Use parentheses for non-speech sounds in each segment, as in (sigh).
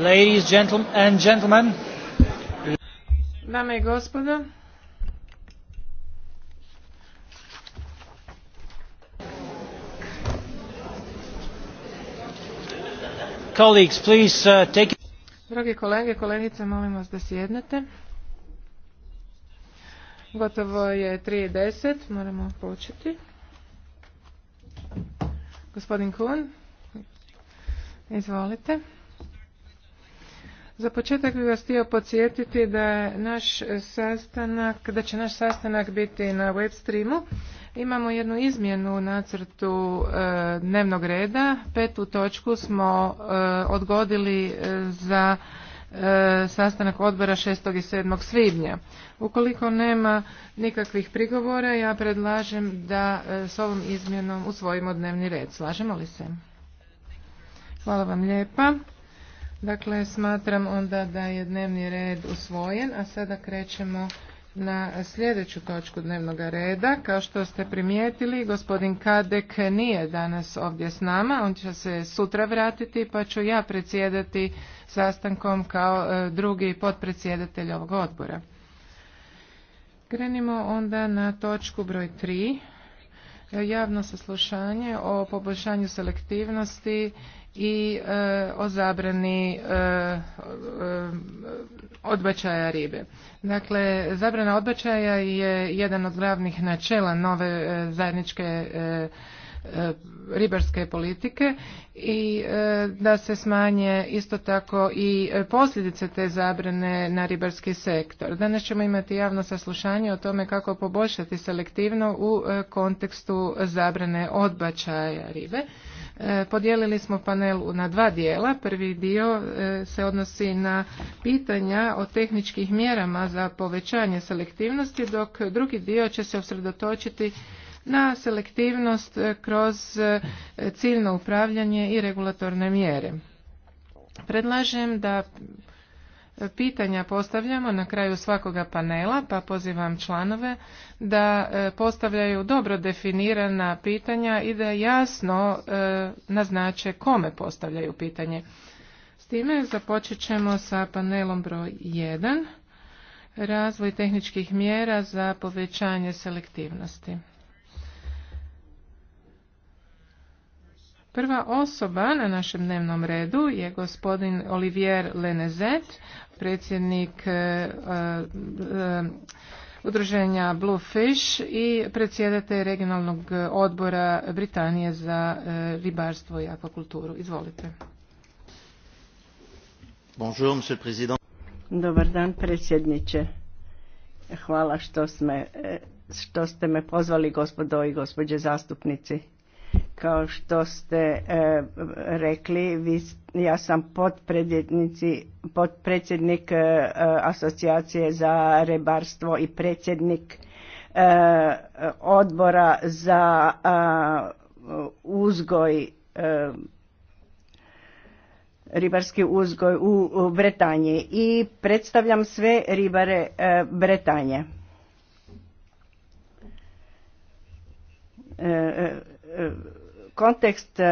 Ladies and gentlemen. Dame i gospodo. Colleagues, please uh, take Dragi kolege, kolegice, molim vas da sjednete. Gotovo je 3.10, moramo početi. Gospodin Kuhn, izvolite. Za početak bih vas htio podsjetiti da naš sastanak, da će naš sastanak biti na web streamu. Imamo jednu izmjenu u nacrtu e, dnevnog reda. Petu točku smo e, odgodili e, za sastanak odbora 6. i 7. svibnja. Ukoliko nema nikakvih prigovora, ja predlažem da s ovom izmjenom usvojimo dnevni red. Slažemo li se? Hvala vam lijepa. Dakle, smatram onda da je dnevni red usvojen, a sada krećemo na sljedeću točku dnevnog reda. Kao što ste primijetili, gospodin Kadek nije danas ovdje s nama, on će se sutra vratiti pa ću ja predsjedati sastankom kao e, drugi potpredsjedatelj ovog odbora. Krenimo onda na točku broj 3, javno saslušanje o poboljšanju selektivnosti i e, o zabrani e, e, odbačaja ribe. Dakle, zabrana odbačaja je jedan od glavnih načela nove e, zajedničke E, ribarske politike i e, da se smanje isto tako i posljedice te zabrane na ribarski sektor. Danas ćemo imati javno saslušanje o tome kako poboljšati selektivno u e, kontekstu zabrane odbačaja ribe. Podijelili smo panel na dva dijela. Prvi dio se odnosi na pitanja o tehničkih mjerama za povećanje selektivnosti, dok drugi dio će se usredotočiti na selektivnost e, kroz e, ciljno upravljanje i regulatorne mjere. Predlažem da e, pitanja postavljamo na kraju svakoga panela, pa pozivam članove da postavljaju dobro definirana pitanja i da jasno naznače kome postavljaju pitanje. S time započet ćemo sa panelom broj 1, razvoj tehničkih mjera za povećanje selektivnosti. Prva osoba na našem dnevnom redu je gospodin Olivier Lenezet, predsjednik e, e, udruženja Fish i predsjedatelj regionalnog odbora Britanije za e, ribarstvo i akvakulturu. Izvolite. Bonjour, monsieur président. Dobar dan, predsjedniče. Hvala što, sme, što ste me pozvali, gospodo i gospođe zastupnici. Kao što ste e, rekli, vi, ja sam potpredsjednik e, asocijacije za rebarstvo i predsjednik e, odbora za uzgoj e, ribarski uzgoj u, u Bretanji i predstavljam sve ribare Bretanje kontekst e,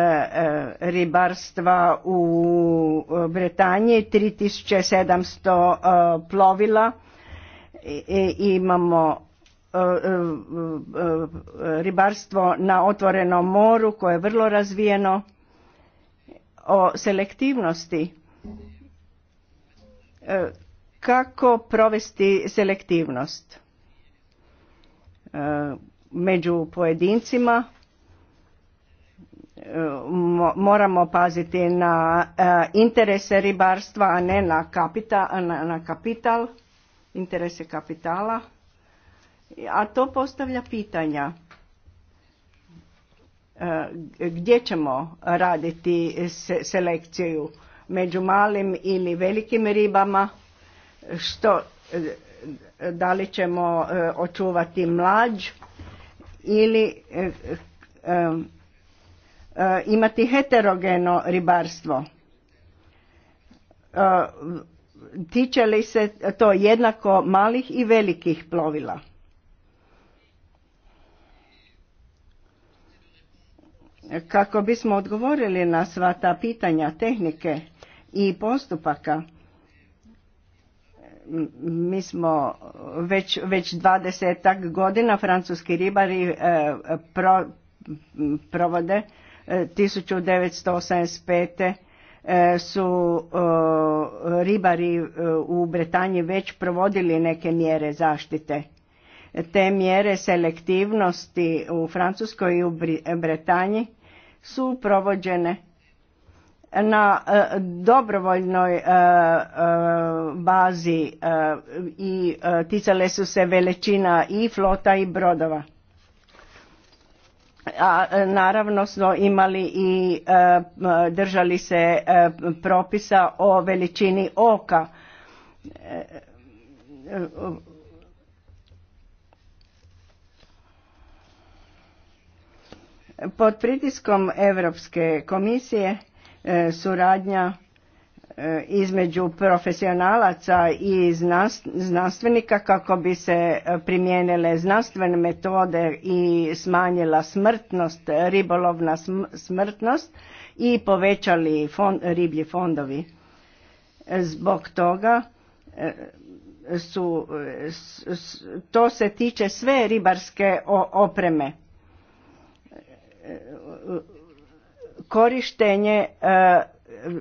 ribarstva u e, Bretanji 3700 e, plovila imamo ribarstvo na otvorenom moru koje je vrlo razvijeno o selektivnosti kako provesti selektivnost među pojedincima moramo paziti na e, interese ribarstva, a ne na, na, kapital, interese kapitala. A to postavlja pitanja e, gdje ćemo raditi selekciju među malim ili velikim ribama, što, e, da li ćemo očuvati mlađ ili Eh, imati heterogeno ribarstvo. Eh, tiče li se to jednako malih i velikih plovila? Kako bismo odgovorili na sva ta pitanja tehnike i postupaka, mi smo već, već godina francuski ribari eh, provode 1985 e, su e, ribari e, u Bretanji već provodili neke mjere zaštite. Te mjere selektivnosti u Francuskoj i u Bretanji su provođene na dobrovoljnoj bazi i ticale su se veličina i flota i brodova a e, naravno smo imali i e, držali se e, propisa o veličini oka pod pritiskom europske komisije suradnja E, između profesionalaca i znanstvenika kako bi se e, primijenile znanstvene metode i smanjila smrtnost, ribolovna smrtnost i povećali fond, riblji fondovi. E, zbog toga su, to se tiče sve ribarske opreme korištenje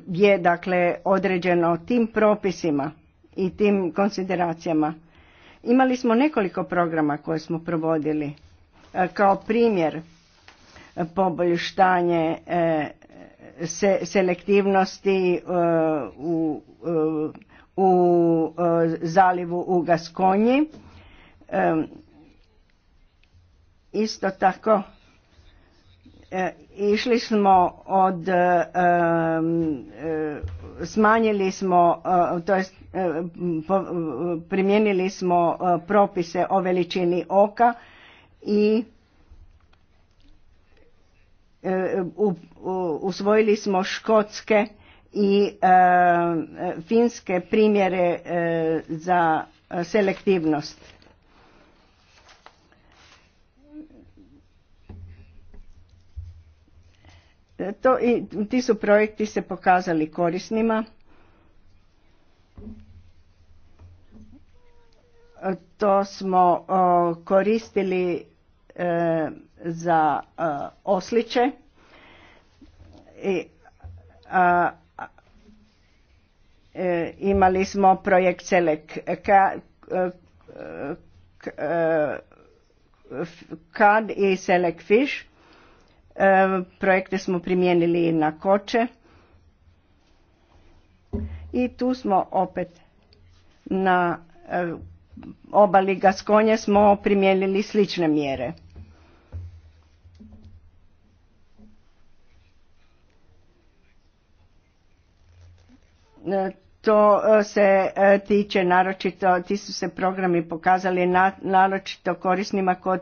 je dakle određeno tim propisima i tim konsideracijama. Imali smo nekoliko programa koje smo provodili. E, kao primjer e, poboljštanje e, selektivnosti u, u, u zalivu u Gaskonji. Isto tako E, išli smo od, e, e, smanjili smo, to jest primijenili smo propise o veličini oka i usvojili smo škotske i finske primjere za selektivnost. i, ti su projekti se pokazali korisnima. To smo koristili e, za e, osliće. I, a, e, imali smo projekt Selek e, kad i Selek Fish E, projekte smo primijenili na koče. I tu smo opet na e, obali Gaskonje smo primijenili slične mjere. E, to se tiče naročito, ti su se programi pokazali naročito korisnima kod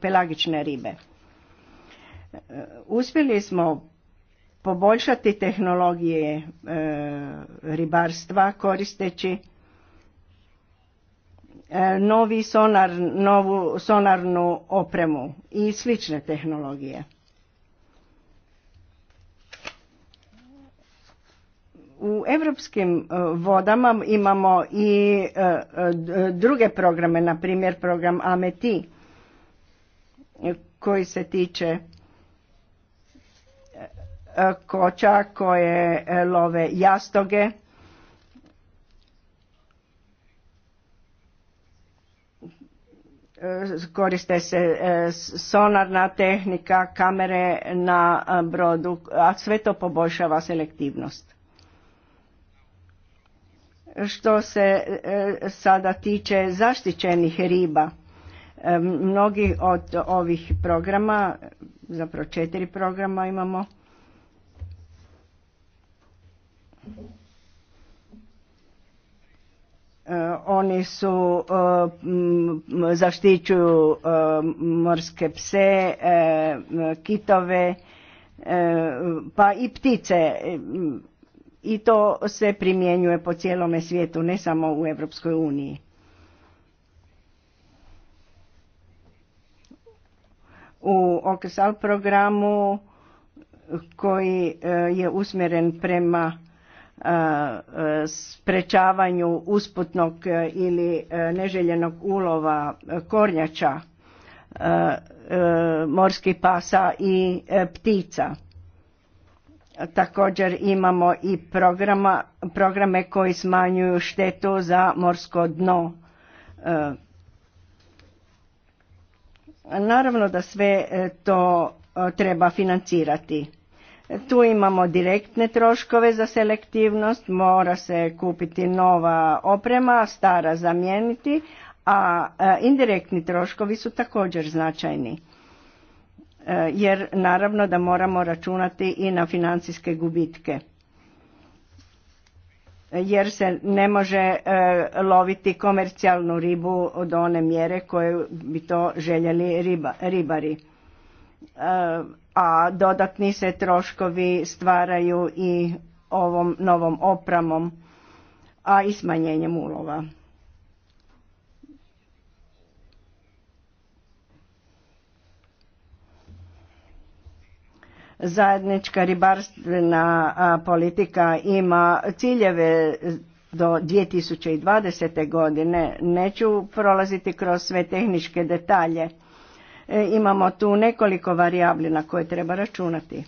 pelagične ribe. Uspjeli smo poboljšati tehnologije e, ribarstva koristeći e, novi sonar, novu sonarnu opremu i slične tehnologije. U europskim e, vodama imamo i druge programe, na primjer program AMETI koji se tiče E, koća koje e, love jastoge e, koriste se sonarna tehnika, kamere na brodu, a sve to poboljšava selektivnost. Što se sada tiče zaštićenih riba, mnogi od ovih programa, zapravo četiri programa imamo, Eh, oni su eh, zaštićuju eh, morske pse, kitove, pa i ptice i to se primjenjuje po cijelome svijetu, ne samo u Europskoj uniji. U OKSAL programu koji je usmjeren prema E, sprečavanju usputnog e, ili e, neželjenog ulova kornjača, morskih pasa i ptica. Također imamo i programa, programe koji smanjuju štetu za morsko dno. Naravno da sve to treba financirati. Tu imamo direktne troškove za selektivnost, mora se kupiti nova oprema, stara zamijeniti, a e, indirektni troškovi su također značajni. E, jer naravno da moramo računati i na financijske gubitke. Jer se ne može e, loviti komercijalnu ribu od one mjere koju bi to željeli ribari a dodatni se troškovi stvaraju i ovom novom opramom, a i smanjenjem ulova. Zajednička ribarstvena politika ima ciljeve do 2020. godine. Neću prolaziti kroz sve tehničke detalje E, imamo tu nekoliko varijabli na koje treba računati.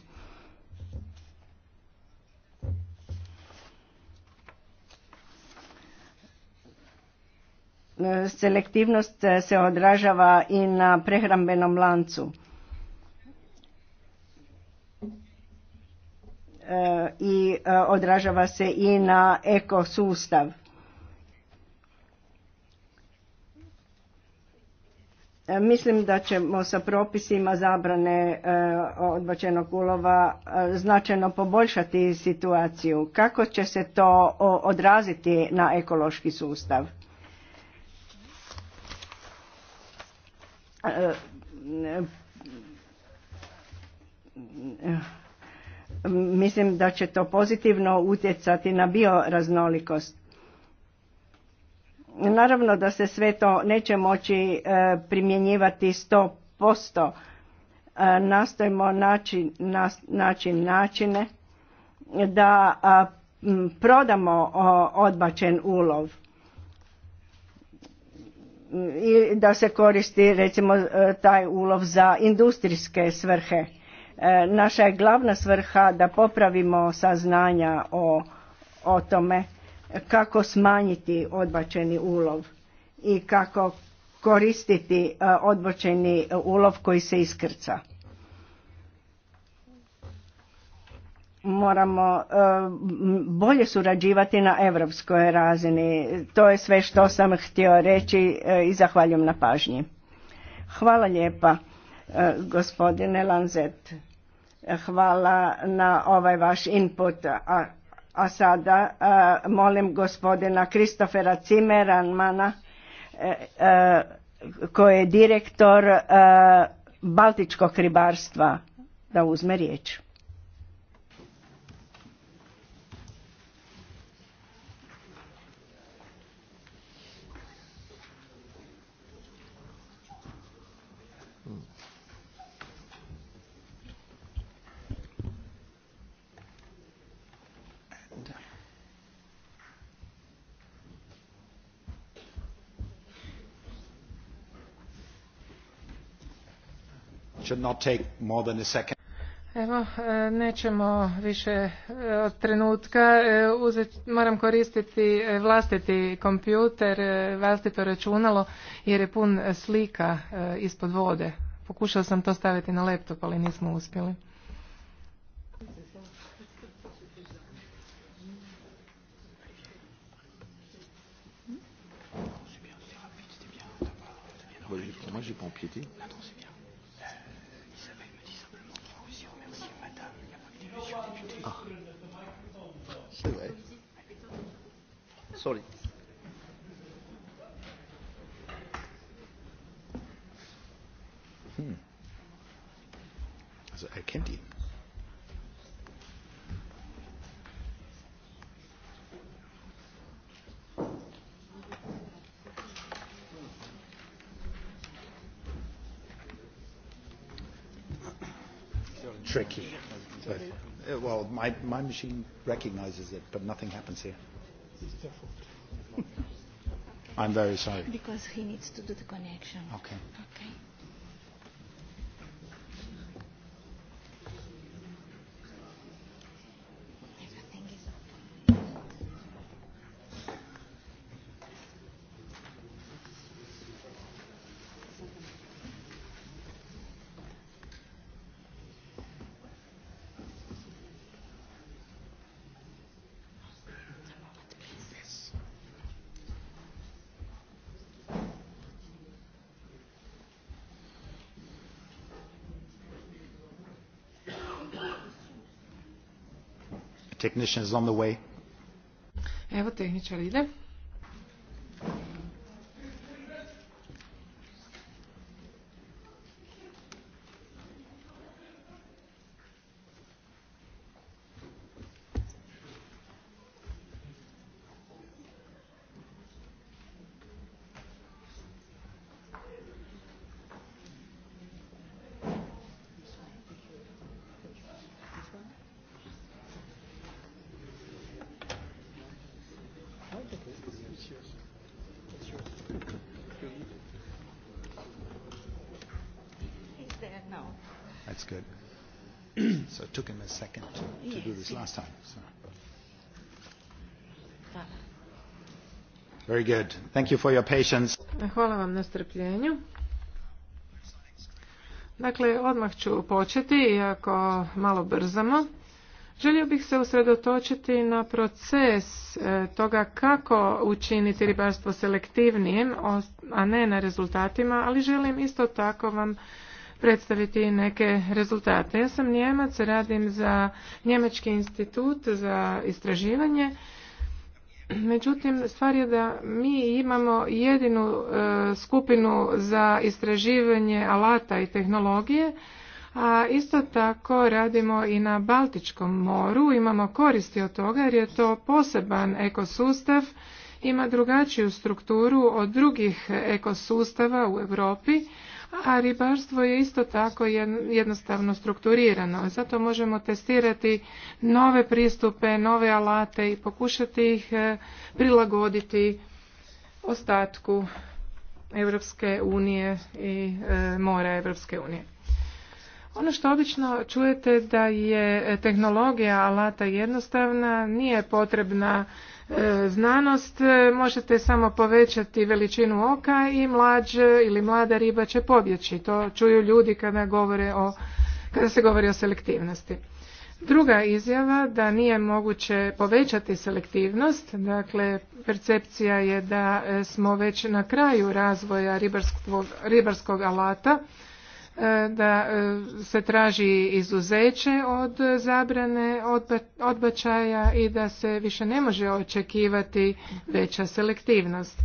E, selektivnost e, se odražava i na prehrambenom lancu. I odražava se i na ekosustav. E, mislim da ćemo sa propisima zabrane e, odbačenog ulova e, značajno poboljšati situaciju. Kako će se to odraziti na ekološki sustav? Mislim da će to pozitivno utjecati na bioraznolikost Naravno da se sve to neće moći e, primjenjivati 100%. E, nastojimo naći način načine da prodamo odbačen ulov i da se koristi recimo e, taj ulov za industrijske svrhe. Naša je glavna svrha da popravimo saznanja o, o tome kako smanjiti odbačeni ulov i kako koristiti e, odbačeni ulov koji se iskrca. Moramo e, bolje surađivati na europskoj razini. To je sve što sam htio reći e, i zahvaljujem na pažnji. Hvala lijepa gospodine Lanzet. Hvala na ovaj vaš input. A a sada e, molim gospodina Kristofera Cimeranmana e, e, koji je direktor Baltičkog ribarstva da uzme riječ. Evo, e, nećemo više e, od trenutka. E, moram koristiti vlastiti kompjuter, vlastito računalo, jer je pun slika ispod vode. Pokušao sam to staviti na laptop, ali nismo uspjeli. Sorry. Hm. Also er kennt ihn. Tricky. Uh, well, my, my machine recognizes it, but nothing happens here. I'm very sorry. Because he needs to do the connection. Okay. Okay. technician is on the way. Evo, tehničar ide. No. That's good. (clears throat) so took him a second to, do this last time. Hvala vam na strpljenju. Dakle, odmah ću početi, iako malo brzamo. Želio bih se usredotočiti na proces e, toga kako učiniti ribarstvo selektivnijim, a ne na rezultatima, ali želim isto tako vam predstaviti neke rezultate. Ja sam Njemac, radim za Njemački institut za istraživanje. Međutim, stvar je da mi imamo jedinu e, skupinu za istraživanje alata i tehnologije, a isto tako radimo i na Baltičkom moru, imamo koristi od toga jer je to poseban ekosustav, ima drugačiju strukturu od drugih ekosustava u Europi a ribarstvo je isto tako jednostavno strukturirano. Zato možemo testirati nove pristupe, nove alate i pokušati ih e, prilagoditi ostatku Europske unije i e, mora Europske unije. Ono što obično čujete da je e, tehnologija alata jednostavna, nije potrebna E, znanost e, možete samo povećati veličinu oka i mlađe ili mlada riba će pobjeći. To čuju ljudi kada, govore o, kada se govori o selektivnosti. Druga izjava da nije moguće povećati selektivnost, dakle percepcija je da e, smo već na kraju razvoja ribarskog, ribarskog alata E, da e, se traži izuzeće od zabrane odbačaja i da se više ne može očekivati veća selektivnost.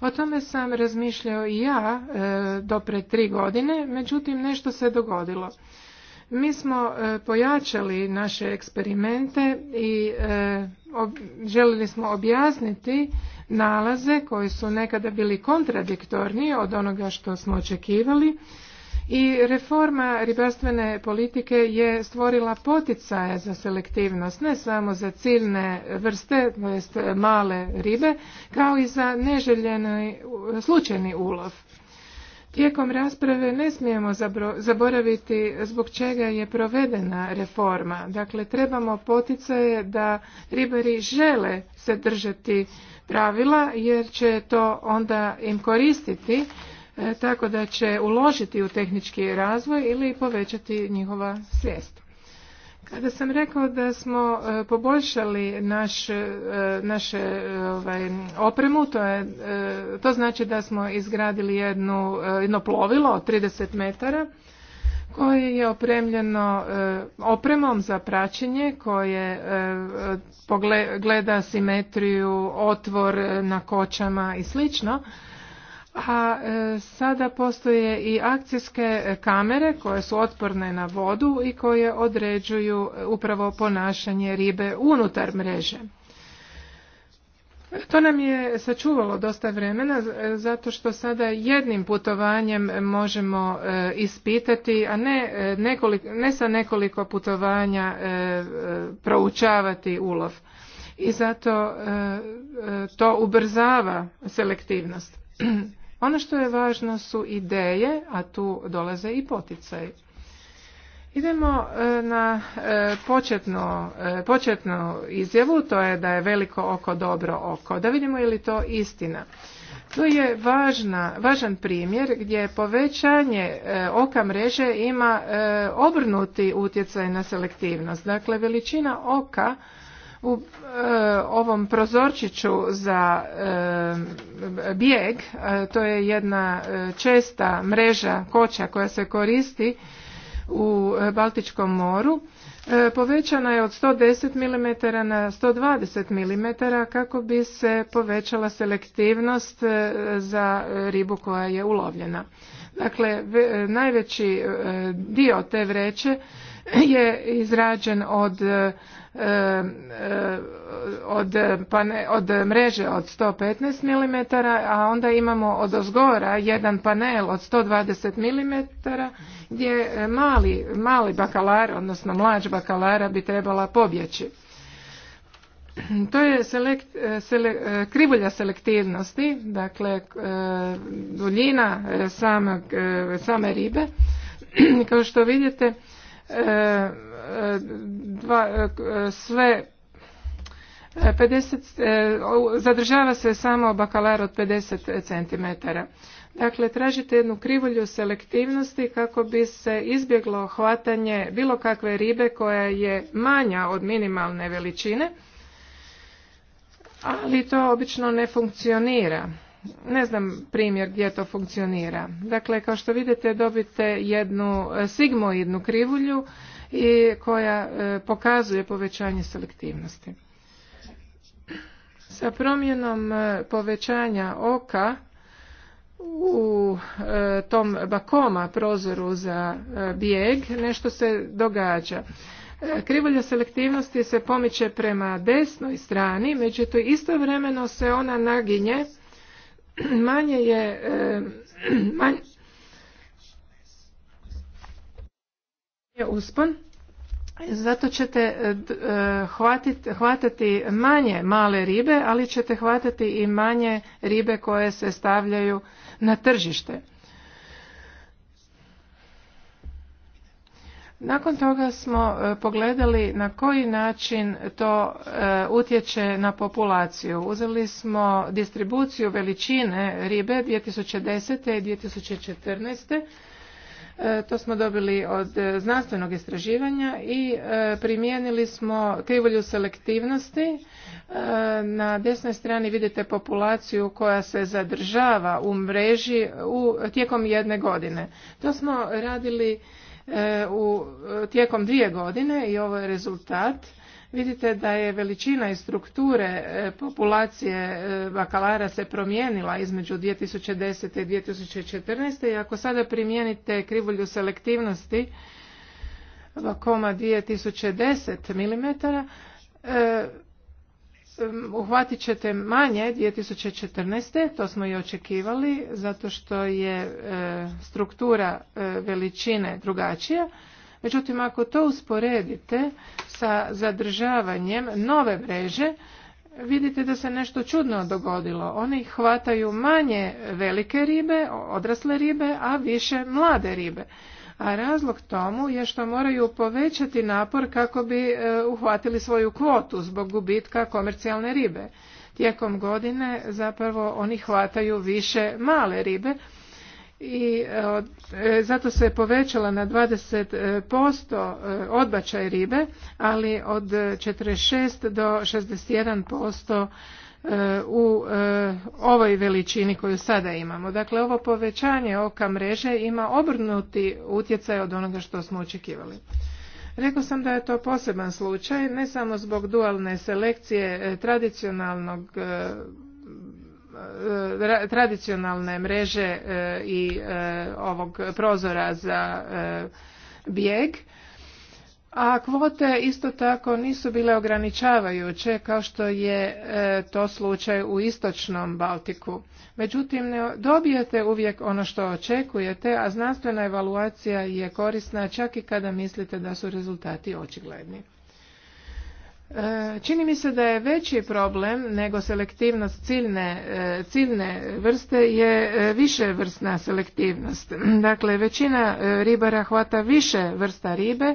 O tome sam razmišljao i ja e, do pred tri godine, međutim nešto se dogodilo. Mi smo pojačali naše eksperimente i željeli smo objasniti nalaze koji su nekada bili kontradiktorniji od onoga što smo očekivali i reforma ribarstvene politike je stvorila poticaje za selektivnost, ne samo za ciljne vrste, to male ribe, kao i za neželjeni slučajni ulov. Tijekom rasprave ne smijemo zaboraviti zbog čega je provedena reforma. Dakle, trebamo poticaje da ribari žele se držati pravila jer će to onda im koristiti E, tako da će uložiti u tehnički razvoj ili povećati njihova svijest. Kada sam rekao da smo e, poboljšali naš, e, naše ovaj, opremu, to, je, to znači da smo izgradili jednu, jedno plovilo od 30 metara koje je opremljeno opremom za praćenje koje gleda simetriju, otvor na kočama i slično a e, sada postoje i akcijske kamere koje su otporne na vodu i koje određuju e, upravo ponašanje ribe unutar mreže. To nam je sačuvalo dosta vremena e, zato što sada jednim putovanjem možemo ispitati, a ne, ne sa nekoliko putovanja proučavati ulov. I zato to ubrzava selektivnost. (clears throat) Ono što je važno su ideje, a tu dolaze i poticaj. Idemo e, na e, početnu, e, početnu izjavu, to je da je veliko oko dobro oko. Da vidimo je li to istina. Tu je važna, važan primjer gdje povećanje oka mreže ima obrnuti utjecaj na selektivnost. Dakle, veličina oka u e, ovom prozorčiću za e, bijeg, e, to je jedna e, česta mreža koća koja se koristi u Baltičkom moru, povećana je od 110 mm na 120 mm kako bi se povećala selektivnost za ribu koja je ulovljena. Dakle, najveći dio te vreće je izrađen od Eh, eh, od, pane, od mreže od 115 mm, a onda imamo od ozgora jedan panel od 120 mm gdje eh, mali, mali bakalar, odnosno mlađ bakalara bi trebala pobjeći. To je selekt, krivulja selektivnosti, dakle duljina same, same ribe. (clears throat) Kao što vidite, dva, sve 50, e, e, zadržava se samo bakalar od 50 cm. Dakle, tražite jednu krivulju selektivnosti kako bi se izbjeglo hvatanje bilo kakve ribe koja je manja od minimalne veličine, ali to obično ne funkcionira ne znam primjer gdje to funkcionira. Dakle, kao što vidite dobite jednu e, sigmoidnu krivulju i koja e, pokazuje povećanje selektivnosti. Sa promjenom e, povećanja oka u tom bakoma prozoru za bijeg nešto se događa. Krivulja selektivnosti se pomiče prema desnoj strani, međutim istovremeno se ona naginje (clears throat) manje je (clears throat) manje uspon zato ćete e, e, hvatiti, hvatati manje male ribe ali ćete hvatati i manje ribe koje se stavljaju na tržište Nakon toga smo e, pogledali na koji način to e, utječe na populaciju. Uzeli smo distribuciju veličine ribe 2010. i 2014. E, to smo dobili od znanstvenog istraživanja i primijenili smo krivolju selektivnosti. Na desnoj strani vidite populaciju koja se zadržava u mreži u, tijekom jedne godine. To smo radili E, u tijekom dvije godine i ovo je rezultat vidite da je veličina i strukture e, populacije e, bakalara se promijenila između 2010. i 2014. i ako sada primijenite krivulju selektivnosti koma 2010 mm uhvatit ćete manje 2014. to smo i očekivali zato što je e, struktura e, veličine drugačija. Međutim, ako to usporedite sa zadržavanjem nove mreže, vidite da se nešto čudno dogodilo. Oni hvataju manje velike ribe, odrasle ribe, a više mlade ribe a razlog tomu je što moraju povećati napor kako bi e, uhvatili svoju kvotu zbog gubitka komercijalne ribe. Tijekom godine zapravo oni hvataju više male ribe i e, e, zato se je povećala na 20% odbačaj ribe, ali od 46 do 61% E, u e, ovoj veličini koju sada imamo. Dakle, ovo povećanje oka mreže ima obrnuti utjecaj od onoga što smo očekivali. Rekao sam da je to poseban slučaj, ne samo zbog dualne selekcije e, tradicionalnog tradicionalne mreže i ovog prozora za bijeg, a kvote isto tako nisu bile ograničavajuće kao što je e, to slučaj u istočnom Baltiku. Međutim, ne dobijete uvijek ono što očekujete, a znanstvena evaluacija je korisna čak i kada mislite da su rezultati očigledni. E, čini mi se da je veći problem nego selektivnost ciljne, e, ciljne vrste je više vrstna selektivnost. (clears throat) Dakle, većina ribara hvata više vrsta ribe,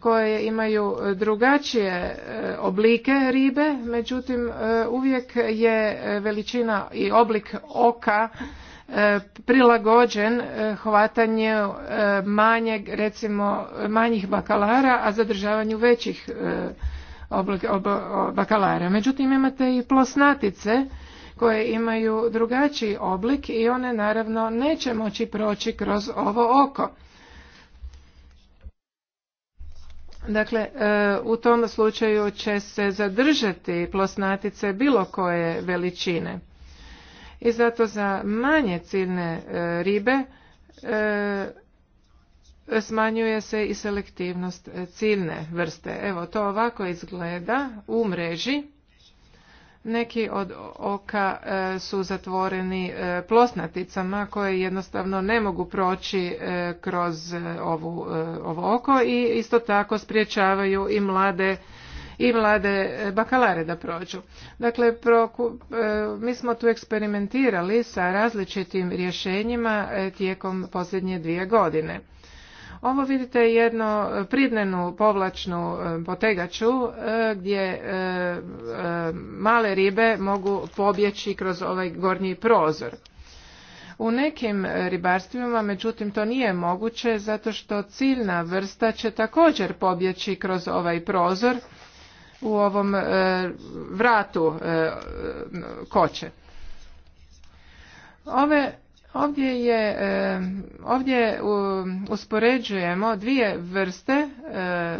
koje imaju e, drugačije e, oblike ribe, međutim e, uvijek je veličina i oblik oka prilagođen hvatanju manjeg, recimo manjih bakalara, a zadržavanju većih bakalara. Međutim, imate i plosnatice koje imaju drugačiji oblik i one naravno neće moći proći kroz ovo oko. Dakle, e, u tom slučaju će se zadržati plosnatice bilo koje veličine. I zato za manje ciljne e, ribe e, smanjuje se i selektivnost ciljne vrste. Evo, to ovako izgleda u mreži. Neki od oka e, su zatvoreni e, plosnaticama koje jednostavno ne mogu proći e, kroz ovu, ovo oko i isto tako spriječavaju i mlade i mlade bakalare da prođu. Dakle, mi smo tu eksperimentirali sa različitim rješenjima tijekom posljednje dvije godine. Ovo vidite jednu pridnenu povlačnu e, potegaču e, gdje e, male ribe mogu pobjeći kroz ovaj gornji prozor. U nekim ribarstvima, međutim, to nije moguće zato što ciljna vrsta će također pobjeći kroz ovaj prozor u ovom vratu koče. Ove Ovdje, je, e, ovdje uspoređujemo dvije vrste, e,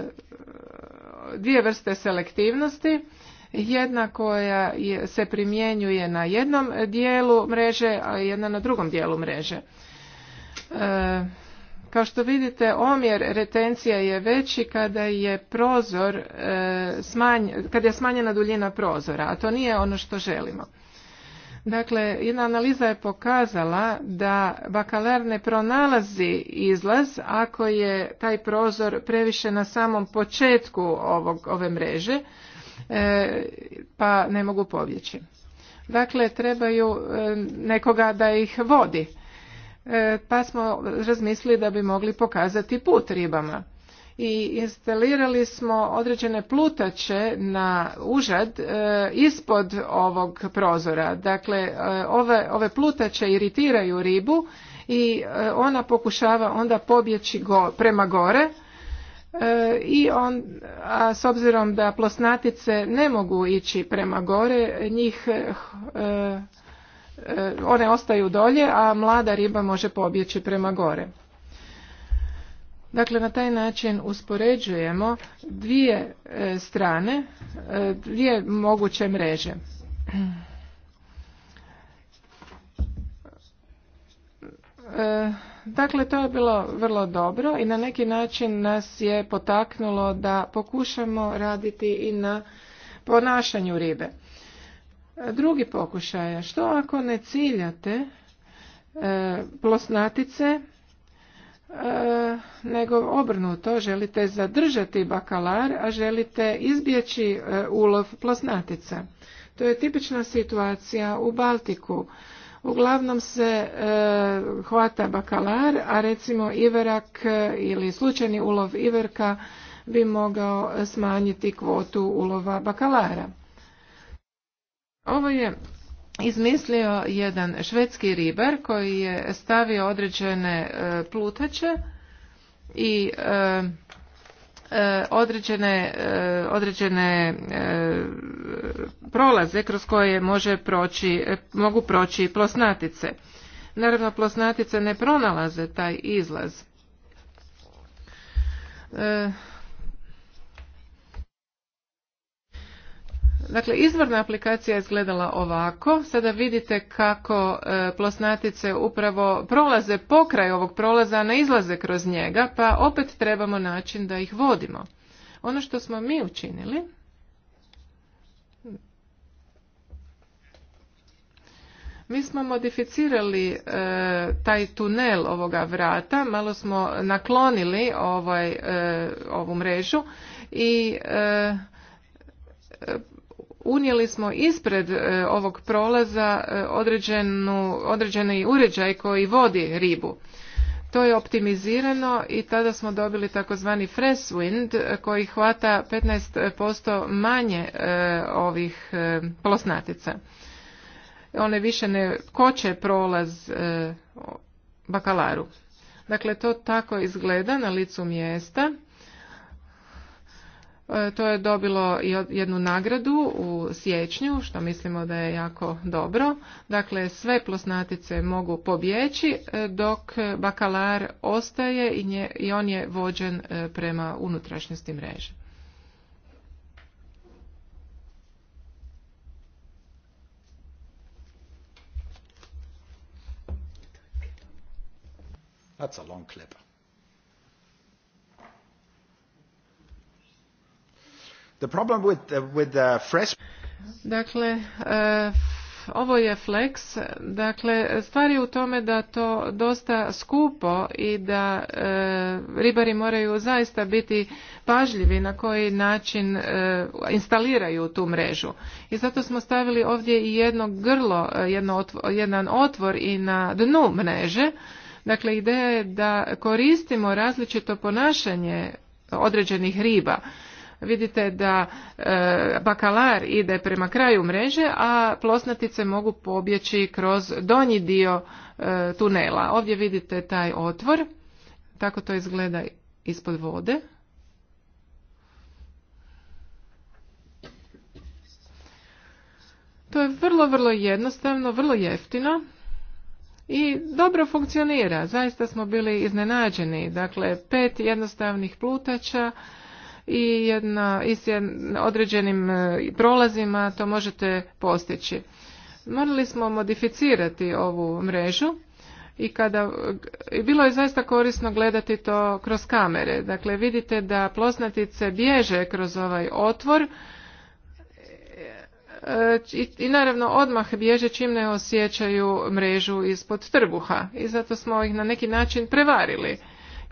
dvije vrste selektivnosti. Jedna koja se primjenjuje na jednom dijelu mreže, a jedna na drugom dijelu mreže. E, kao što vidite, omjer retencija je veći kada je prozor, kada je smanjena duljina prozora, a to nije ono što želimo. Dakle, jedna analiza je pokazala da bakalar ne pronalazi izlaz ako je taj prozor previše na samom početku ovog, ove mreže, e, pa ne mogu povjeći. Dakle, trebaju e, nekoga da ih vodi. E, pa smo razmislili da bi mogli pokazati put ribama i instalirali smo određene plutače na užad e, ispod ovog prozora. Dakle, e, ove, ove plutače iritiraju ribu i e, ona pokušava onda pobjeći go, prema gore i on, a s obzirom da plosnatice ne mogu ići prema gore, njih one ostaju dolje, a mlada riba može pobjeći prema gore. Dakle, na taj način uspoređujemo dvije e, strane, e, dvije moguće mreže. E, dakle, to je bilo vrlo dobro i na neki način nas je potaknulo da pokušamo raditi i na ponašanju ribe. Drugi pokušaj je, što ako ne ciljate plosnatice, E, nego obrnuto želite zadržati bakalar, a želite izbjeći e, ulov plosnatica. To je tipična situacija u Baltiku. Uglavnom se e, hvata bakalar, a recimo iverak ili slučajni ulov iverka bi mogao smanjiti kvotu ulova bakalara. Ovo je izmislio jedan švedski ribar koji je stavio određene e, plutače i e, e, određene, određene prolaze kroz koje može proći, mogu proći plosnatice. Naravno, plosnatice ne pronalaze taj izlaz. Dakle, izvorna aplikacija je izgledala ovako. Sada vidite kako e, plosnatice upravo prolaze pokraj ovog prolaza, a ne izlaze kroz njega, pa opet trebamo način da ih vodimo. Ono što smo mi učinili... Mi smo modificirali e, taj tunel ovoga vrata, malo smo naklonili ovaj, e, ovu mrežu i unijeli smo ispred e, ovog prolaza e, određeni uređaj koji vodi ribu. To je optimizirano i tada smo dobili takozvani fresh wind e, koji hvata 15% manje ovih plosnatica. One više ne koče prolaz bakalaru. Dakle, to tako izgleda na licu mjesta. E, to je dobilo jednu nagradu u siječnju, što mislimo da je jako dobro. Dakle, sve plosnatice mogu pobjeći, e, dok bakalar ostaje i, on je vođen e, prema unutrašnjosti mreže. That's a long clip. The problem with, uh, uh, Dakle, uh, ovo je flex. Dakle, stvar je u tome da to dosta skupo i da ribari moraju zaista biti pažljivi na koji način instaliraju tu mrežu. I zato smo stavili ovdje i jedno grlo, otvor, jedan otvor i na dnu mreže. Dakle, ideja je da koristimo različito ponašanje određenih riba vidite da e, bakalar ide prema kraju mreže, a plosnatice mogu pobjeći kroz donji dio e, tunela. Ovdje vidite taj otvor, tako to izgleda ispod vode. To je vrlo, vrlo jednostavno, vrlo jeftino i dobro funkcionira. Zaista smo bili iznenađeni. Dakle, pet jednostavnih plutača i jedna, s određenim e, prolazima to možete postići. Morali smo modificirati ovu mrežu i kada bilo je zaista korisno gledati to kroz kamere. Dakle, vidite da plosnatice bježe kroz ovaj otvor e, i, i naravno odmah bježe čim ne osjećaju mrežu ispod trbuha i zato smo ih na neki način prevarili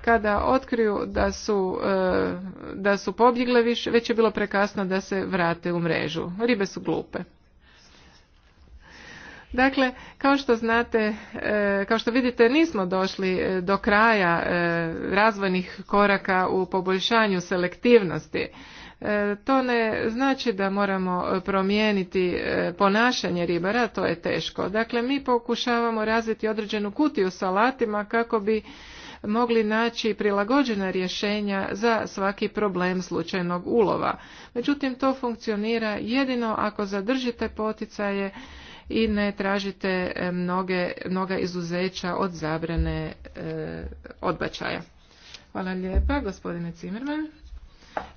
kada otkriju da su, e, da su pobjegle više, već je bilo prekasno da se vrate u mrežu. Ribe su glupe. Dakle, kao što znate, e, kao što vidite, nismo došli e, do kraja razvojnih koraka u poboljšanju selektivnosti. To ne znači da moramo promijeniti ponašanje ribara, to je teško. Dakle, mi pokušavamo razviti određenu kutiju sa alatima kako bi mogli naći prilagođena rješenja za svaki problem slučajnog ulova. Međutim, to funkcionira jedino ako zadržite poticaje i ne tražite e, mnoge, mnoga izuzeća od zabrane e, odbačaja. Hvala lijepa, gospodine Cimerman.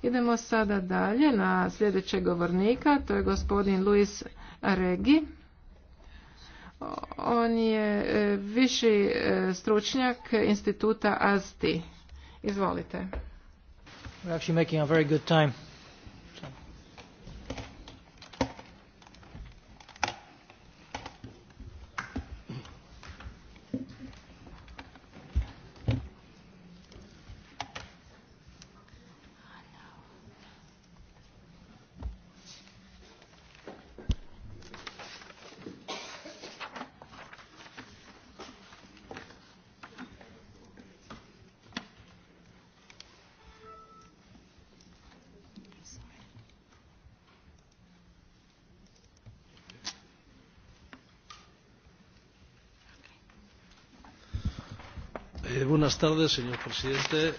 Idemo sada dalje na sljedećeg govornika, to je gospodin Luis Regi. On je e, viši e, stručnjak instituta ASTI. Izvolite. We're actually making a very good time. Eh,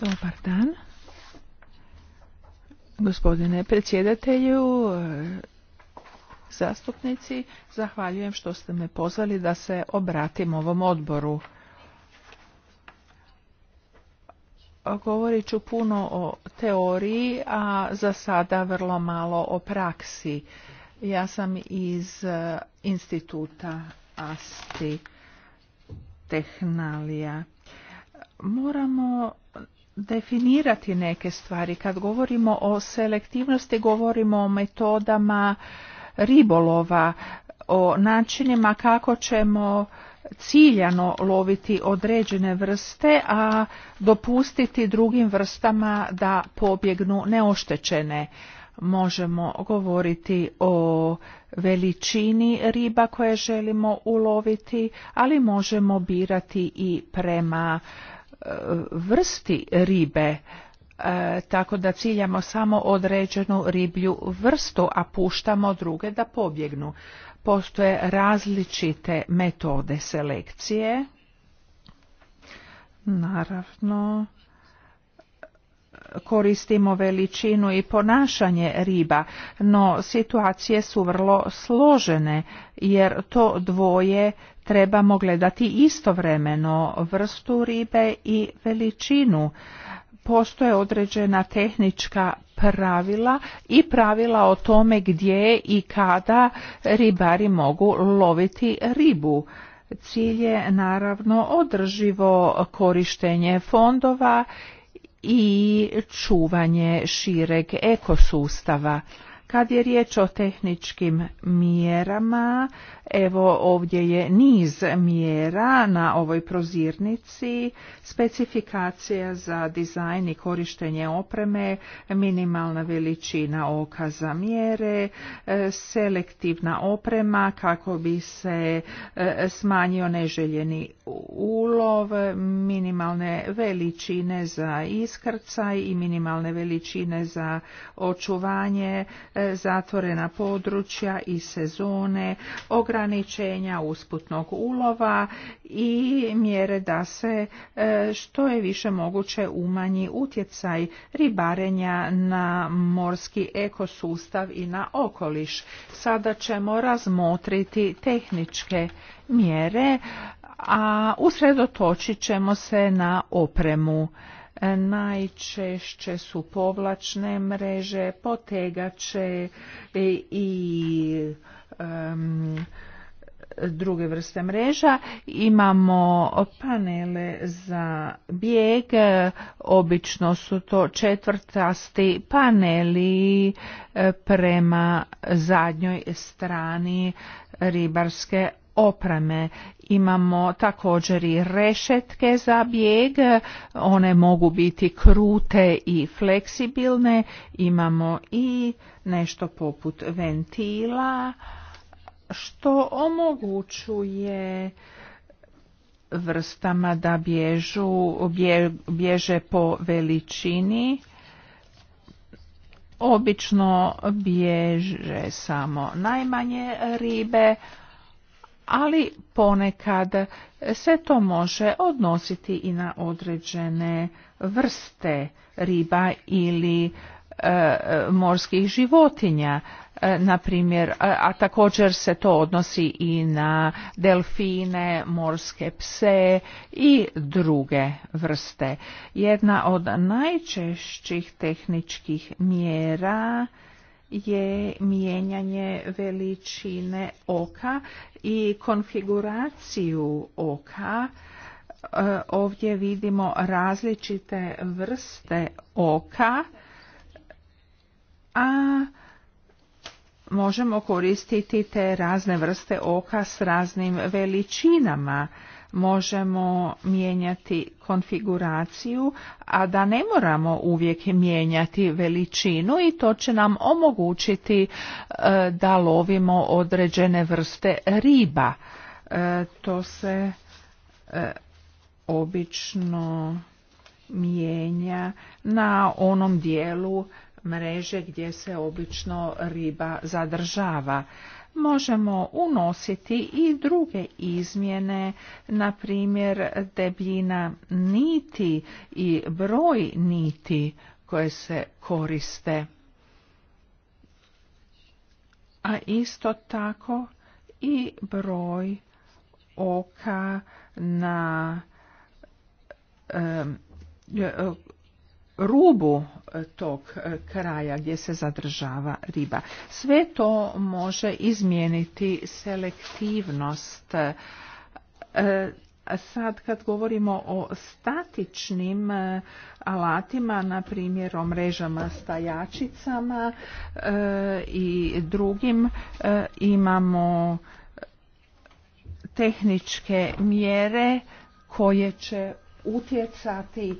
Dobar dan. Gospodine predsjedatelju, zastupnici, zahvaljujem što ste me pozvali da se obratim ovom odboru. Govorit ću puno o teoriji, a za sada vrlo malo o praksi. Ja sam iz eh, instituta ASTI tehnalija. Moramo definirati neke stvari. Kad govorimo o selektivnosti, govorimo o metodama ribolova, o načinima kako ćemo ciljano loviti određene vrste, a dopustiti drugim vrstama da pobjegnu neoštećene možemo govoriti o veličini riba koje želimo uloviti, ali možemo birati i prema e, vrsti ribe, e, tako da ciljamo samo određenu riblju vrstu, a puštamo druge da pobjegnu. Postoje različite metode selekcije. Naravno, koristimo veličinu i ponašanje riba, no situacije su vrlo složene jer to dvoje trebamo gledati istovremeno vrstu ribe i veličinu. Postoje određena tehnička pravila i pravila o tome gdje i kada ribari mogu loviti ribu. Cilj je naravno održivo korištenje fondova i čuvanje šireg ekosustava kad je riječ o tehničkim mjerama, evo ovdje je niz mjera na ovoj prozirnici, specifikacija za dizajn i korištenje opreme, minimalna veličina oka za mjere, e, selektivna oprema kako bi se e, smanjio neželjeni ulov, minimalne veličine za iskrcaj i minimalne veličine za očuvanje, zatvorena područja i sezone, ograničenja usputnog ulova i mjere da se e, što je više moguće umanji utjecaj ribarenja na morski ekosustav i na okoliš. Sada ćemo razmotriti tehničke mjere, a usredotočit ćemo se na opremu najčešće su povlačne mreže, potegače i druge vrste mreža. Imamo panele za bijeg, obično su to četvrtasti paneli e, prema zadnjoj strani ribarske opreme Imamo također i rešetke za bijeg, one mogu biti krute i fleksibilne. Imamo i nešto poput ventila što omogućuje vrstama da bježu, bježe po veličini. Obično bježe samo najmanje ribe, ali ponekad se to može odnositi i na određene vrste riba ili e, morskih životinja e, na primjer a, a također se to odnosi i na delfine, morske pse i druge vrste. Jedna od najčešćih tehničkih mjera je mijenjanje veličine oka i konfiguraciju oka. E, ovdje vidimo različite vrste oka, a možemo koristiti te razne vrste oka s raznim veličinama možemo mijenjati konfiguraciju, a da ne moramo uvijek mijenjati veličinu i to će nam omogućiti e, da lovimo određene vrste riba. E, to se e, obično mijenja na onom dijelu mreže gdje se obično riba zadržava možemo unositi i druge izmjene, na primjer debljina niti i broj niti koje se koriste. A isto tako i broj oka na rubu e, tog e, kraja gdje se zadržava riba. Sve to može izmijeniti selektivnost. E, sad kad govorimo o statičnim alatima, na primjer o mrežama stajačicama i drugim, imamo tehničke mjere koje će utjecati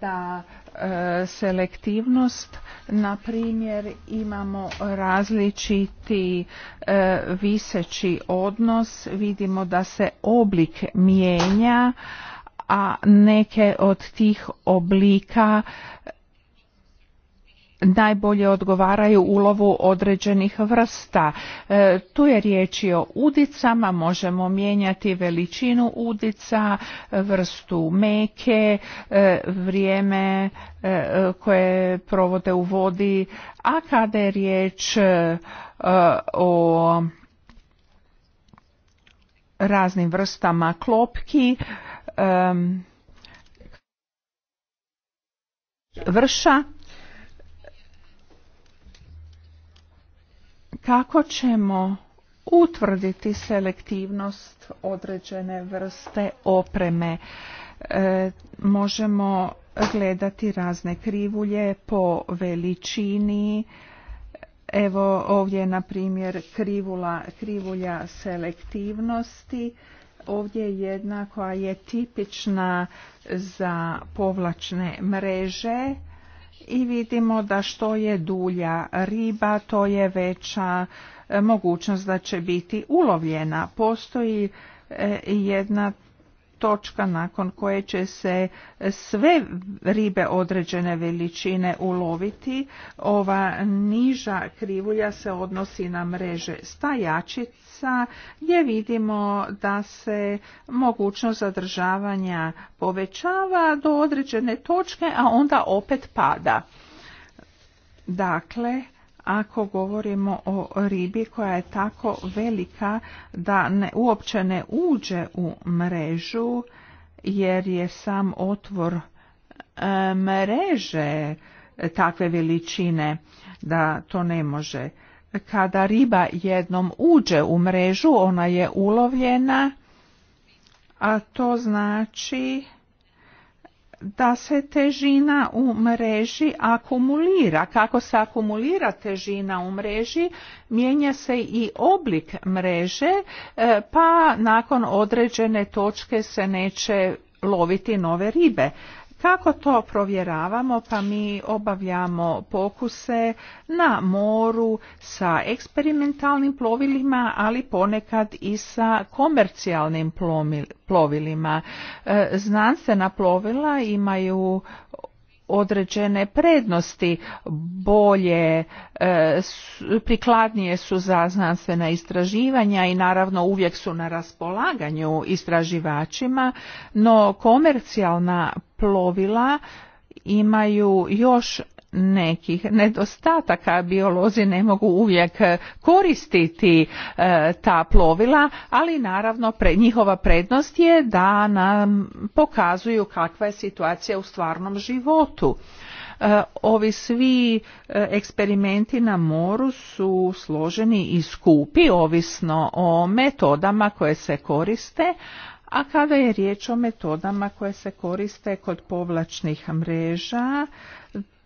da e, selektivnost na primjer imamo različiti e, viseći odnos vidimo da se oblik mijenja a neke od tih oblika najbolje odgovaraju ulovu određenih vrsta. E, tu je riječ i o udicama, možemo mijenjati veličinu udica, vrstu meke, e, vrijeme e, koje provode u vodi, a kada je riječ o raznim vrstama klopki, vrša kako ćemo utvrditi selektivnost određene vrste opreme. E, možemo gledati razne krivulje po veličini. Evo ovdje je na primjer krivula, krivulja selektivnosti. Ovdje je jedna koja je tipična za povlačne mreže i vidimo da što je dulja riba, to je veća e, mogućnost da će biti ulovljena. Postoji e, jedna točka nakon koje će se sve ribe određene veličine uloviti. Ova niža krivulja se odnosi na mreže stajačica gdje vidimo da se mogućnost zadržavanja povećava do određene točke, a onda opet pada. Dakle, ako govorimo o ribi koja je tako velika da ne, uopće ne uđe u mrežu jer je sam otvor e, mreže takve veličine da to ne može. Kada riba jednom uđe u mrežu, ona je ulovljena, a to znači da se težina u mreži akumulira. Kako se akumulira težina u mreži, mijenja se i oblik mreže, e, pa nakon određene točke se neće loviti nove ribe. Kako to provjeravamo? Pa mi obavljamo pokuse na moru sa eksperimentalnim plovilima, ali ponekad i sa komercijalnim plovilima. E, znanstvena plovila imaju određene prednosti bolje e, prikladnije su za znanstvena istraživanja i naravno uvijek su na raspolaganju istraživačima no komercijalna plovila imaju još nekih nedostataka biolozi ne mogu uvijek koristiti e, ta plovila ali naravno pre, njihova prednost je da nam pokazuju kakva je situacija u stvarnom životu e, ovi svi e, eksperimenti na moru su složeni i skupi ovisno o metodama koje se koriste a kada je riječ o metodama koje se koriste kod povlačnih mreža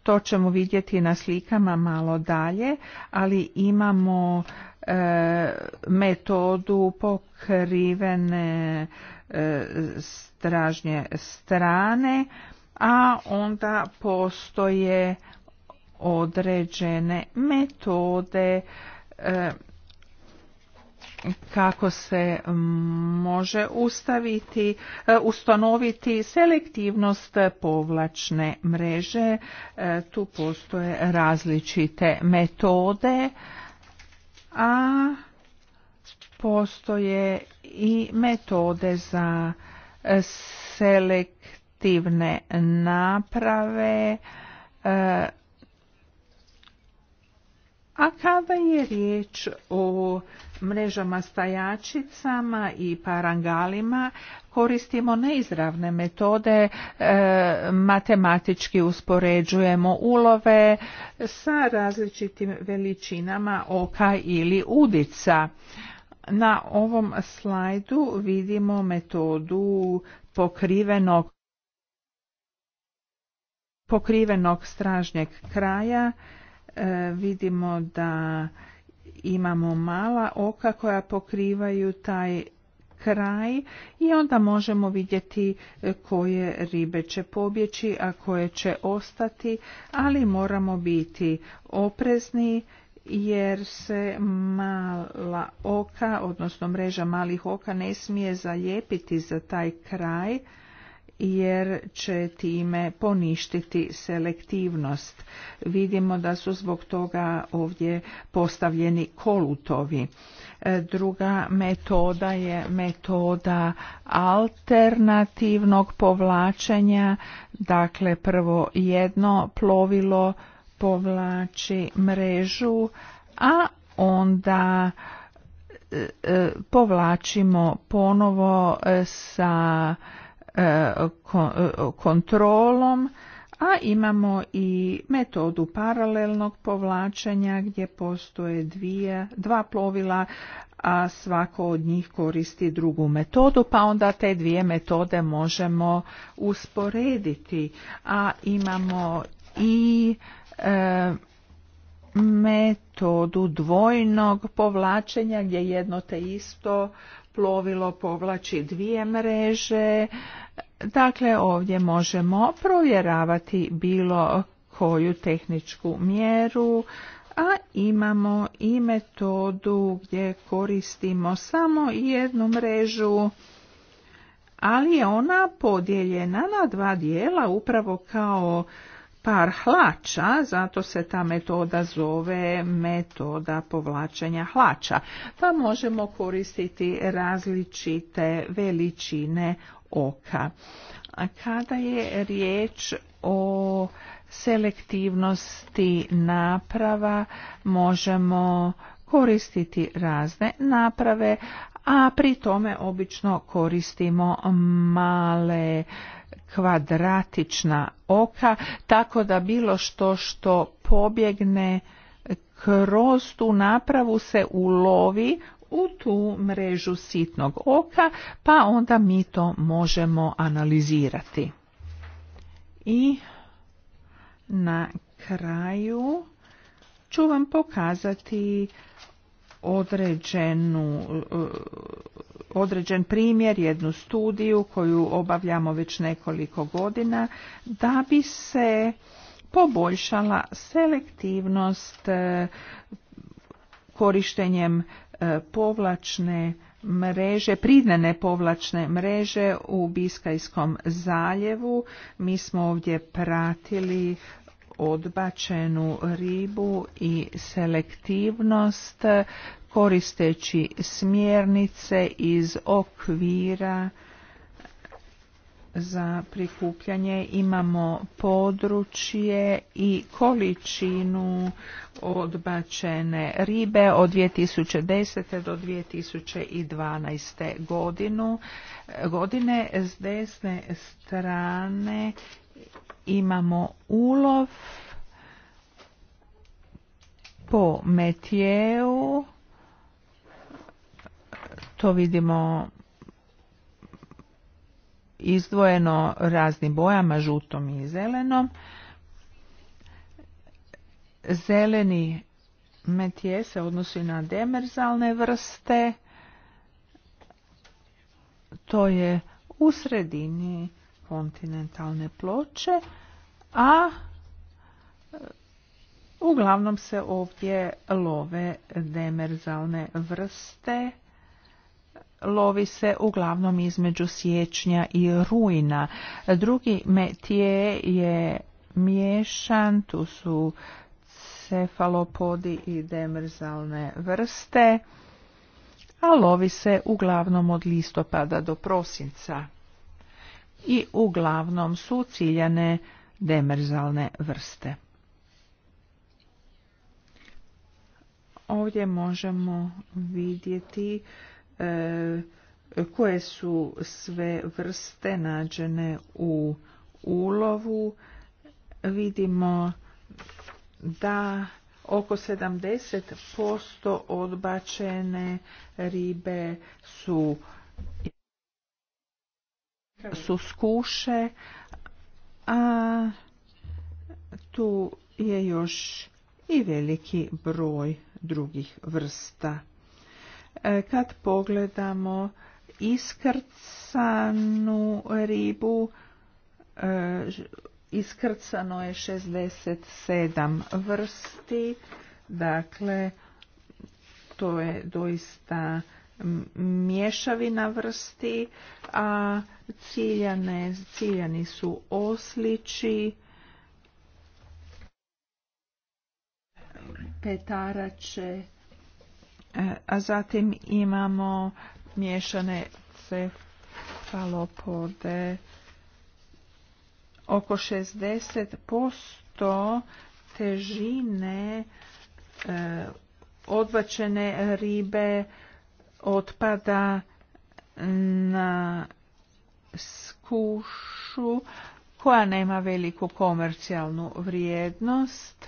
to ćemo vidjeti na slikama malo dalje, ali imamo e, metodu pokrivene e, stražnje strane, a onda postoje određene metode e, kako se može ustaviti, e, ustanoviti selektivnost povlačne mreže. E, tu postoje različite metode, a postoje i metode za selektivne naprave, e, a kada je riječ o mrežama stajačicama i parangalima koristimo neizravne metode, e, matematički uspoređujemo ulove sa različitim veličinama oka ili udica. Na ovom slajdu vidimo metodu pokrivenog pokrivenog stražnjeg kraja. E, vidimo da imamo mala oka koja pokrivaju taj kraj i onda možemo vidjeti e, koje ribe će pobjeći, a koje će ostati, ali moramo biti oprezni jer se mala oka, odnosno mreža malih oka ne smije zalijepiti za taj kraj jer će time poništiti selektivnost. Vidimo da su zbog toga ovdje postavljeni kolutovi. E, druga metoda je metoda alternativnog povlačenja, dakle prvo jedno plovilo povlači mrežu, a onda e, e, povlačimo ponovo sa kontrolom, a imamo i metodu paralelnog povlačenja gdje postoje dva plovila, a svako od njih koristi drugu metodu, pa onda te dvije metode možemo usporediti. A imamo i e, metodu dvojnog povlačenja gdje jedno te isto plovilo povlači dvije mreže. Dakle, ovdje možemo provjeravati bilo koju tehničku mjeru, a imamo i metodu gdje koristimo samo jednu mrežu, ali je ona podijeljena na dva dijela upravo kao par hlača, zato se ta metoda zove metoda povlačenja hlača, pa možemo koristiti različite veličine oka. A kada je riječ o selektivnosti naprava, možemo koristiti razne naprave, a pri tome obično koristimo male kvadratična oka tako da bilo što što pobjegne kroz tu napravu se ulovi u tu mrežu sitnog oka pa onda mi to možemo analizirati. I na kraju ću vam pokazati određen primjer, jednu studiju koju obavljamo već nekoliko godina da bi se poboljšala selektivnost e, korištenjem e, povlačne mreže, pridnene povlačne mreže u Biskajskom zaljevu. Mi smo ovdje pratili odbačenu ribu i selektivnost koristeći smjernice iz okvira za prikupljanje imamo područje i količinu odbačene ribe od 2010. do 2012. godinu. godine s desne strane imamo ulov po metijevu. to vidimo izdvojeno raznim bojama žutom i zelenom zeleni metije se odnosi na demerzalne vrste to je u sredini kontinentalne ploče, a e, uglavnom se ovdje love demerzalne vrste. Lovi se uglavnom između siječnja i rujna. Drugi metije je miješan, tu su cefalopodi i demerzalne vrste, a lovi se uglavnom od listopada do prosinca i uglavnom su ciljane demerzalne vrste. Ovdje možemo vidjeti e, koje su sve vrste nađene u ulovu. Vidimo da oko 70% odbačene ribe su su skuše, a tu je još i veliki broj drugih vrsta. E, kad pogledamo iskrcanu ribu, e, iskrcano je 67 vrsti, dakle to je doista mješavina vrsti, a ciljane, ciljani su osliči, petarače, e, a zatim imamo miješane cefalopode. Oko 60% težine e, odbačene ribe otpada na skušu koja nema veliku komercijalnu vrijednost,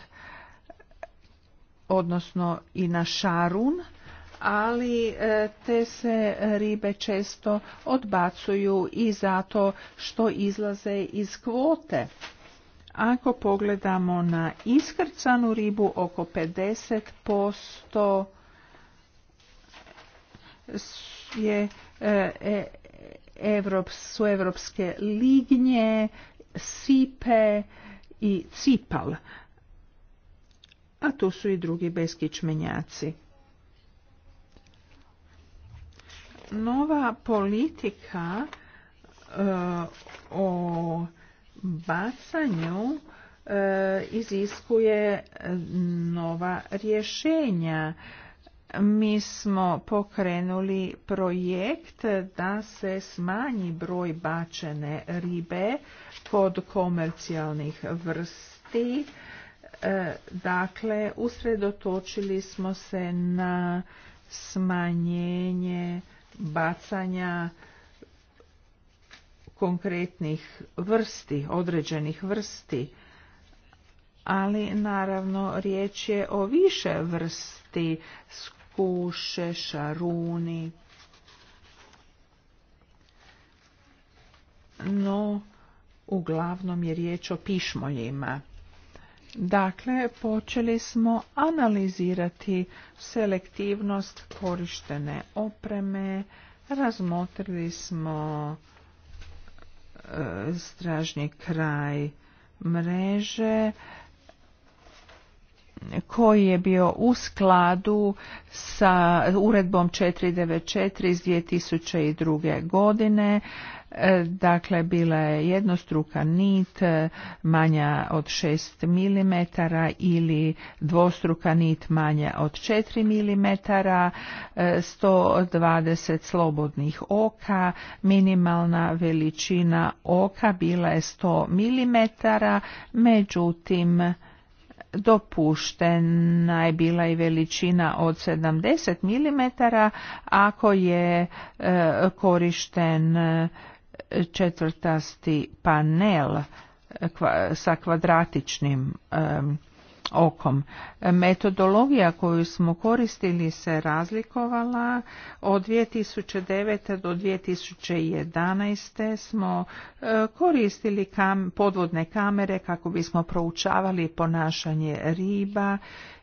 odnosno i na šarun, ali e, te se ribe često odbacuju i zato što izlaze iz kvote. Ako pogledamo na iskrcanu ribu, oko 50% je e, e, Evrops, su evropske lignje, sipe i cipal. A tu su i drugi beskičmenjaci. Nova politika eh, o bacanju eh, iziskuje eh, nova rješenja mi smo pokrenuli projekt da se smanji broj bačene ribe kod komercijalnih vrsti. E, dakle, usredotočili smo se na smanjenje bacanja konkretnih vrsti, određenih vrsti. Ali naravno riječ je o više vrsti s Kuše, Šaruni. No, uglavnom je riječ o pišmoljima. Dakle, počeli smo analizirati selektivnost korištene opreme, razmotrili smo e, stražnji kraj mreže, koji je bio u skladu sa uredbom 494 iz 2002. godine. E, dakle, bila je jednostruka nit e, manja od 6 mm ili dvostruka nit manja od 4 mm, 120 slobodnih oka, minimalna veličina oka bila je 100 mm, međutim dopuštena je bila i veličina od 70 mm ako je e, korišten e, četvrtasti panel e, sa kvadratičnim okom. Metodologija koju smo koristili se razlikovala. Od 2009. do 2011. smo e, koristili kam, podvodne kamere kako bismo proučavali ponašanje riba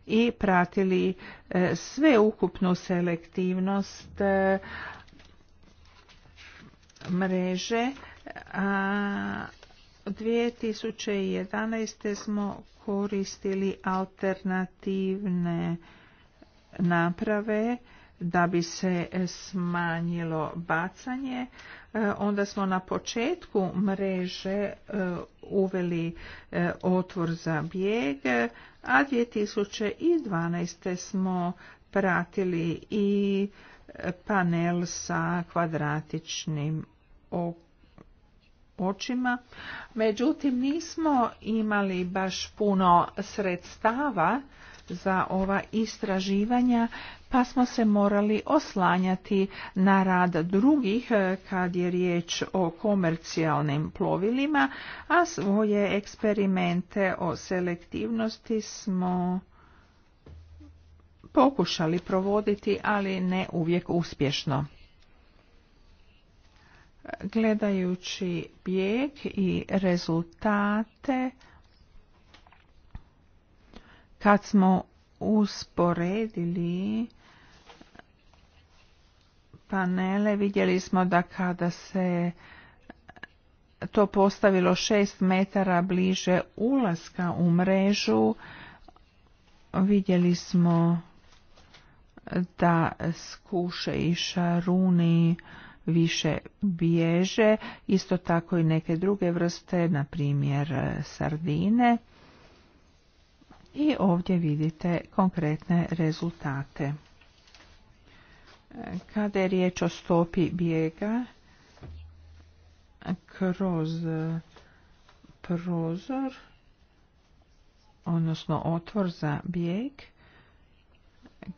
i pratili e, sveukupnu selektivnost e, mreže. A 2011. smo koristili alternativne naprave da bi se smanjilo bacanje. E, onda smo na početku mreže e, uveli e, otvor za bijeg, a 2012. smo pratili i panel sa kvadratičnim okolom očima. Međutim, nismo imali baš puno sredstava za ova istraživanja, pa smo se morali oslanjati na rad drugih eh, kad je riječ o komercijalnim plovilima, a svoje eksperimente o selektivnosti smo pokušali provoditi, ali ne uvijek uspješno. Gledajući bijeg i rezultate, kad smo usporedili panele, vidjeli smo da kada se to postavilo 6 metara bliže ulaska u mrežu, vidjeli smo da skuše i šaruni više bježe, isto tako i neke druge vrste, na primjer e, sardine. I ovdje vidite konkretne rezultate. E, kada je riječ o stopi bijega kroz e, prozor, odnosno otvor za bijeg,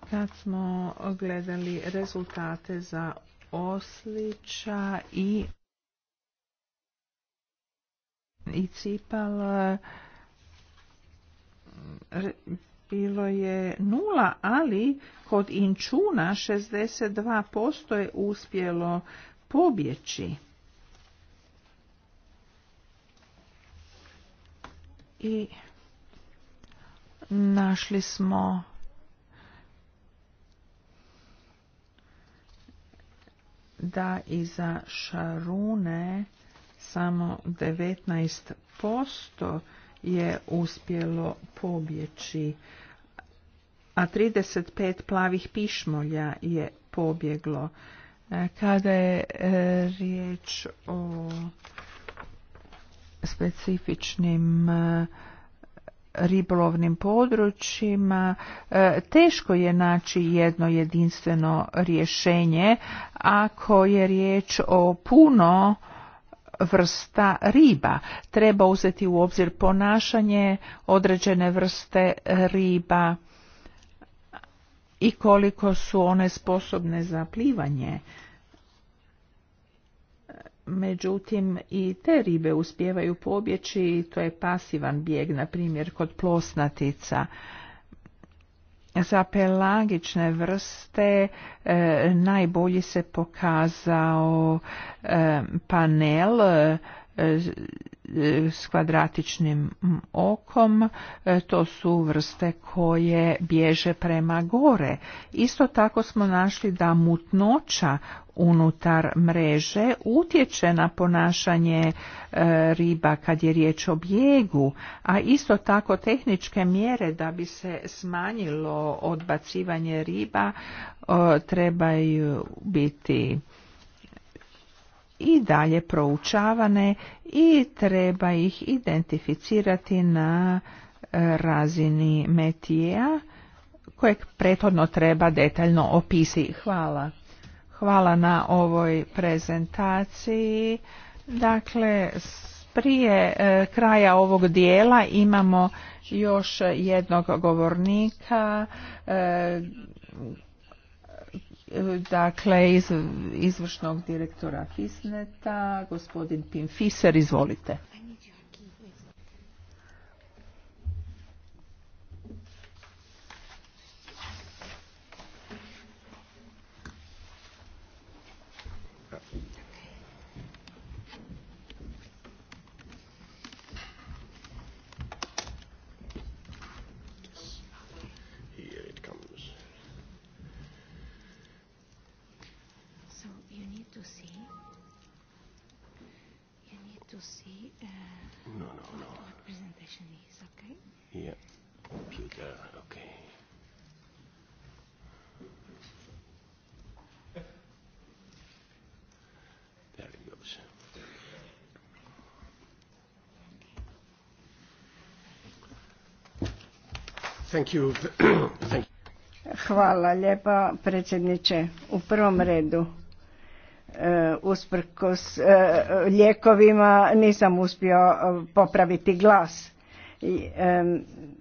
kad smo gledali rezultate za Oslića i i cipala bilo je nula, ali kod Inčuna 62% je uspjelo pobjeći. I našli smo da i za šarune samo 19% je uspjelo pobjeći, a 35 plavih pišmolja je pobjeglo. E, kada je e, riječ o specifičnim e, ribolovnim područjima e, teško je naći jedno jedinstveno rješenje ako je riječ o puno vrsta riba. Treba uzeti u obzir ponašanje određene vrste riba i koliko su one sposobne za plivanje. Međutim, i te ribe uspijevaju pobjeći to je pasivan bijeg, na primjer kod plosnatica. Za pelagične vrste e, najbolji se pokazao e, panel e, s kvadratičnim okom, e, to su vrste koje bježe prema gore. Isto tako smo našli da mutnoća unutar mreže utječe na ponašanje e, riba kad je riječ o bjegu, a isto tako tehničke mjere da bi se smanjilo odbacivanje riba e, trebaju biti i dalje proučavane i treba ih identificirati na e, razini metija kojeg prethodno treba detaljno opisati. Hvala. Hvala na ovoj prezentaciji. Dakle, prije e, kraja ovog dijela imamo još jednog govornika, e, dakle iz, izvršnog direktora Fisneta, gospodin Pim Fiser, izvolite. Computer. Okay. There it goes. Thank you. (clears throat) Thank Hvala lijepa predsjedniče. U prvom redu e, usprkos e, e, lijekovima nisam uspio popraviti glas.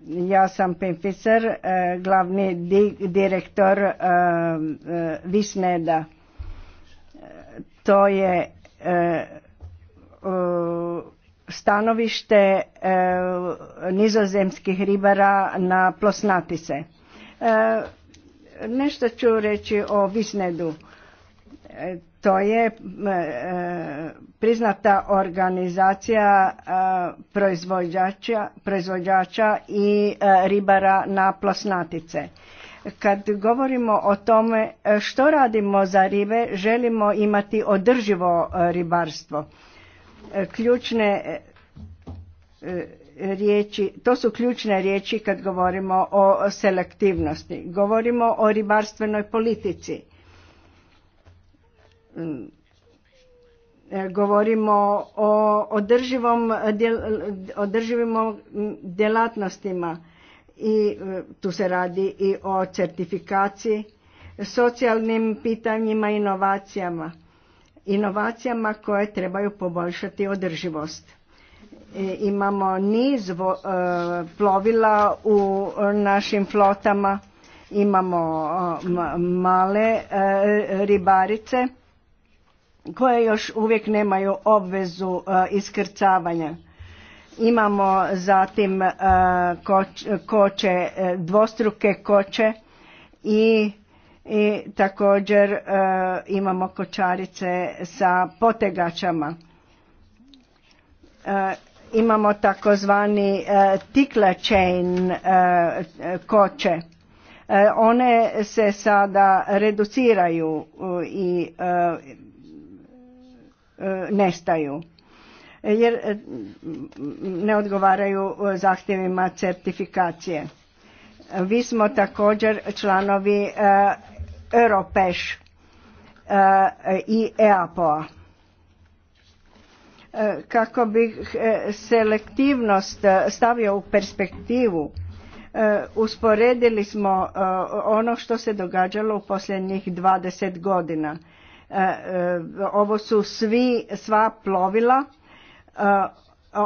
Ja sam Pimficer, e, glavni direktor e, e, Visneda. To je stanovište nizozemskih ribara na Plosnatise. Nešto ću reći o Visnedu to je e, priznata organizacija e, proizvođača, i e, ribara na plasnatice. Kad govorimo o tome što radimo za ribe, želimo imati održivo ribarstvo. Ključne riječi, to su ključne riječi kad govorimo o selektivnosti. Govorimo o ribarstvenoj politici Mm, e, govorimo o održivom, održivim djelatnostima i e, tu se radi i o certifikaciji, socijalnim pitanjima, inovacijama, inovacijama koje trebaju poboljšati održivost. E, imamo niz plovila u našim flotama, imamo male ribarice koje još uvijek nemaju obvezu e, iskrcavanja. Imamo zatim e, koče, e, dvostruke koče i, također imamo kočarice sa potegačama. Imamo takozvani tikla chain koče. One se sada reduciraju i E, nestaju jer e, ne odgovaraju e, zahtjevima certifikacije. Vi smo također članovi Europeš i EAPO-a. Kako bih selektivnost stavio u perspektivu, usporedili smo ono što se događalo u posljednjih 20 godina E, e, ovo su svi, sva plovila, e,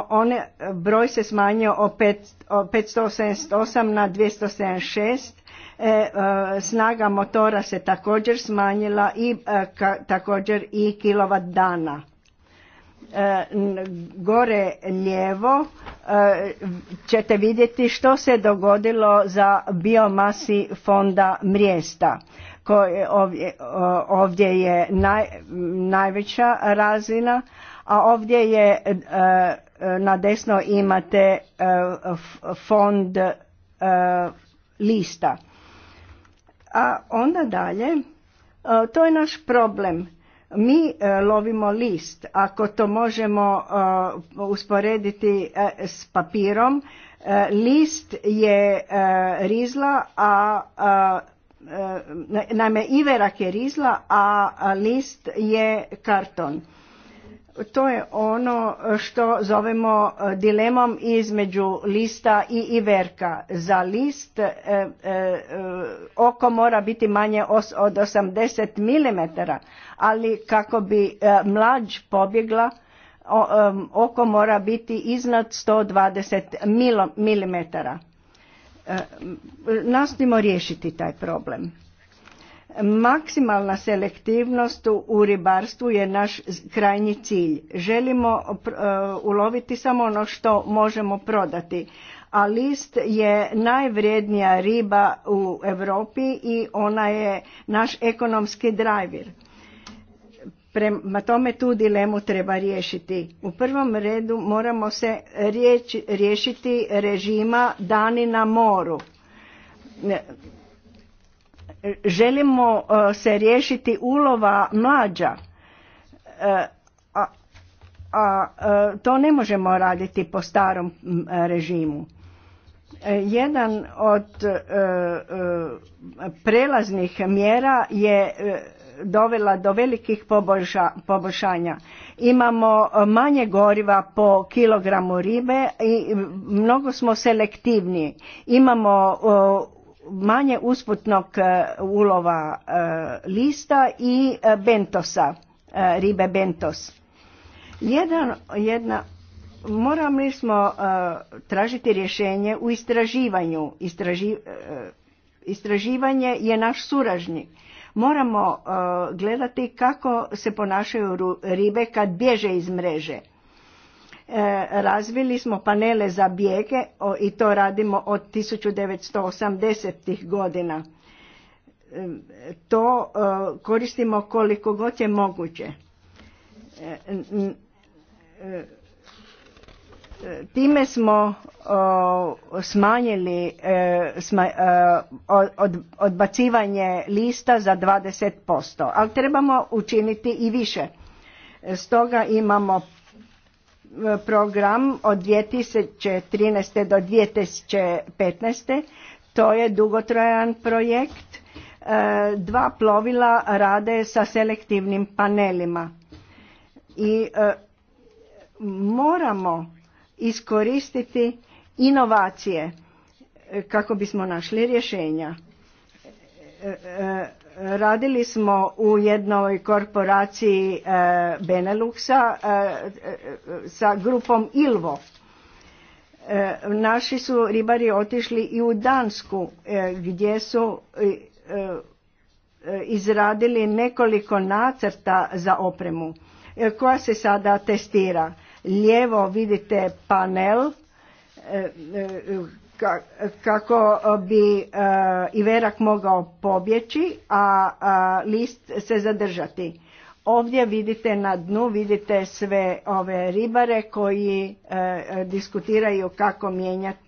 one, broj se smanjio o 578 na 276, snaga motora se također smanjila i također i kilovat dana. Gore lijevo ćete vidjeti što se dogodilo za biomasi fonda mrijesta ovdje, ovdje je naj, najveća razina, a ovdje je e, na desno imate e, fond e, lista. A onda dalje, to je naš problem. Mi lovimo list, ako to možemo usporediti s papirom, list je rizla, a Eh, naime iverak je rizla, a list je karton. To je ono što zovemo eh, dilemom između lista i iverka. Za list eh, oko mora biti manje od 80 mm, ali kako bi mlađ pobjegla, oko mora biti iznad 120 mm. E, nastojimo riješiti taj problem. Maksimalna selektivnost u ribarstvu je naš krajnji cilj. Želimo e, uloviti samo ono što možemo prodati, a list je najvrednija riba u Europi i ona je naš ekonomski driver Prema tome tu dilemu treba riješiti. U prvom redu moramo se riješiti režima dani na moru. Želimo e, se riješiti ulova mlađa, e, a, a e, to ne možemo raditi po starom režimu. Jedan od prelaznih mjera je dovela do velikih poboljšanja. Imamo e, manje goriva po kilogramu ribe i mnogo smo selektivniji. Imamo e, manje usputnog e, ulova lista i bentosa, ribe bentos. Jedan, jedna, moramo smo tražiti rješenje u istraživanju. Istraži, istraživanje je naš suražnik Moramo e, gledati kako se ponašaju ribe kad bježe iz mreže. E, razvili smo panele za bijege i to radimo od 1980. godina. E, to koristimo koliko god je moguće Time smo smanjili e, e, odbacivanje lista za 20%, ali trebamo učiniti i više. Stoga imamo e, program od 2013. do 2015. To je dugotrojan projekt. dva plovila rade sa selektivnim panelima. I moramo iskoristiti inovacije e, kako bismo našli rješenja. E, e, radili smo u jednoj korporaciji Beneluxa sa grupom Ilvo. Naši su ribari otišli i u Dansku gdje su izradili nekoliko nacrta za opremu koja se sada testira lijevo vidite panel e, e, kako bi e, Iverak mogao pobjeći, a list se zadržati. Ovdje vidite na dnu, vidite sve ove ribare koji e, diskutiraju kako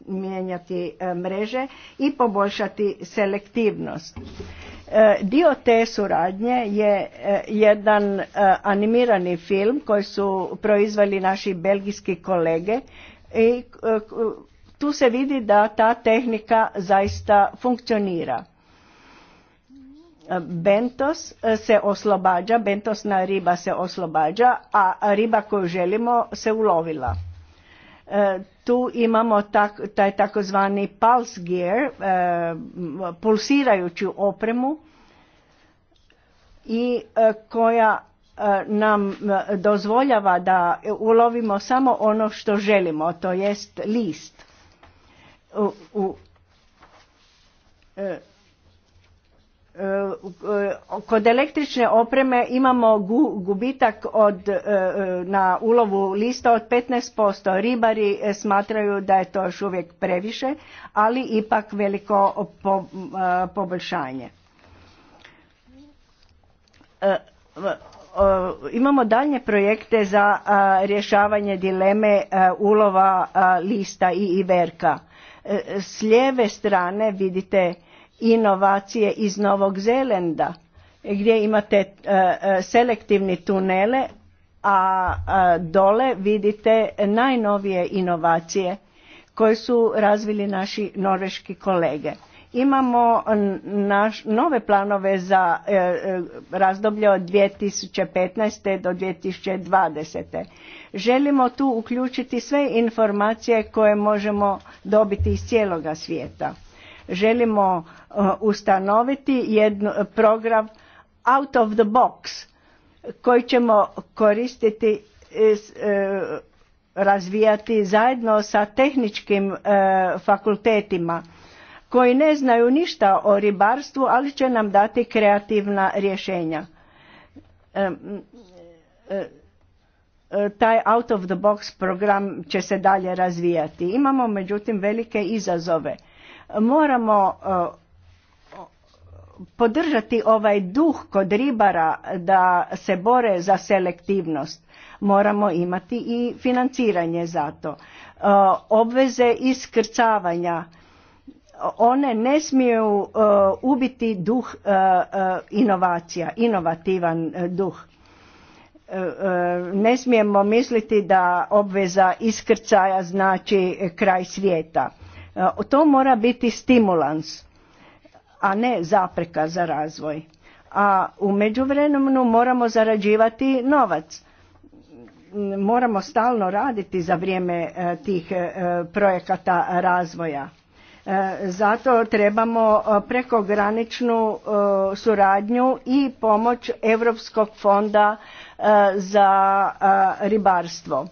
mijenjati, e, mreže i poboljšati selektivnost. E, dio te suradnje je jedan animirani film koji su proizvali naši belgijski kolege i tu se vidi da ta tehnika zaista funkcionira Bentos eh, se oslobađa, bentosna riba se oslobađa, a riba koju želimo se ulovila. Eh, tu imamo tak, taj takozvani pulse gear, eh, pulsirajuću opremu i koja nam dozvoljava da ulovimo samo ono što želimo, to jest list. U, u, E, kod električne opreme imamo gubitak od, e, e, na ulovu lista od 15%. Ribari smatraju da je to još uvijek previše, ali ipak veliko poboljšanje. Imamo dalje projekte za rješavanje dileme ulova lista i iverka. S lijeve strane vidite inovacije iz Novog Zelenda gdje imate e, e, selektivni tunele, a dole vidite najnovije inovacije koje su razvili naši norveški kolege. Imamo nove planove za e, razdoblje od 2015. do 2020. Želimo tu uključiti sve informacije koje možemo dobiti iz cijeloga svijeta želimo e, ustanoviti jedan e, program out of the box koji ćemo koristiti e, razvijati zajedno sa tehničkim fakultetima koji ne znaju ništa o ribarstvu ali će nam dati kreativna rješenja taj out of the box program će se dalje razvijati imamo međutim velike izazove Moramo e, podržati ovaj duh kod ribara da se bore za selektivnost. Moramo imati i financiranje za to. E, obveze iskrcavanja one ne smiju e, ubiti duh inovacija, inovativan duh. Ne smijemo misliti da obveza iskrcaja znači kraj svijeta. E, to mora biti stimulans, a ne zapreka za razvoj. A u međuvremenu moramo zarađivati novac. Moramo stalno raditi za vrijeme e, tih e, projekata razvoja. Zato trebamo prekograničnu suradnju i pomoć Europskog fonda za ribarstvo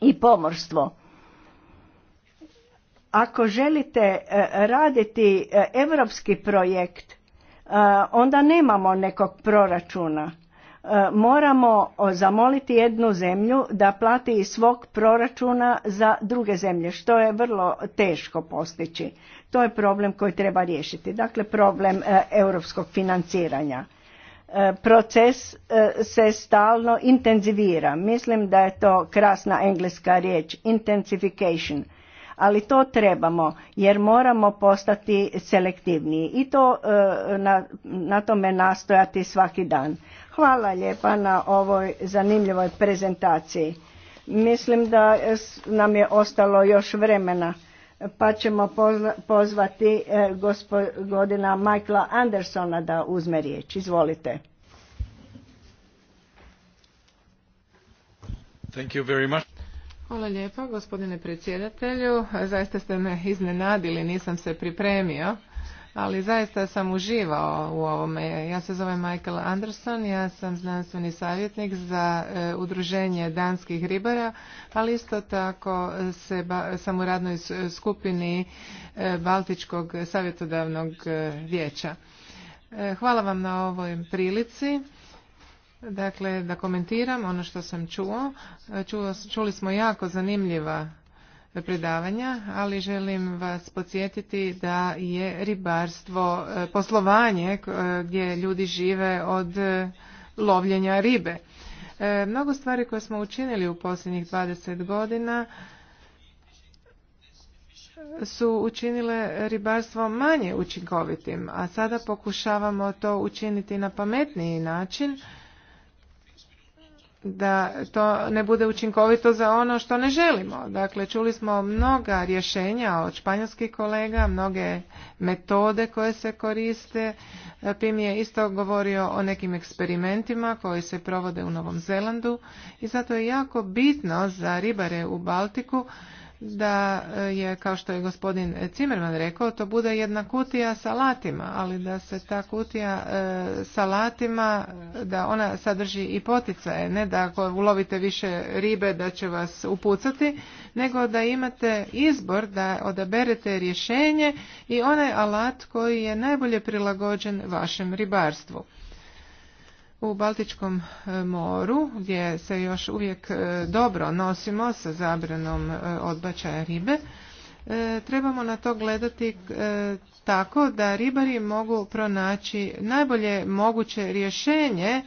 i pomorstvo ako želite e, raditi europski projekt, e, onda nemamo nekog proračuna. E, moramo zamoliti jednu zemlju da plati iz svog proračuna za druge zemlje, što je vrlo teško postići. To je problem koji treba riješiti. Dakle, problem europskog financiranja. Proces se stalno intenzivira. Mislim da je to krasna engleska riječ, intensification – ali to trebamo jer moramo postati selektivniji i to e, na, tome nastojati svaki dan. Hvala lijepa na ovoj zanimljivoj prezentaciji. Mislim da nam je ostalo još vremena pa ćemo pozvati e, gospodina Michaela Andersona da uzme riječ. Izvolite. Thank you very much. Hvala lijepa gospodine predsjedatelju. Zaista ste me iznenadili, nisam se pripremio, ali zaista sam uživao u ovome. Ja se zovem Michael Anderson, ja sam znanstveni savjetnik za e, udruženje danskih ribara, ali isto tako se sam u radnoj skupini e, Baltičkog savjetodavnog e, vijeća. Hvala vam na ovoj prilici Dakle, da komentiram ono što sam čuo. Čuli smo jako zanimljiva predavanja, ali želim vas podsjetiti da je ribarstvo e, poslovanje e, gdje ljudi žive od e, lovljenja ribe. Mnogo stvari koje smo učinili u posljednjih 20 godina su učinile ribarstvo manje učinkovitim, a sada pokušavamo to učiniti na pametniji način da to ne bude učinkovito za ono što ne želimo. Dakle, čuli smo mnoga rješenja od španjolskih kolega, mnoge metode koje se koriste. Pim je isto govorio o nekim eksperimentima koji se provode u Novom Zelandu i zato je jako bitno za ribare u Baltiku da e, je, kao što je gospodin Cimerman rekao, to bude jedna kutija sa alatima, ali da se ta kutija e, sa alatima, da ona sadrži i poticaje, ne da ako ulovite više ribe da će vas upucati, nego da imate izbor da odaberete rješenje i onaj alat koji je najbolje prilagođen vašem ribarstvu u Baltičkom e, moru gdje se još uvijek e, dobro nosimo sa zabranom e, odbačaja ribe trebamo na to gledati tako da ribari mogu pronaći najbolje moguće rješenje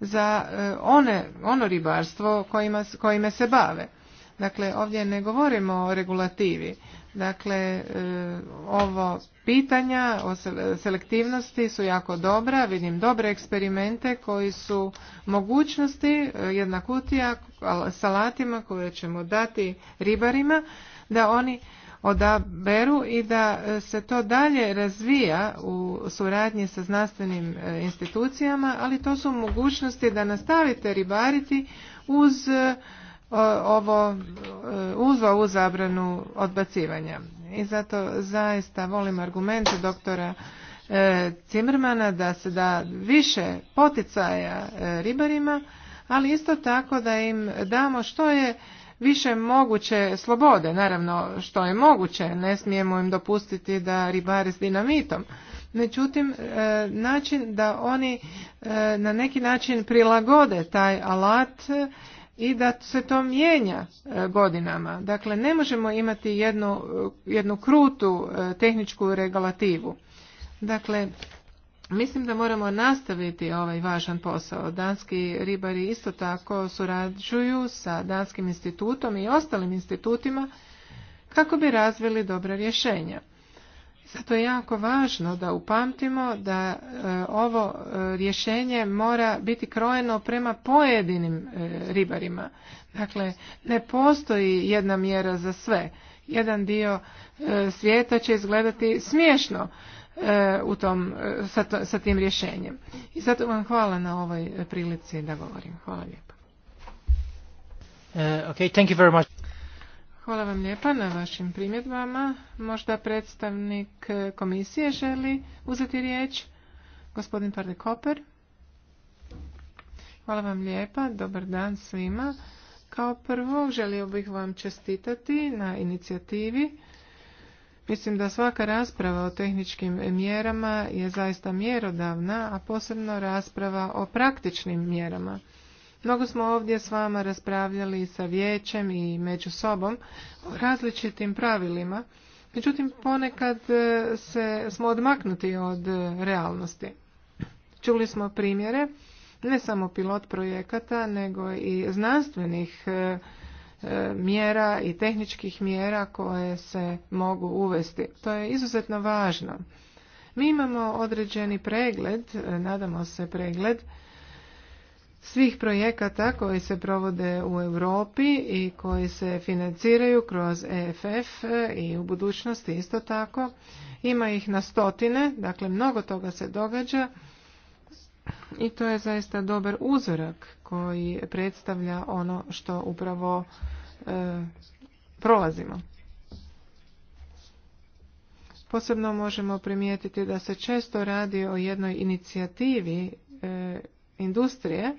za one, ono ribarstvo kojima, kojime se bave. Dakle, ovdje ne govorimo o regulativi. Dakle, e, ovo pitanja o selektivnosti su jako dobra, vidim dobre eksperimente koji su mogućnosti, e, jedna kutija salatima koje ćemo dati ribarima, da oni odaberu i da e, se to dalje razvija u suradnji sa znanstvenim institucijama, ali to su mogućnosti da nastavite ribariti uz ovo e, uzva u zabranu odbacivanja. I zato zaista volim argumente doktora e, Cimrmana da se da više poticaja e, ribarima, ali isto tako da im damo što je više moguće slobode, naravno što je moguće, ne smijemo im dopustiti da ribare s dinamitom. Međutim, način da oni na neki način prilagode taj alat i da se to mijenja e, godinama. Dakle, ne možemo imati jednu, e, jednu krutu e, tehničku regulativu. Dakle, Mislim da moramo nastaviti ovaj važan posao. Danski ribari isto tako surađuju sa Danskim institutom i ostalim institutima kako bi razvili dobra rješenja. Zato je jako važno da upamtimo da e, ovo e, rješenje mora biti krojeno prema pojedinim e, ribarima. Dakle, ne postoji jedna mjera za sve. Jedan dio svijeta će izgledati smiješno u tom, sa, tim rješenjem. I zato vam hvala na ovoj prilici da govorim. Hvala lijepo. thank you very much. Hvala vam lijepa na vašim primjedbama. Možda predstavnik komisije želi uzeti riječ. Gospodin Parli Koper. Hvala vam lijepa. Dobar dan svima. Kao prvo želio bih vam čestitati na inicijativi. Mislim da svaka rasprava o tehničkim mjerama je zaista mjerodavna, a posebno rasprava o praktičnim mjerama. Mnogo smo ovdje s vama raspravljali sa vijećem i među sobom o različitim pravilima, međutim ponekad e, se, smo odmaknuti od e, realnosti. Čuli smo primjere, ne samo pilot projekata, nego i znanstvenih e, mjera i tehničkih mjera koje se mogu uvesti. To je izuzetno važno. Mi imamo određeni pregled, nadamo se pregled, svih projekata koji se provode u Europi i koji se financiraju kroz EFF i u budućnosti isto tako. Ima ih na stotine, dakle mnogo toga se događa i to je zaista dobar uzorak koji predstavlja ono što upravo e, prolazimo. Posebno možemo primijetiti da se često radi o jednoj inicijativi e, industrije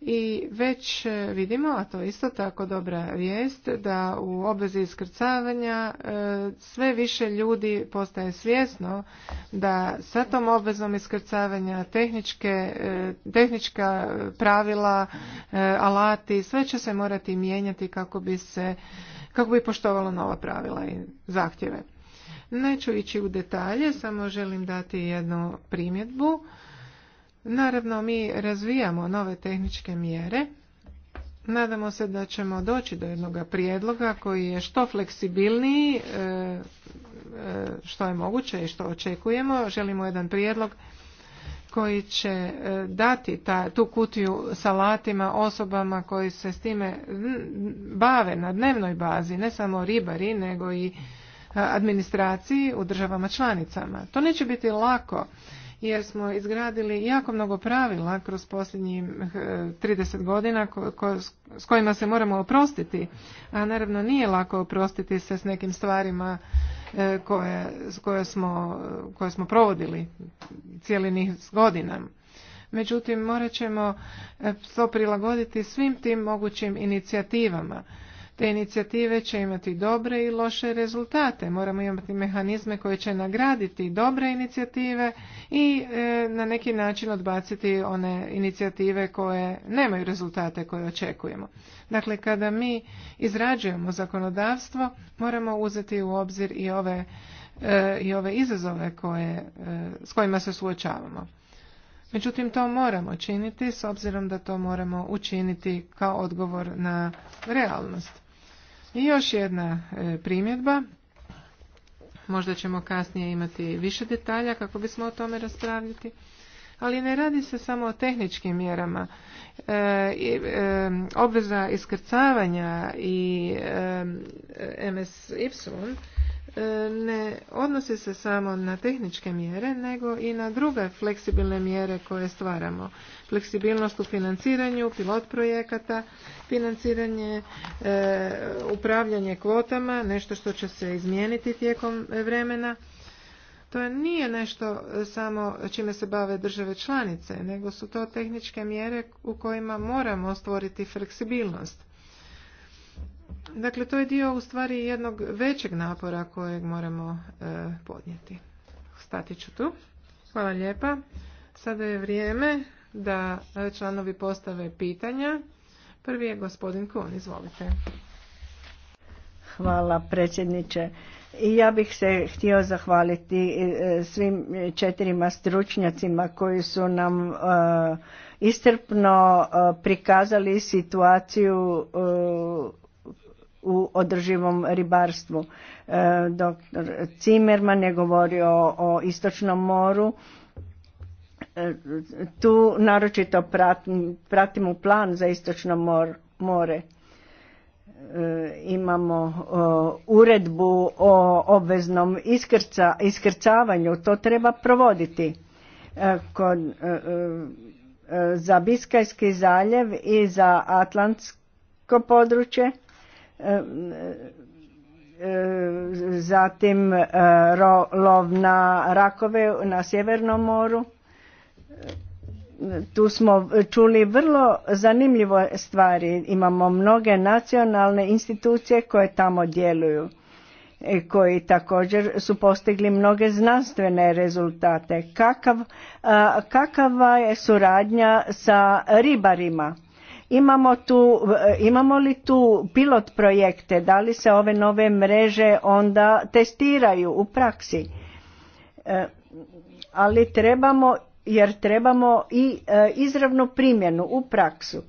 i već e, vidimo, a to je isto tako dobra vijest, da u obvezi iskrcavanja e, sve više ljudi postaje svjesno da sa tom obvezom iskrcavanja tehničke, e, tehnička pravila, alati, sve će se morati mijenjati kako bi se kako bi poštovalo nova pravila i zahtjeve. Neću ići u detalje, samo želim dati jednu primjedbu Naravno, mi razvijamo nove tehničke mjere. Nadamo se da ćemo doći do jednog prijedloga koji je što fleksibilniji, e, e, što je moguće i što očekujemo. Želimo jedan prijedlog koji će e, dati ta, tu kutiju salatima osobama koji se s time bave na dnevnoj bazi, ne samo ribari, nego i administraciji u državama članicama. To neće biti lako jer smo izgradili jako mnogo pravila kroz posljednjih 30 eh, godina s kojima se moramo oprostiti, a naravno nije lako oprostiti se s nekim stvarima eh, koje, smo, koje smo provodili cijeli niz godina. Međutim, morat ćemo eh, to prilagoditi svim tim mogućim inicijativama te inicijative će imati dobre i loše rezultate. Moramo imati mehanizme koje će nagraditi dobre inicijative i e, na neki način odbaciti one inicijative koje nemaju rezultate koje očekujemo. Dakle, kada mi izrađujemo zakonodavstvo, moramo uzeti u obzir i ove, e, i ove izazove koje, e, s kojima se suočavamo. Međutim, to moramo činiti s obzirom da to moramo učiniti kao odgovor na realnost. I još jedna e, primjedba. Možda ćemo kasnije imati više detalja kako bismo o tome raspravljati. Ali ne radi se samo o tehničkim mjerama. E, e, obveza iskrcavanja i MS MSY E, ne odnosi se samo na tehničke mjere, nego i na druge fleksibilne mjere koje stvaramo. Fleksibilnost u financiranju, pilot projekata, financiranje, e, upravljanje kvotama, nešto što će se izmijeniti tijekom vremena. To nije nešto e, samo čime se bave države članice, nego su to tehničke mjere u kojima moramo stvoriti fleksibilnost. Dakle, to je dio u stvari jednog većeg napora kojeg moramo e, podnijeti. Stati ću tu. Hvala lijepa. Sada je vrijeme da članovi postave pitanja. Prvi je gospodin Kun, izvolite. Hvala predsjedniče. I ja bih se htio zahvaliti e, svim četirima stručnjacima koji su nam e, iscrpno prikazali situaciju u održivom ribarstvu. E, Dr. Cimerman je govorio o Istočnom moru. E, tu naročito pratimo plan za Istočno more. E, imamo uredbu o obveznom iskrca, iskrcavanju. To treba provoditi. Kod, za Biskajski zaljev i za Atlantsko područje E, e, zatim e, lov na rakove na Sjevernom moru. Tu smo čuli vrlo zanimljive stvari. Imamo mnoge nacionalne institucije koje tamo djeluju koji također su postigli mnoge znanstvene rezultate. Kakav, kakava je suradnja sa ribarima? Imamo, tu, e, imamo li tu pilot projekte? Da li se ove nove mreže onda testiraju u praksi? E, ali trebamo, jer trebamo i e, izravnu primjenu u praksu.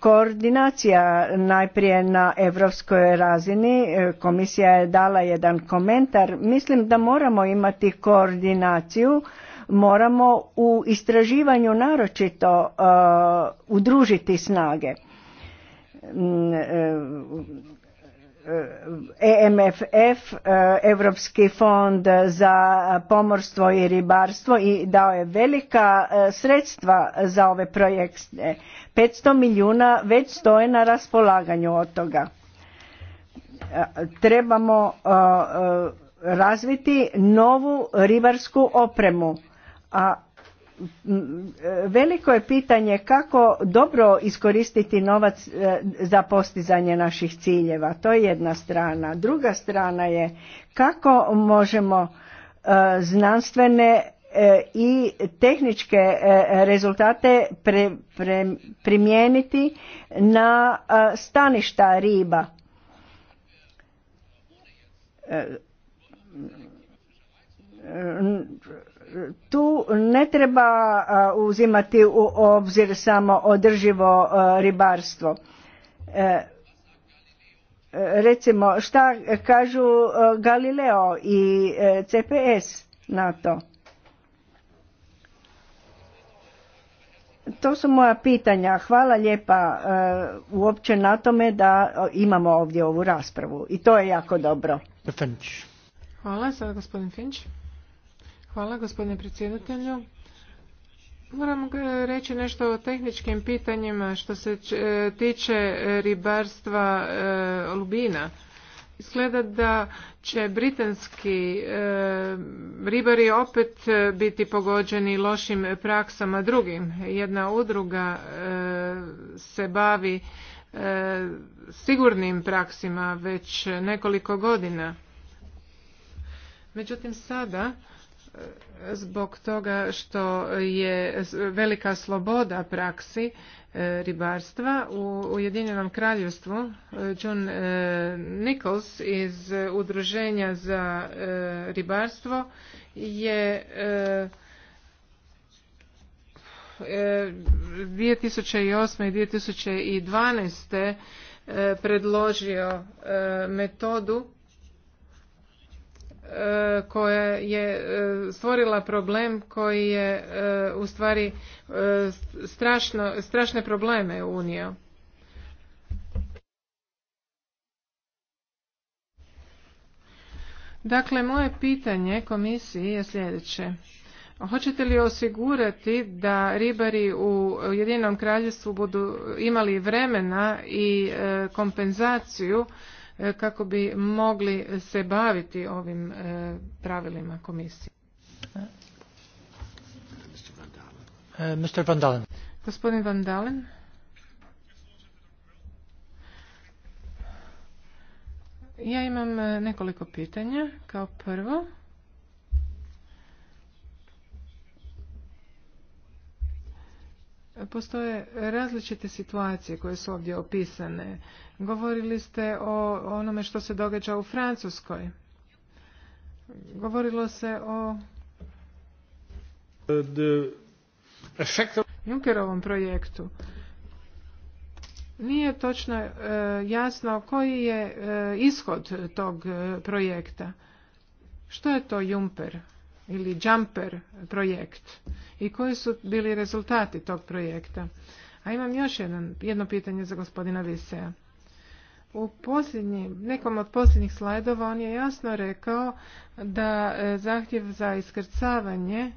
Koordinacija najprije na europskoj razini, komisija je dala jedan komentar, mislim da moramo imati koordinaciju moramo u istraživanju naročito uh, udružiti snage. Mm, uh, EMFF, uh, Europski fond za pomorstvo i ribarstvo i dao je velika sredstva za ove projekte. 500 milijuna već stoje na raspolaganju od toga. Trebamo razviti novu ribarsku opremu a e, veliko je pitanje kako dobro iskoristiti novac e, za postizanje naših ciljeva. To je jedna strana. Druga strana je kako možemo e, znanstvene i tehničke rezultate primijeniti na staništa riba tu ne treba uzimati u obzir samo održivo ribarstvo. E, recimo, šta kažu Galileo i e, CPS na to? To su moja pitanja. Hvala lijepa e, uopće na tome da imamo ovdje ovu raspravu i to je jako dobro. Hvala, sada gospodin Finč. Hvala gospodine predsjedatelju. Moram e, reći nešto o tehničkim pitanjima što se e, tiče e, ribarstva lubina. Izgleda da će britanski ribari opet biti pogođeni lošim praksama drugim. Jedna udruga se bavi sigurnim praksima već nekoliko godina. Međutim, sada zbog toga što je velika sloboda praksi e, ribarstva u Ujedinjenom kraljevstvu e, John e, Nichols iz udruženja za ribarstvo je 2008. i 2012. predložio metodu E, koja je e, stvorila problem koji je e, u stvari strašno, strašne probleme unio. Dakle, moje pitanje komisiji je sljedeće. Hoćete li osigurati da ribari u Jedinom kraljestvu budu imali vremena i kompenzaciju E, kako bi mogli se baviti ovim e, pravilima komisije. E, Gospodin Van Dalen. Ja imam nekoliko pitanja. Kao prvo, postoje različite situacije koje su ovdje opisane Govorili ste o onome što se događa u Francuskoj. Govorilo se o Junkerovom projektu. Nije točno e, jasno koji je e, ishod tog e, projekta. Što je to Jumper ili Jumper projekt i koji su bili rezultati tog projekta? A imam još jedno pitanje za gospodina Visea. U nekom od posljednjih slajdova on je jasno rekao da e, zahtjev za iskrcavanje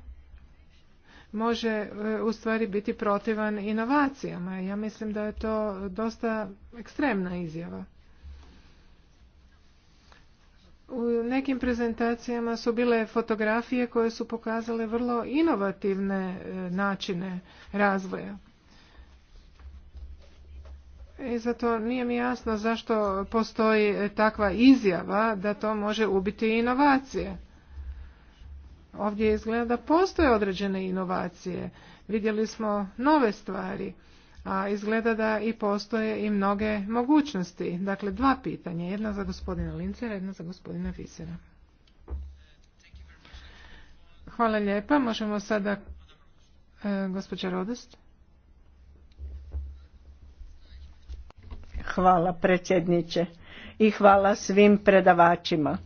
može e, u stvari biti protivan inovacijama. Ja mislim da je to dosta ekstremna izjava. U nekim prezentacijama su bile fotografije koje su pokazale vrlo inovativne e, načine razvoja. I zato nije mi jasno zašto postoji takva izjava da to može ubiti inovacije. Ovdje izgleda da postoje određene inovacije. Vidjeli smo nove stvari, a izgleda da i postoje i mnoge mogućnosti. Dakle, dva pitanja, jedna za gospodina Lincera, jedna za gospodina Visera. Hvala lijepa. Možemo sada e, gospođa Hvala predsjedniče i hvala svim predavačima.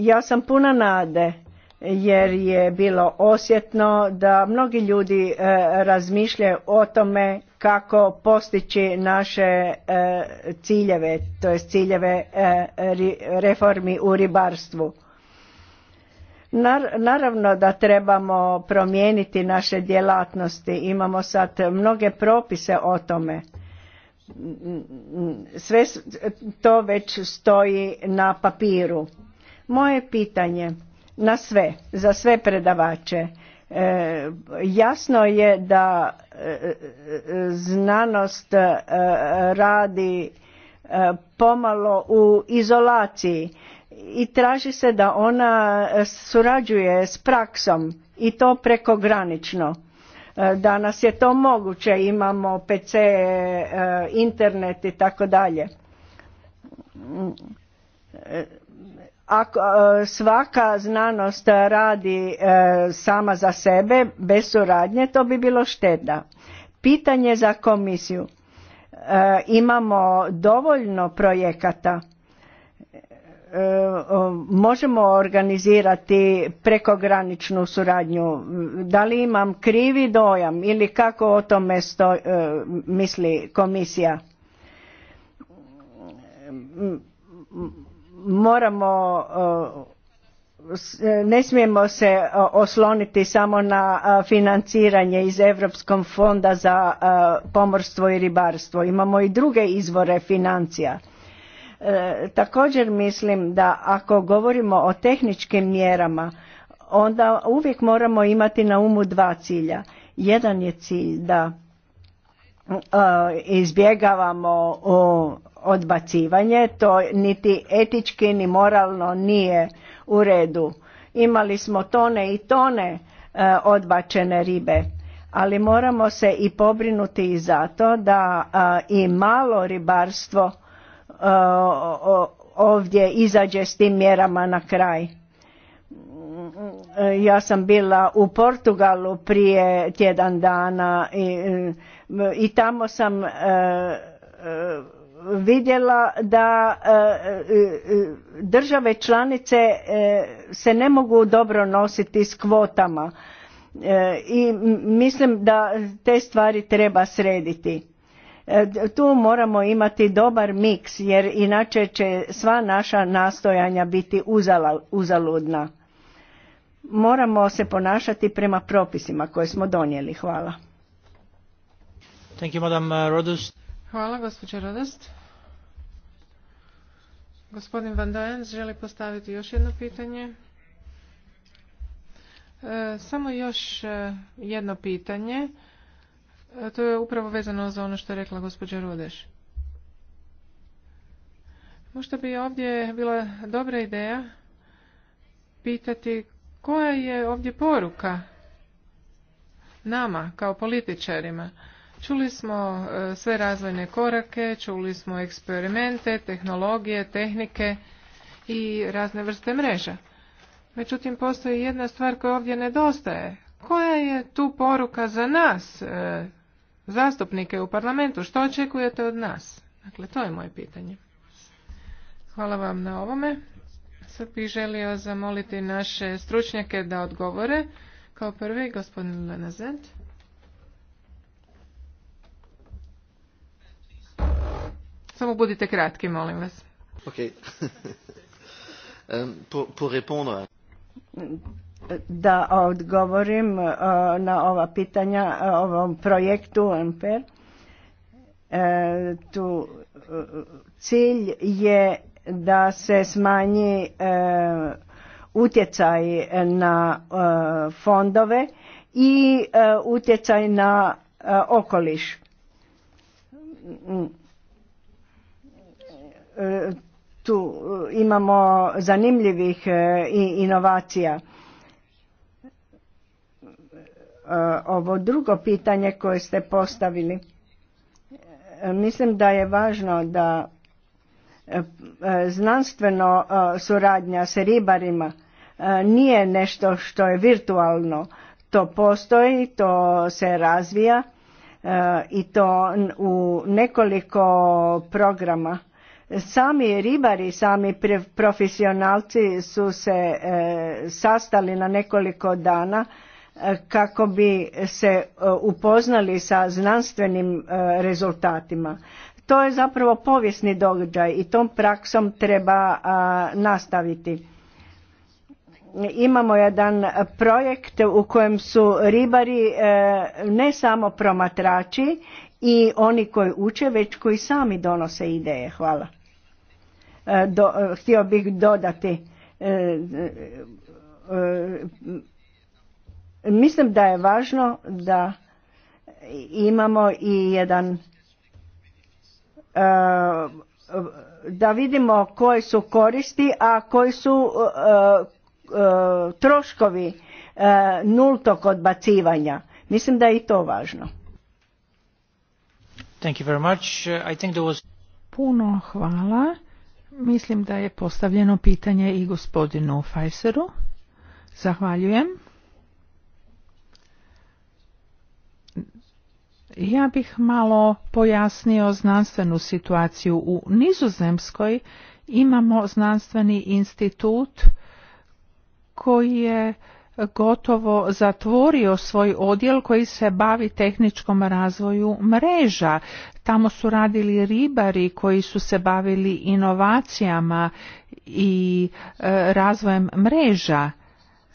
Ja sam puna nade jer je bilo osjetno da mnogi ljudi e, razmišljaju o tome kako postići naše e, ciljeve, to jest ciljeve e, reformi u ribarstvu Naravno da trebamo promijeniti naše djelatnosti, imamo sad mnoge propise o tome. Sve to već stoji na papiru. Moje pitanje na sve, za sve predavače. E, jasno je da e, znanost e, radi pomalo u izolaciji i traži se da ona e, surađuje s praksom i to prekogranično. E, danas je to moguće, imamo PC, e, internet i tako dalje. Ako svaka znanost radi sama za sebe, bez suradnje, to bi bilo šteta. Pitanje za komisiju. Imamo dovoljno projekata E, možemo organizirati prekograničnu suradnju. Da li imam krivi dojam ili kako o tome sto, e, misli komisija? Moramo ne smijemo se osloniti samo na financiranje iz Europskog fonda za pomorstvo i ribarstvo. Imamo i druge izvore financija E, također mislim da ako govorimo o tehničkim mjerama, onda uvijek moramo imati na umu dva cilja. Jedan je cilj da e, izbjegavamo odbacivanje, to niti etički ni moralno nije u redu. Imali smo tone i tone e, odbačene ribe, ali moramo se i pobrinuti i zato da i malo ribarstvo E, ovdje izađe s tim mjerama na kraj. E, ja sam bila u Portugalu prije tjedan dana i, i tamo sam e, vidjela da države članice se ne mogu dobro nositi s kvotama i mislim da te stvari treba srediti E, tu moramo imati dobar miks jer inače će sva naša nastojanja biti uzala, uzaludna. Moramo se ponašati prema propisima koje smo donijeli. Hvala. Thank you, madam uh, Hvala, gospođa Rodost. Gospodin Van Dajen želi postaviti još jedno pitanje. E, samo još e, jedno pitanje. To je upravo vezano za ono što je rekla gospođa Rodeš. Možda bi ovdje bila dobra ideja pitati koja je ovdje poruka nama kao političarima. Čuli smo e, sve razvojne korake, čuli smo eksperimente, tehnologije, tehnike i razne vrste mreža. Međutim, postoji jedna stvar koja ovdje nedostaje. Koja je tu poruka za nas, e, zastupnike u parlamentu. Što očekujete od nas? Dakle, to je moje pitanje. Hvala vam na ovome. Sad bih želio zamoliti naše stručnjake da odgovore. Kao prvi, gospodin Lenazent. Samo budite kratki, molim vas. (laughs) da odgovorim e, na ova pitanja e, ovom projektu NPR. E, tu cilj je da se smanji utjecaj na fondove i utjecaj na okoliš. Tu imamo zanimljivih inovacija E, ovo drugo pitanje koje ste postavili. E, mislim da je važno da e, znanstveno suradnja s ribarima nije nešto što je virtualno. To postoji, to se razvija i to u nekoliko programa. Sami ribari, sami profesionalci su se sastali na nekoliko dana kako bi se e, upoznali sa znanstvenim e, rezultatima. To je zapravo povijesni događaj i tom praksom treba nastaviti. Imamo jedan projekt u kojem su ribari e, ne samo promatrači i oni koji uče, već koji sami donose ideje. Hvala. htio bih dodati Mislim da je važno da imamo i jedan eh, da vidimo koje su koristi, a koji su eh, eh, troškovi nultog odbacivanja. Mislim da je i to važno. Thank you very much. I think there was... Puno hvala. Mislim da je postavljeno pitanje i gospodinu Fajseru. Zahvaljujem. Ja bih malo pojasnio znanstvenu situaciju u Nizozemskoj. Imamo znanstveni institut koji je gotovo zatvorio svoj odjel koji se bavi tehničkom razvoju mreža. Tamo su radili ribari koji su se bavili inovacijama i e, razvojem mreža.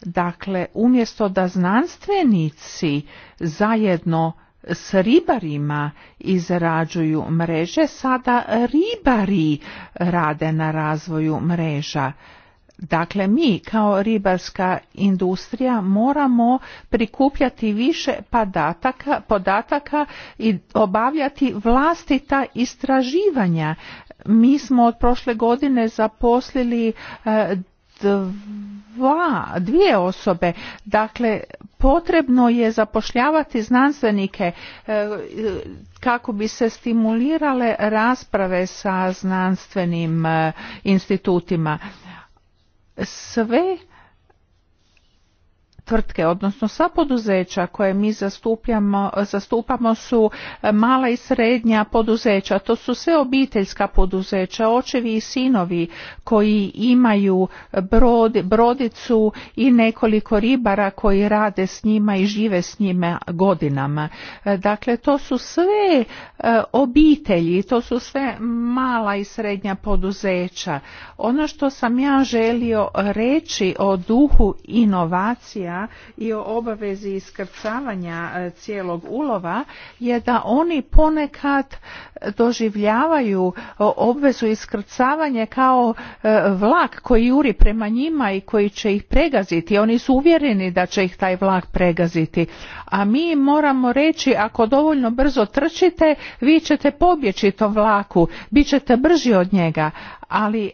Dakle, umjesto da znanstvenici zajedno s ribarima izrađuju mreže, sada ribari rade na razvoju mreža. Dakle, mi kao ribarska industrija moramo prikupljati više podataka, podataka i obavljati vlastita istraživanja. Mi smo od prošle godine zaposlili e, dva, dvije osobe. Dakle, potrebno je zapošljavati znanstvenike e, kako bi se stimulirale rasprave sa znanstvenim e, institutima. Sve tvrtke, odnosno sva poduzeća koje mi zastupamo su e, mala i srednja poduzeća. To su sve obiteljska poduzeća, očevi i sinovi koji imaju brodicu i nekoliko ribara koji rade s njima i žive s njima godinama. E, dakle, to su sve e, obitelji, to su sve mala i srednja poduzeća. Ono što sam ja želio reći o duhu inovacija i o obavezi iskrcavanja e, cijelog ulova je da oni ponekad doživljavaju e, obvezu iskrcavanja kao e, vlak koji juri prema njima i koji će ih pregaziti. Oni su uvjereni da će ih taj vlak pregaziti. A mi moramo reći ako dovoljno brzo trčite vi ćete pobjeći tom vlaku, bit ćete brži od njega. Ali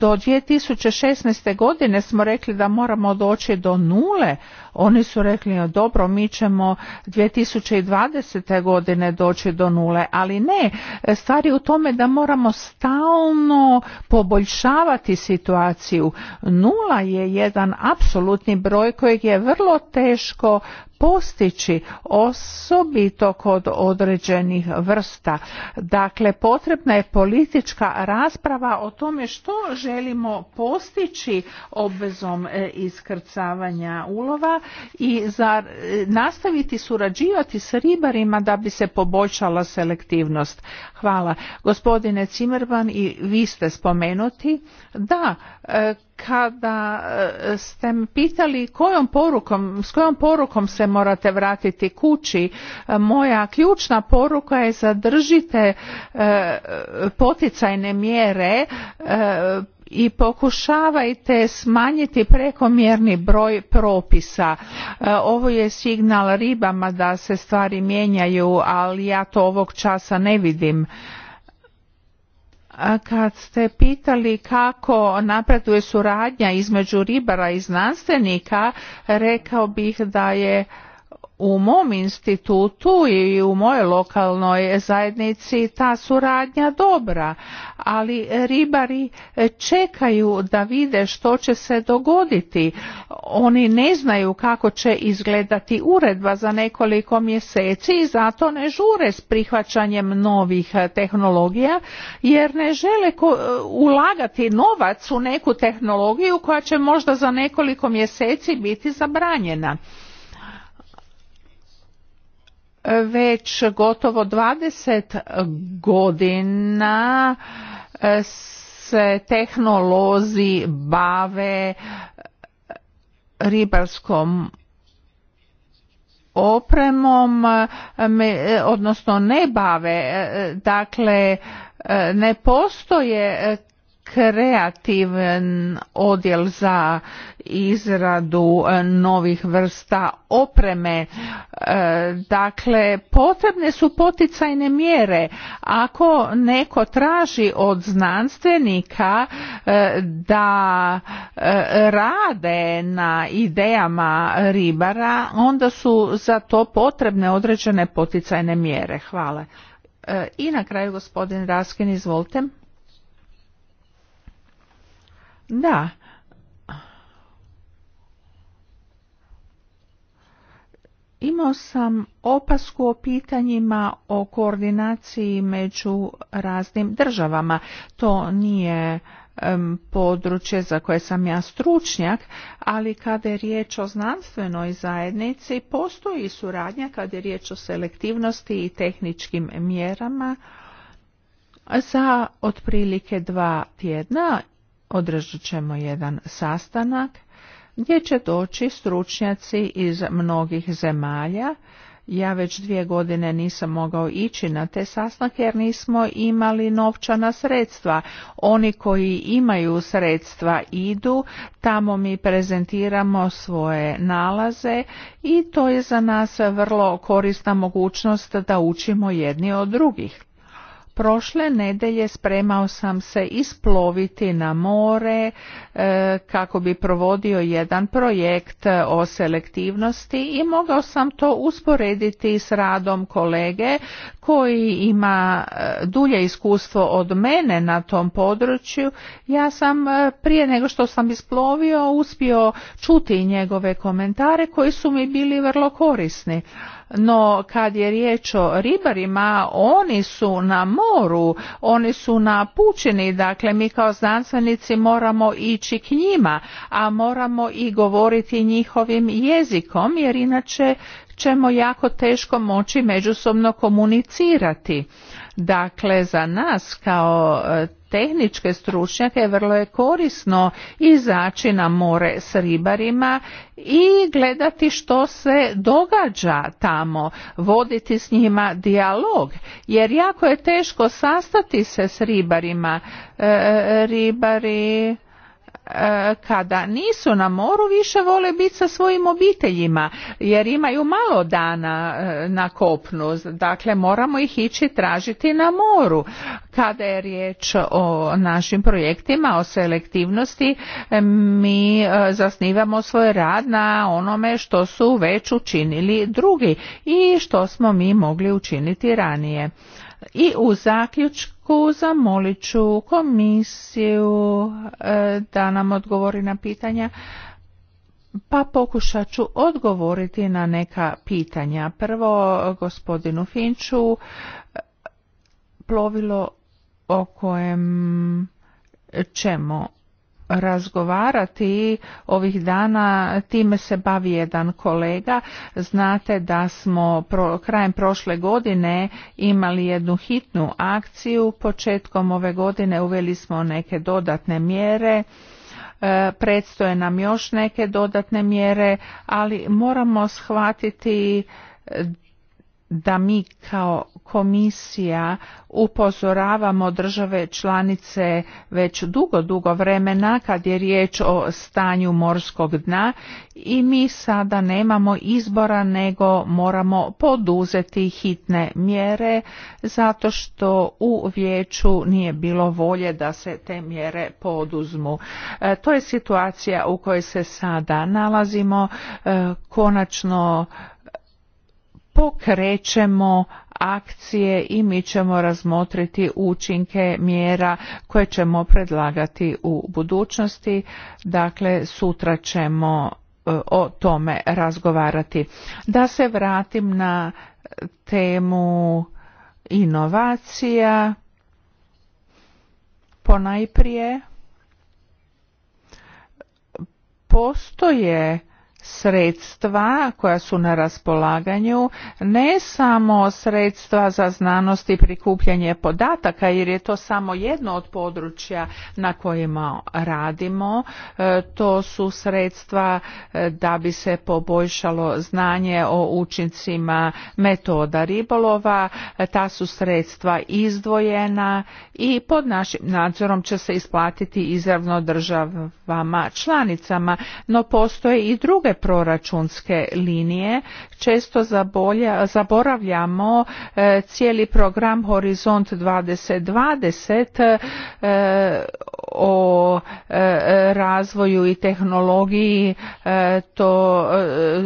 do 2016. godine smo rekli da moramo doći do nule. Oni su rekli dobro mi ćemo 2020. godine doći do nule, ali ne, stvar je u tome da moramo stalno poboljšavati situaciju. Nula je jedan apsolutni broj kojeg je vrlo teško postići osobito kod određenih vrsta. Dakle, potrebna je politička rasprava o tome što želimo postići obvezom e, iskrcavanja ulova i za e, nastaviti surađivati s ribarima da bi se poboljšala selektivnost. Hvala. Gospodine Cimervan i vi ste spomenuti da e, kada e, ste me pitali kojom porukom, s kojom porukom se morate vratiti kući, e, moja ključna poruka je zadržite e, poticajne mjere i pokušavajte smanjiti prekomjerni broj propisa. Ovo je signal ribama da se stvari mijenjaju, ali ja to ovog časa ne vidim kad ste pitali kako napreduje suradnja između ribara i znanstvenika, rekao bih da je u mom institutu i u mojoj lokalnoj zajednici ta suradnja dobra, ali ribari čekaju da vide što će se dogoditi. Oni ne znaju kako će izgledati uredba za nekoliko mjeseci i zato ne žure s prihvaćanjem novih tehnologija jer ne žele ulagati novac u neku tehnologiju koja će možda za nekoliko mjeseci biti zabranjena već gotovo 20 godina e, se tehnolozi bave e, ribarskom opremom e, odnosno ne bave dakle ne postoje kreativan odjel za izradu e, novih vrsta opreme. E, dakle, potrebne su poticajne mjere. Ako neko traži od znanstvenika e, da rade na idejama ribara, onda su za to potrebne određene poticajne mjere. Hvala. I na kraju gospodin Raskin, izvolite. Da. Imao sam opasku o pitanjima o koordinaciji među raznim državama. To nije područje za koje sam ja stručnjak, ali kada je riječ o znanstvenoj zajednici, postoji suradnja kada je riječ o selektivnosti i tehničkim mjerama za otprilike dva tjedna održat ćemo jedan sastanak gdje će doći stručnjaci iz mnogih zemalja. Ja već dvije godine nisam mogao ići na te sastanke jer nismo imali novčana sredstva. Oni koji imaju sredstva idu, tamo mi prezentiramo svoje nalaze i to je za nas vrlo korisna mogućnost da učimo jedni od drugih. Prošle nedelje spremao sam se isploviti na more e, kako bi provodio jedan projekt e, o selektivnosti i mogao sam to usporediti s radom kolege koji ima e, dulje iskustvo od mene na tom području. Ja sam prije nego što sam isplovio uspio čuti njegove komentare koji su mi bili vrlo korisni no kad je riječ o ribarima oni su na moru oni su na dakle mi kao znanstvenici moramo ići k njima a moramo i govoriti njihovim jezikom jer inače ćemo jako teško moći međusobno komunicirati Dakle, za nas kao e, tehničke stručnjake vrlo je korisno izaći na more s ribarima i gledati što se događa tamo, voditi s njima dijalog, jer jako je teško sastati se s ribarima. E, e, ribari kada nisu na moru više vole biti sa svojim obiteljima jer imaju malo dana e, na kopnu dakle moramo ih ići tražiti na moru kada je riječ o našim projektima o selektivnosti e, mi e, zasnivamo svoj rad na onome što su već učinili drugi i što smo mi mogli učiniti ranije i u zaključku zamolit ću komisiju e, da nam odgovori na pitanja, pa pokušat ću odgovoriti na neka pitanja. Prvo, gospodinu Finču, e, plovilo o kojem ćemo razgovarati ovih dana time se bavi jedan kolega znate da smo krajem prošle godine imali jednu hitnu akciju početkom ove godine uveli smo neke dodatne mjere e, predstoje nam još neke dodatne mjere ali moramo shvatiti da mi kao komisija upozoravamo države članice već dugo dugo vremena kad je riječ o stanju morskog dna i mi sada nemamo izbora nego moramo poduzeti hitne mjere zato što u vijeću nije bilo volje da se te mjere poduzmu e, to je situacija u kojoj se sada nalazimo e, konačno pokrećemo akcije i mi ćemo razmotriti učinke mjera koje ćemo predlagati u budućnosti. Dakle, sutra ćemo e, o tome razgovarati. Da se vratim na temu inovacija ponajprije postoje sredstva koja su na raspolaganju ne samo sredstva za znanost i prikupljanje podataka jer je to samo jedno od područja na kojima radimo e, to su sredstva e, da bi se poboljšalo znanje o učincima metoda ribolova e, ta su sredstva izdvojena i pod našim nadzorom će se isplatiti izravno državama članicama no postoje i druge proračunske linije. Često zaboravljamo e, cijeli program Horizont 2020 e, o e, razvoju i tehnologiji. To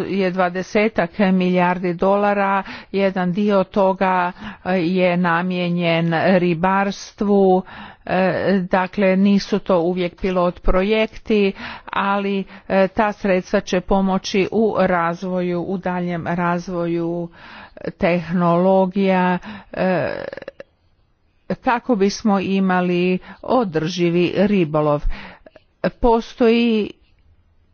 je dvadesetak milijardi dolara. Jedan dio toga je namijenjen ribarstvu E, dakle nisu to uvijek pilot projekti ali e, ta sredstva će pomoći u razvoju u daljem razvoju tehnologija e, kako bismo imali održivi ribolov postoji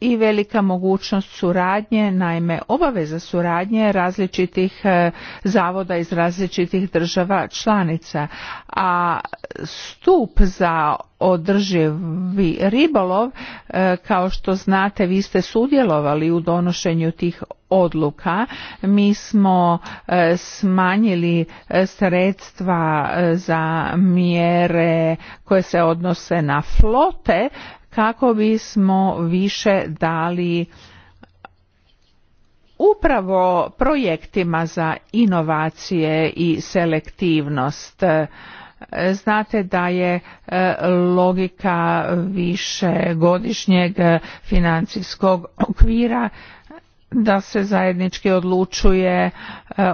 i velika mogućnost suradnje, naime obaveza suradnje različitih e, zavoda iz različitih država članica, a stup za održivi ribolov, e, kao što znate vi ste sudjelovali u donošenju tih odluka, mi smo e, smanjili sredstva za mjere koje se odnose na flote, kako bismo više dali upravo projektima za inovacije i selektivnost. Znate da je e, logika više godišnjeg financijskog okvira da se zajednički odlučuje e,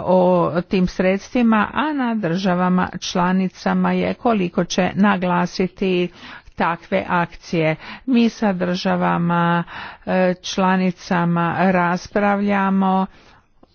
o tim sredstvima, a na državama članicama je koliko će naglasiti takve akcije. Mi sa državama e, članicama raspravljamo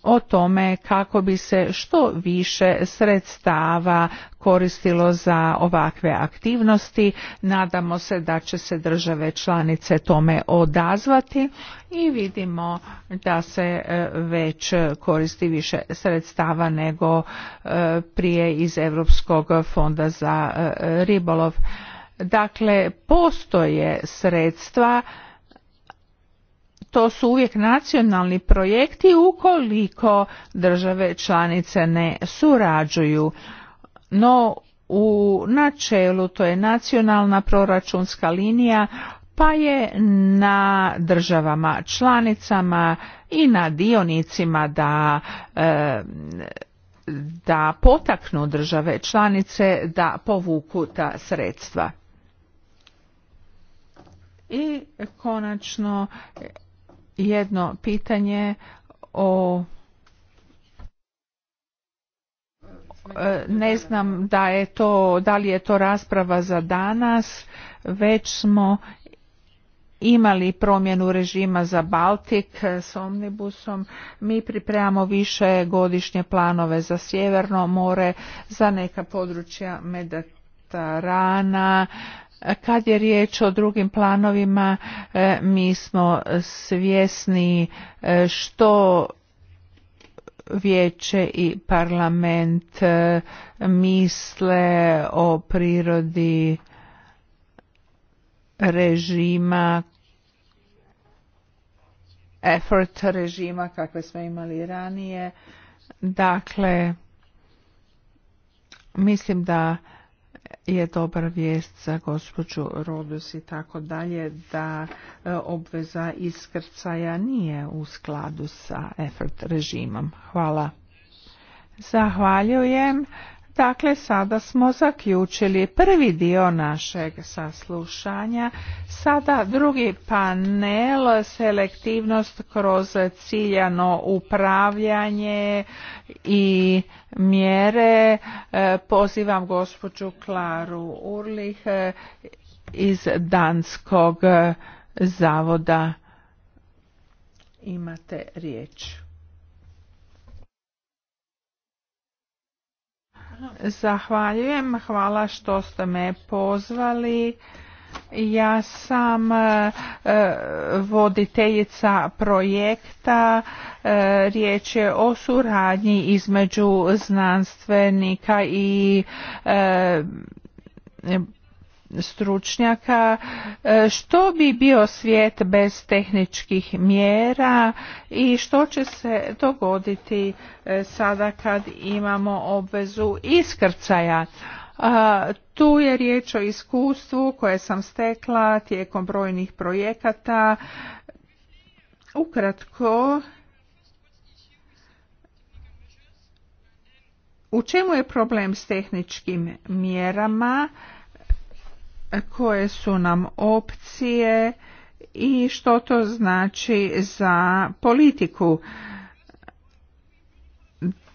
o tome kako bi se što više sredstava koristilo za ovakve aktivnosti. Nadamo se da će se države članice tome odazvati i vidimo da se e, već koristi više sredstava nego e, prije iz Europskog fonda za ribolov. Dakle, postoje sredstva, to su uvijek nacionalni projekti ukoliko države članice ne surađuju. No, u načelu to je nacionalna proračunska linija pa je na državama članicama i na dionicima da e, da potaknu države članice da povuku ta sredstva i konačno jedno pitanje o e, ne znam da je to da li je to rasprava za danas već smo imali promjenu režima za Baltik e, s omnibusom mi pripremamo više godišnje planove za sjeverno more za neka područja Mediterana kad je riječ o drugim planovima, e, mi smo svjesni e, što vijeće i parlament e, misle o prirodi režima effort režima kakve smo imali ranije. Dakle, mislim da je dobra vijest za gospođu Rodus i tako dalje da e, obveza iskrcaja nije u skladu sa effort režimom. Hvala. Zahvaljujem. Dakle, sada smo zaključili prvi dio našeg saslušanja. Sada drugi panel, selektivnost kroz ciljano upravljanje i mjere E, pozivam gospođu Klaru Urlih e, iz Danskog e, zavoda. Imate riječ. Zahvaljujem, hvala što ste me pozvali. Ja sam e, e, voditeljica projekta, e, riječ je o suradnji između znanstvenika i stručnjaka što bi bio svijet bez tehničkih mjera i što će se dogoditi sada kad imamo obvezu iskrcaja tu je riječ o iskustvu koje sam stekla tijekom brojnih projekata. Ukratko, u čemu je problem s tehničkim mjerama? Koje su nam opcije i što to znači za politiku?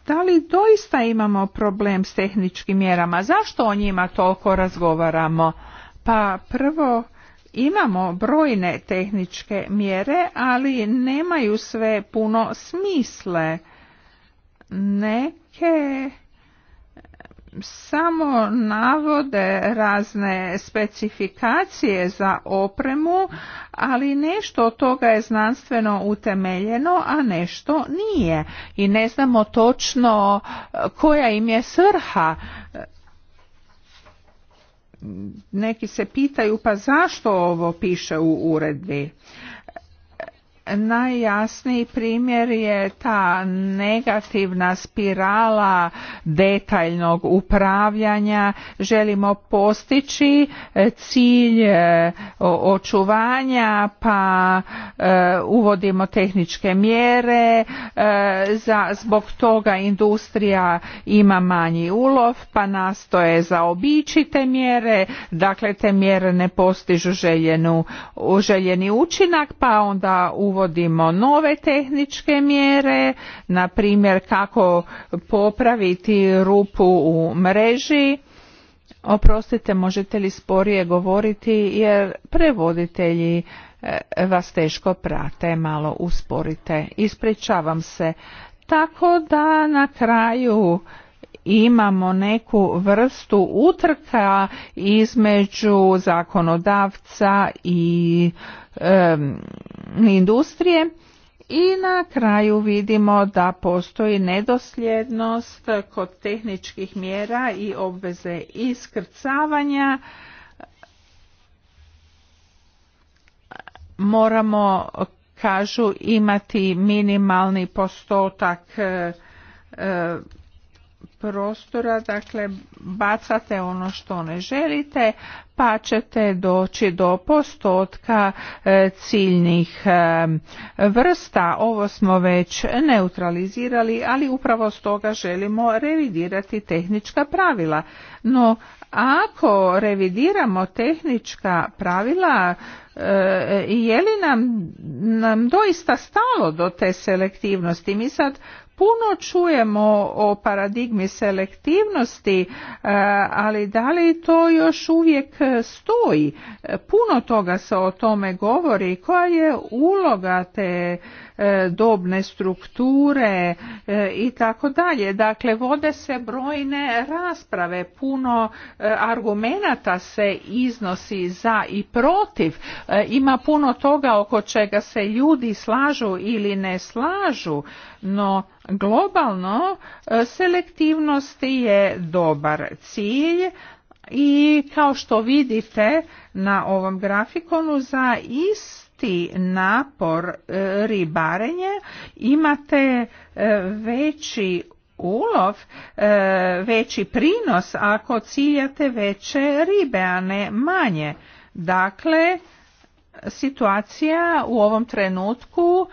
da li doista imamo problem s tehničkim mjerama? Zašto o njima toliko razgovaramo? Pa prvo imamo brojne tehničke mjere, ali nemaju sve puno smisle. Neke samo navode razne specifikacije za opremu, ali nešto od toga je znanstveno utemeljeno, a nešto nije. I ne znamo točno e, koja im je svrha. Neki se pitaju pa zašto ovo piše u uredbi? najjasniji primjer je ta negativna spirala detaljnog upravljanja želimo postići e, cilj e, očuvanja pa e, uvodimo tehničke mjere zbog toga industrija ima manji ulov pa nastoje zaobići te mjere dakle te mjere ne postižu željenu, željeni učinak pa onda u uvodimo nove tehničke mjere, na primjer kako popraviti rupu u mreži. Oprostite, možete li sporije govoriti jer prevoditelji e, vas teško prate, malo usporite. Ispričavam se. Tako da na kraju imamo neku vrstu utrka između zakonodavca i industrije i na kraju vidimo da postoji nedosljednost kod tehničkih mjera i obveze iskrcavanja moramo kažu imati minimalni postotak prostora, dakle bacate ono što ne želite pa ćete doći do postotka e, ciljnih e, vrsta. Ovo smo već neutralizirali, ali upravo stoga želimo revidirati tehnička pravila. No ako revidiramo tehnička pravila, e, je li nam, nam doista stalo do te selektivnosti? Mi sad puno čujemo o paradigmi selektivnosti, e, ali da li to još uvijek stoji? E, puno toga se o tome govori. Koja je uloga te E, dobne strukture e, i tako dalje. Dakle, vode se brojne rasprave, puno e, argumenata se iznosi za i protiv. Ima puno toga oko čega se ljudi slažu ili ne slažu, no globalno selektivnost je dobar cilj i kao što vidite na ovom grafikonu za is napor e, ribarenje imate e, veći ulov, e, veći prinos ako ciljate veće ribe, a ne manje. Dakle, situacija u ovom trenutku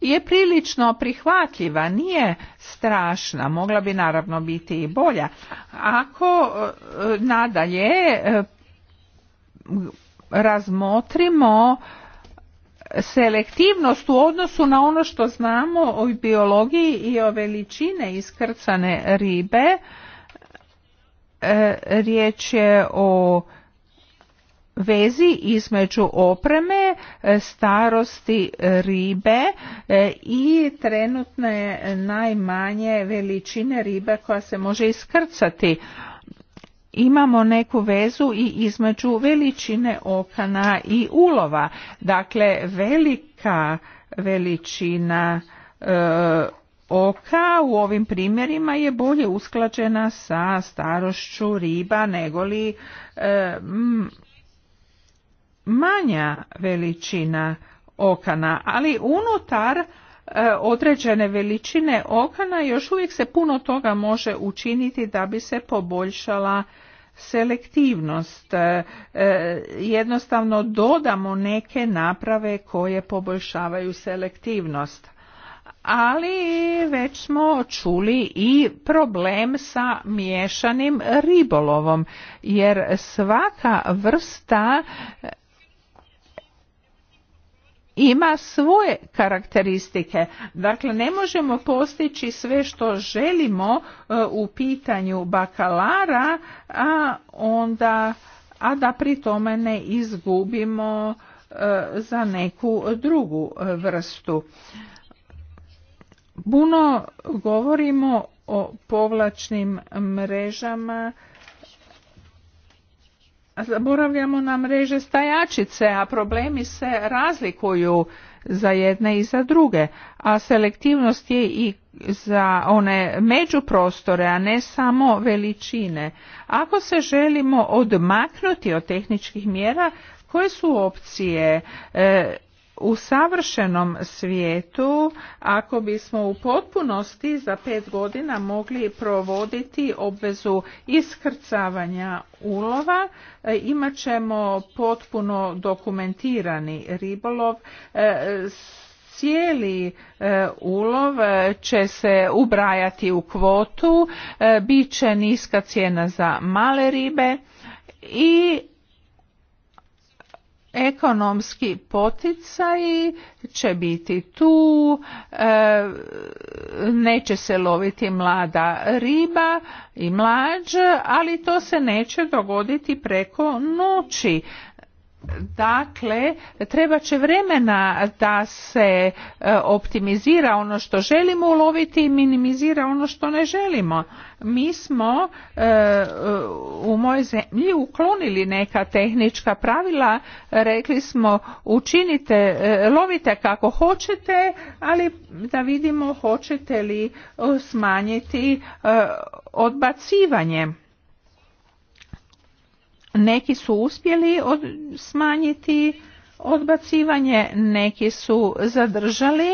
je prilično prihvatljiva, nije strašna, mogla bi naravno biti i bolja. Ako nadalje razmotrimo selektivnost u odnosu na ono što znamo o biologiji i o veličine iskrcane ribe. E, riječ je o vezi između opreme, e, starosti ribe e, i trenutne najmanje veličine ribe koja se može iskrcati imamo neku vezu i između veličine okana i ulova. Dakle, velika veličina e, oka u ovim primjerima je bolje usklađena sa starošću riba negoli e, manja veličina okana, ali unutar E, određene veličine okana još uvijek se puno toga može učiniti da bi se poboljšala selektivnost. E, e, jednostavno dodamo neke naprave koje poboljšavaju selektivnost. Ali već smo čuli i problem sa miješanim ribolovom jer svaka vrsta ima svoje karakteristike. Dakle, ne možemo postići sve što želimo e, u pitanju bakalara, a onda a da pri tome ne izgubimo e, za neku drugu vrstu. Puno govorimo o povlačnim mrežama zaboravljamo na mreže stajačice, a problemi se razlikuju za jedne i za druge, a selektivnost je i za one međuprostore, a ne samo veličine. Ako se želimo odmaknuti od tehničkih mjera, koje su opcije? E, u savršenom svijetu ako bismo u potpunosti za pet godina mogli provoditi obvezu iskrcavanja ulova e, imat ćemo potpuno dokumentirani ribolov e, cijeli e, ulov će se ubrajati u kvotu bit će niska cijena za male ribe i ekonomski poticaji će biti tu e, neće se loviti mlada riba i mlađ ali to se neće dogoditi preko noći Dakle, treba će vremena da se e, optimizira ono što želimo uloviti i minimizira ono što ne želimo. Mi smo e, u mojoj zemlji uklonili neka tehnička pravila, rekli smo učinite, e, lovite kako hoćete, ali da vidimo hoćete li e, smanjiti odbacivanje. Neki su uspjeli smanjiti odbacivanje, neki su zadržali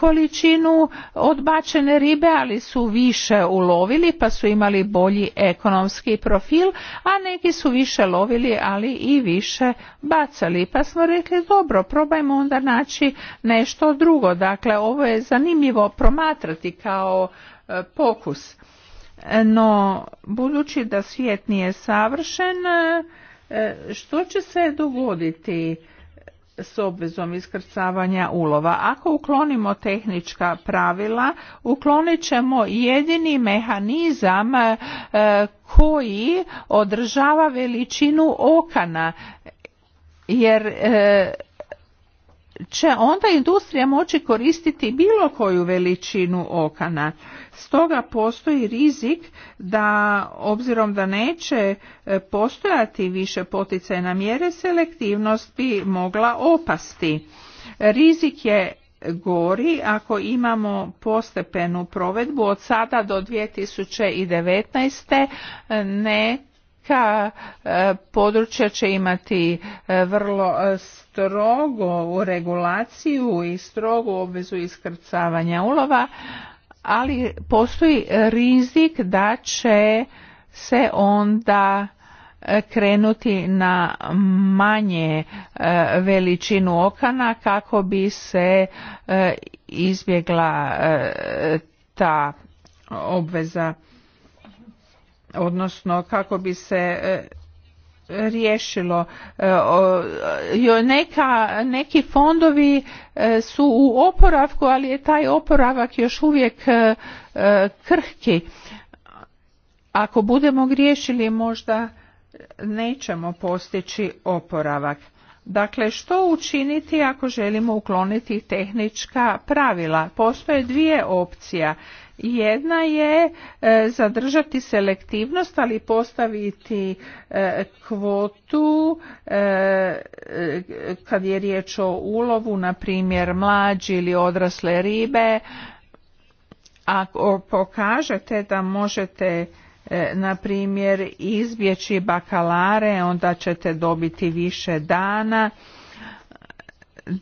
količinu odbačene ribe, ali su više ulovili pa su imali bolji ekonomski profil, a neki su više lovili, ali i više bacali. Pa smo rekli dobro, probajmo onda naći nešto drugo. Dakle, ovo je zanimljivo promatrati kao e, pokus. No, budući da svijet nije savršen, e, što će se dogoditi? s obvezom iskrcavanja ulova. Ako uklonimo tehnička pravila, uklonit ćemo jedini mehanizam e, koji održava veličinu okana, jer e, će onda industrija moći koristiti bilo koju veličinu okana. Stoga postoji rizik da obzirom da neće e, postojati više na mjere, selektivnost bi mogla opasti. Rizik je gori ako imamo postepenu provedbu od sada do 2019. neka e, područja će imati e, vrlo strogo regulaciju i strogu obvezu iskrcavanja ulova ali postoji rizik da će se onda e, krenuti na manje e, veličinu okana kako bi se e, izbjegla ta obveza odnosno kako bi se riješilo. E, neka, neki fondovi e, su u oporavku, ali je taj oporavak još uvijek e, krhki. Ako budemo griješili možda nećemo postići oporavak. Dakle, što učiniti ako želimo ukloniti tehnička pravila? Postoje dvije opcija. Jedna je e, zadržati selektivnost, ali postaviti e, kvotu e, kad je riječ o ulovu, na primjer mlađi ili odrasle ribe. Ako pokažete da možete na primjer izbjeći bakalare, onda ćete dobiti više dana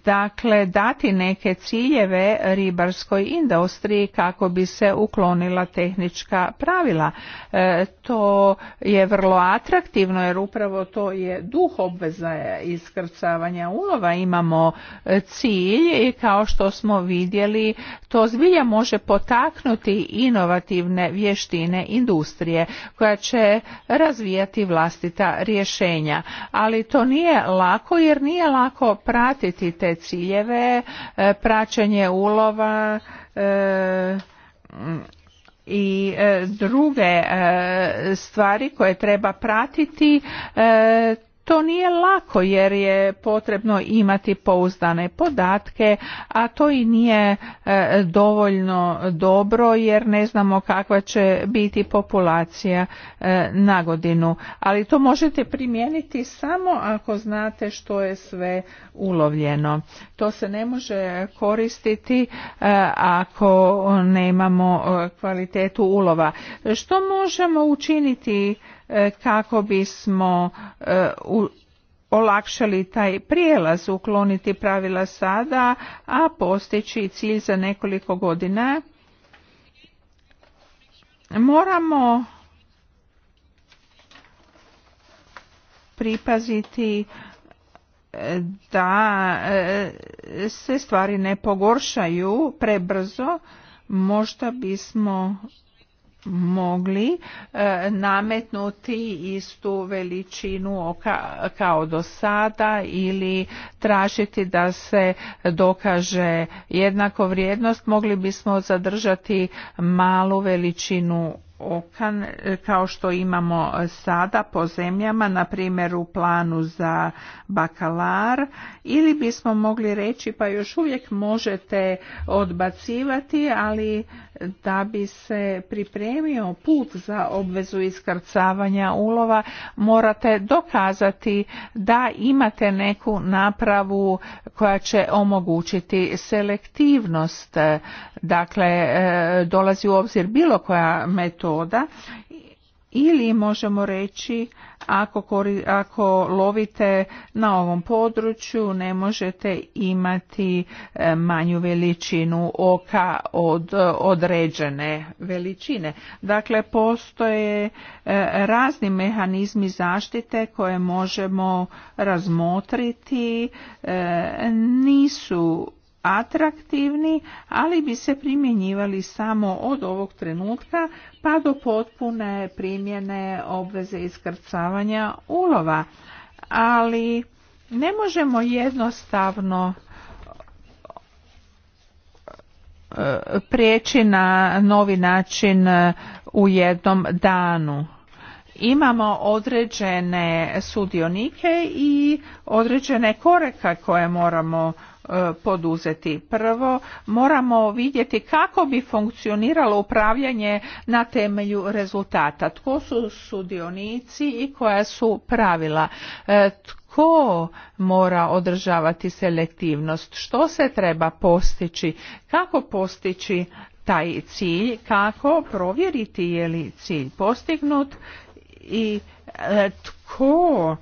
dakle dati neke ciljeve ribarskoj industriji kako bi se uklonila tehnička pravila. E, to je vrlo atraktivno jer upravo to je duh obveza iskrcavanja ulova. Imamo e, cilj i kao što smo vidjeli to zbilja može potaknuti inovativne vještine industrije koja će razvijati vlastita rješenja. Ali to nije lako jer nije lako pratiti te ciljeve, e, praćenje ulova e, i e, druge stvari koje treba pratiti to nije lako jer je potrebno imati pouzdane podatke, a to i nije e, dovoljno dobro jer ne znamo kakva će biti populacija e, na godinu. Ali to možete primijeniti samo ako znate što je sve ulovljeno. To se ne može koristiti e, ako nemamo kvalitetu ulova. Što možemo učiniti E, kako bismo e, olakšali taj prijelaz, ukloniti pravila sada, a postići cilj za nekoliko godina. Moramo pripaziti e, da se stvari ne pogoršaju prebrzo, možda bismo mogli e, nametnuti istu veličinu kao do sada ili tražiti da se dokaže jednako vrijednost mogli bismo zadržati malu veličinu okan e, kao što imamo e, sada po zemljama, na primjer u planu za bakalar ili bismo mogli reći pa još uvijek možete odbacivati, ali da bi se pripremio put za obvezu iskrcavanja ulova morate dokazati da imate neku napravu koja će omogućiti selektivnost. Dakle, e, dolazi u obzir bilo koja metoda metoda ili možemo reći ako, ako lovite na ovom području ne možete imati e, manju veličinu oka od određene veličine. Dakle, postoje e, razni mehanizmi zaštite koje možemo razmotriti. E, nisu atraktivni, ali bi se primjenjivali samo od ovog trenutka pa do potpune primjene obveze iskrcavanja ulova. Ali ne možemo jednostavno e, prijeći na novi način e, u jednom danu. Imamo određene sudionike i određene koreka koje moramo poduzeti. Prvo, moramo vidjeti kako bi funkcioniralo upravljanje na temelju rezultata. Tko su sudionici i koja su pravila? E, tko mora održavati selektivnost? Što se treba postići? Kako postići taj cilj? Kako provjeriti je li cilj postignut? I e, tko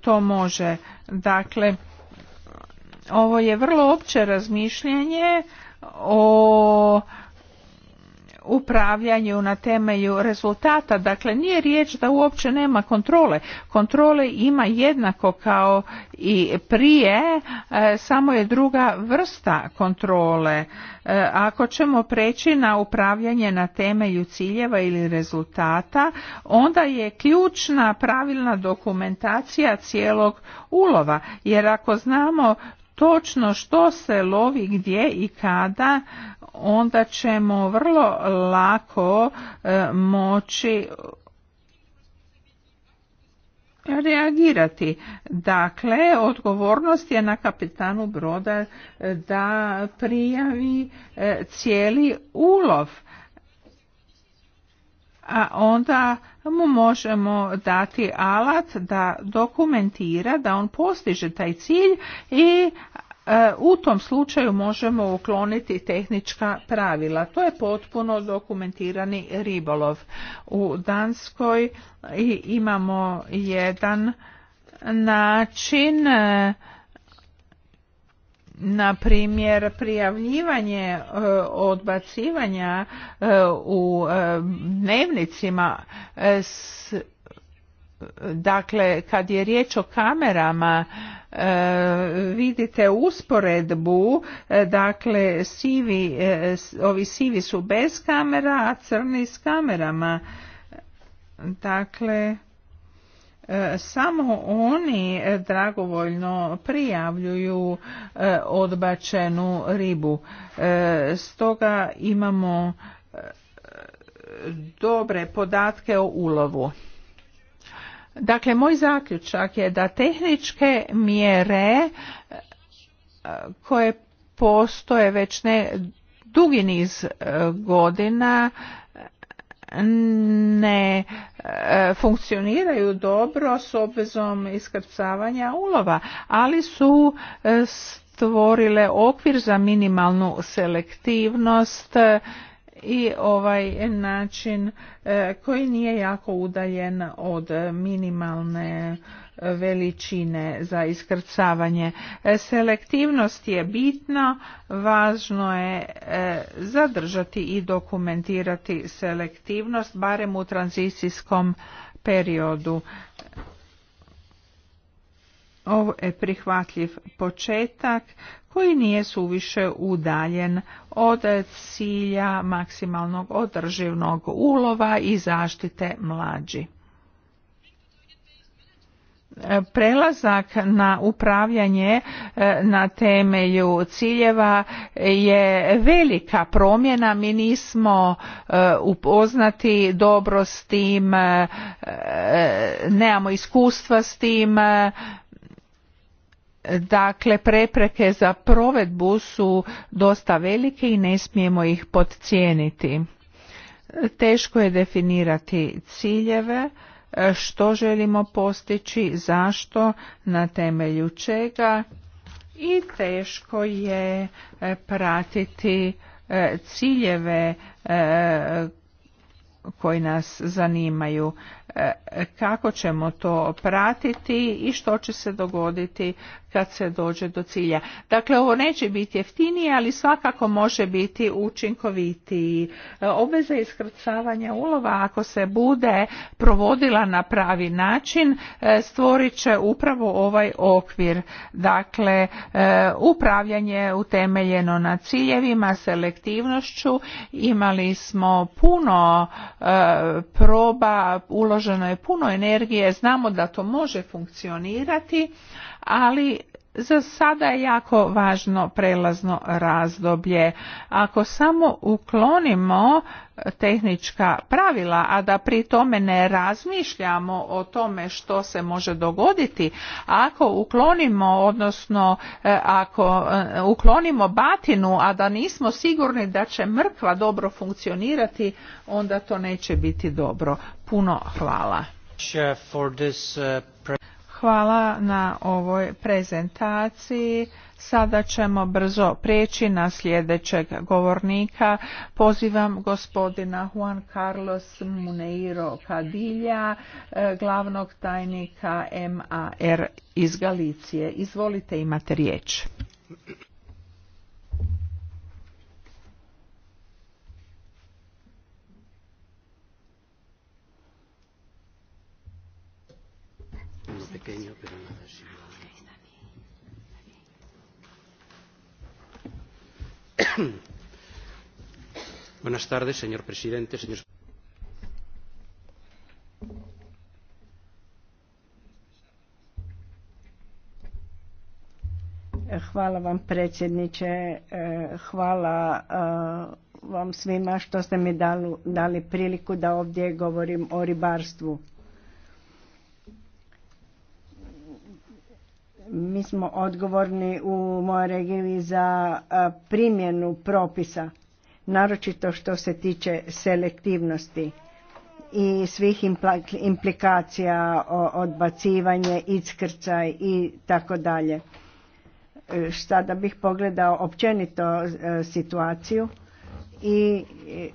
to može? Dakle, ovo je vrlo opće razmišljanje o upravljanju na temelju rezultata. Dakle, nije riječ da uopće nema kontrole. Kontrole ima jednako kao i prije, e, samo je druga vrsta kontrole. E, ako ćemo preći na upravljanje na temelju ciljeva ili rezultata, onda je ključna pravilna dokumentacija cijelog ulova. Jer ako znamo točno što se lovi gdje i kada, onda ćemo vrlo lako e, moći reagirati. Dakle, odgovornost je na kapitanu broda e, da prijavi e, cijeli ulov a onda mu možemo dati alat da dokumentira da on postiže taj cilj i e, u tom slučaju možemo ukloniti tehnička pravila. To je potpuno dokumentirani ribolov. U Danskoj e, imamo jedan način e, na primjer prijavljivanje e, odbacivanja e, u e, dnevnicima dakle kad je riječ o kamerama vidite usporedbu dakle sivi ovi sivi su bez kamera a crni s kamerama dakle E, samo oni e, dragovoljno prijavljuju e, odbačenu ribu. Stoga imamo dobre podatke o ulovu. Dakle, moj zaključak je da tehničke mjere koje postoje već ne dugi niz godina ne E, funkcioniraju dobro s obvezom iskrcavanja ulova, ali su e, stvorile okvir za minimalnu selektivnost i ovaj način e, koji nije jako udaljen od minimalne veličine za iskrcavanje. E, selektivnost je bitna, važno je e, zadržati i dokumentirati selektivnost, barem u tranzicijskom periodu ovo je prihvatljiv početak koji nije suviše udaljen od cilja maksimalnog održivnog ulova i zaštite mlađi. Prelazak na upravljanje e, na temelju ciljeva je velika promjena. Mi nismo e, upoznati dobro s tim, e, nemamo iskustva s tim, Dakle, prepreke za provedbu su dosta velike i ne smijemo ih podcijeniti. Teško je definirati ciljeve, što želimo postići, zašto, na temelju čega i teško je pratiti e, ciljeve e, koji nas zanimaju. E, kako ćemo to pratiti i što će se dogoditi kad se dođe do cilja. Dakle, ovo neće biti jeftinije, ali svakako može biti učinkovitiji. E, obveza iskrcavanja ulova, ako se bude provodila na pravi način, e, stvorit će upravo ovaj okvir. Dakle, upravljanje utemeljeno na ciljevima, selektivnošću. Imali smo puno E, proba, uloženo je puno energije, znamo da to može funkcionirati, ali za sada je jako važno prelazno razdoblje. Ako samo uklonimo tehnička pravila, a da pri tome ne razmišljamo o tome što se može dogoditi, ako uklonimo, odnosno e, ako e, uklonimo batinu, a da nismo sigurni da će mrkva dobro funkcionirati, onda to neće biti dobro. Puno hvala. Uh, Hvala na ovoj prezentaciji. Sada ćemo brzo prijeći na sljedećeg govornika. Pozivam gospodina Juan Carlos Muneiro Cadilja, e, glavnog tajnika MAR iz Galicije. Izvolite, imate riječ. (coughs) Buenas tardes, señor presidente, Hvala vam predsjedniče, e, hvala e, vam svima što ste mi dali priliku da ovdje govorim o ribarstvu. Mi smo odgovorni u mojoj regiji za primjenu propisa, naročito što se tiče selektivnosti i svih implikacija odbacivanje, iskrcaj i tako dalje. E, da bih pogledao općenito e, situaciju i e,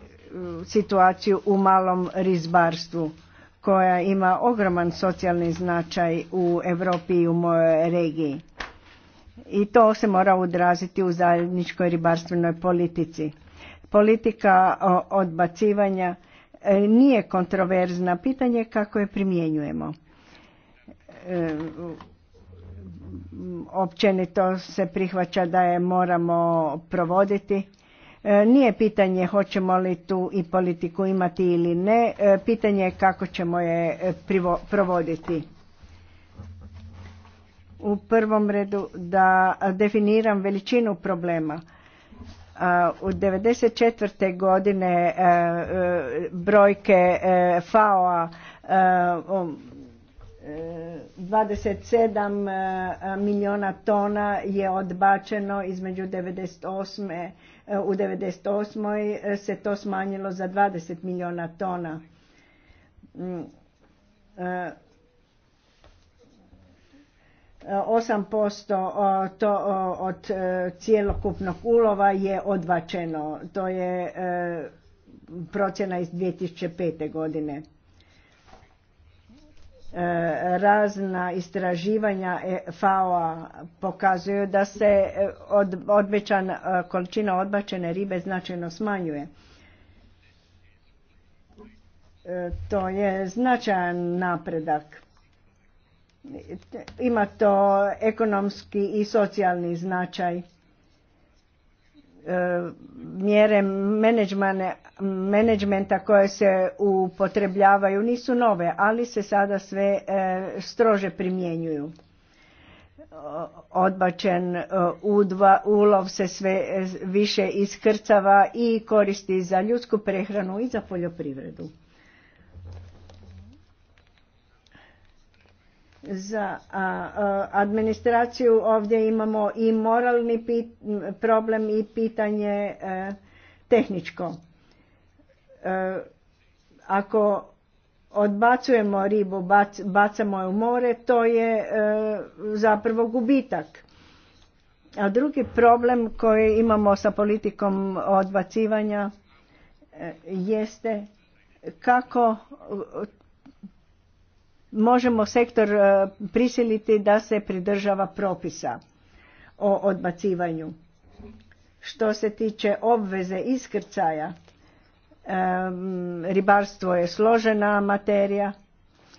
situaciju u malom rizbarstvu koja ima ogroman socijalni značaj u Europi i u mojoj regiji. I to se mora odraziti u zajedničkoj ribarstvenoj politici. Politika odbacivanja e, nije kontroverzna pitanje kako je primjenjujemo. E, općenito se prihvaća da je moramo provoditi E, nije pitanje hoćemo li tu i politiku imati ili ne, e, pitanje je kako ćemo je e, provoditi. U prvom redu da definiram veličinu problema. U 1994. godine brojke FAO-a 27 milijuna tona je odbačeno između 1998. U 1998. Eh, se to smanjilo za 20 milijuna tona. Mm, eh, osam posto eh, od cjelokupnog ulova je odvačeno. To je procjena iz 2005. godine. E, razna istraživanja e FAO-a pokazuju da se e, odbećan, količina odbačene ribe značajno smanjuje. To je značajan napredak. Ima to ekonomski i socijalni značaj E, mjere menadžmenta koje se upotrebljavaju nisu nove, ali se sada sve e, strože primjenjuju. Odbačen e, udva, ulov se sve više iskrcava i koristi za ljudsku prehranu i za poljoprivredu. za administraciju ovdje imamo i moralni problem i pitanje e, tehničko. E, ako odbacujemo ribu, bacamo je u more, to je e, zapravo gubitak. A drugi problem koji imamo sa politikom odbacivanja jeste kako možemo sektor e, prisiliti da se pridržava propisa o odbacivanju. Što se tiče obveze iskrcaja, e, ribarstvo je složena materija,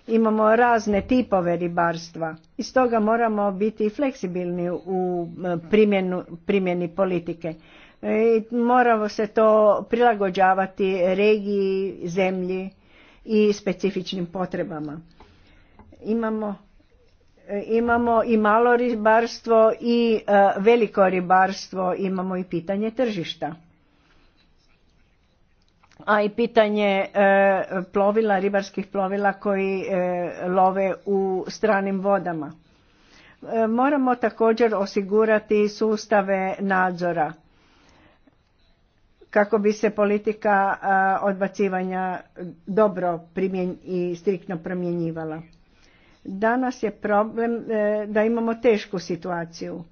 imamo razne tipove ribarstva i stoga moramo biti fleksibilni u e, primjeni politike. I moramo se to prilagođavati regiji, zemlji i specifičnim potrebama Imamo, e, imamo i malo ribarstvo i e, veliko ribarstvo, imamo i pitanje tržišta. A i pitanje e, plovila, ribarskih plovila koji love u stranim vodama. Moramo također osigurati sustave nadzora kako bi se politika odbacivanja dobro i striktno promjenjivala. Danas je problem e, da imamo tešku situaciju.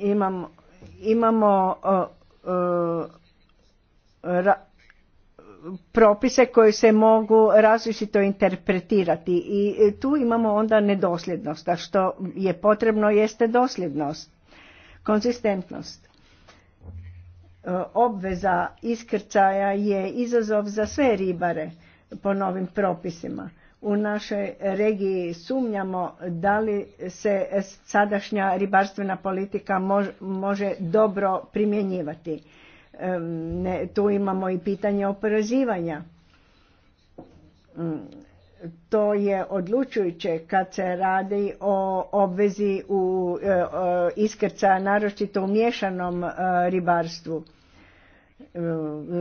Imamo, imamo propise koji se mogu različito interpretirati i e, tu imamo onda nedosljednost. A što je potrebno jeste dosljednost, konzistentnost. E, obveza iskrcaja je izazov za sve ribare po novim propisima u našoj regiji sumnjamo da li se sadašnja ribarstvena politika može dobro primjenjivati. tu imamo i pitanje oporezivanja. To je odlučujuće kad se radi o obvezi u e, iskrca naročito u miješanom e, ribarstvu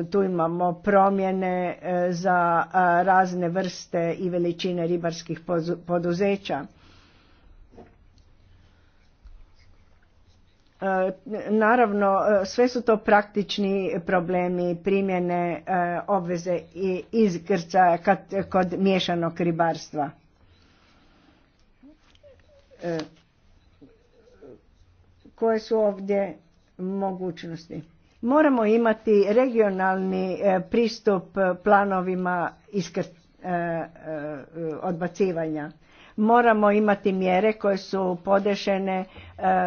tu imamo promjene e, za razne vrste i veličine ribarskih poduzeća. E, naravno, e, sve su to praktični problemi primjene obveze i izgrca kod miješanog ribarstva. Koje su ovdje mogućnosti? Moramo imati regionalni e, pristup e, planovima e, odbacivanja. Moramo imati mjere koje su podešene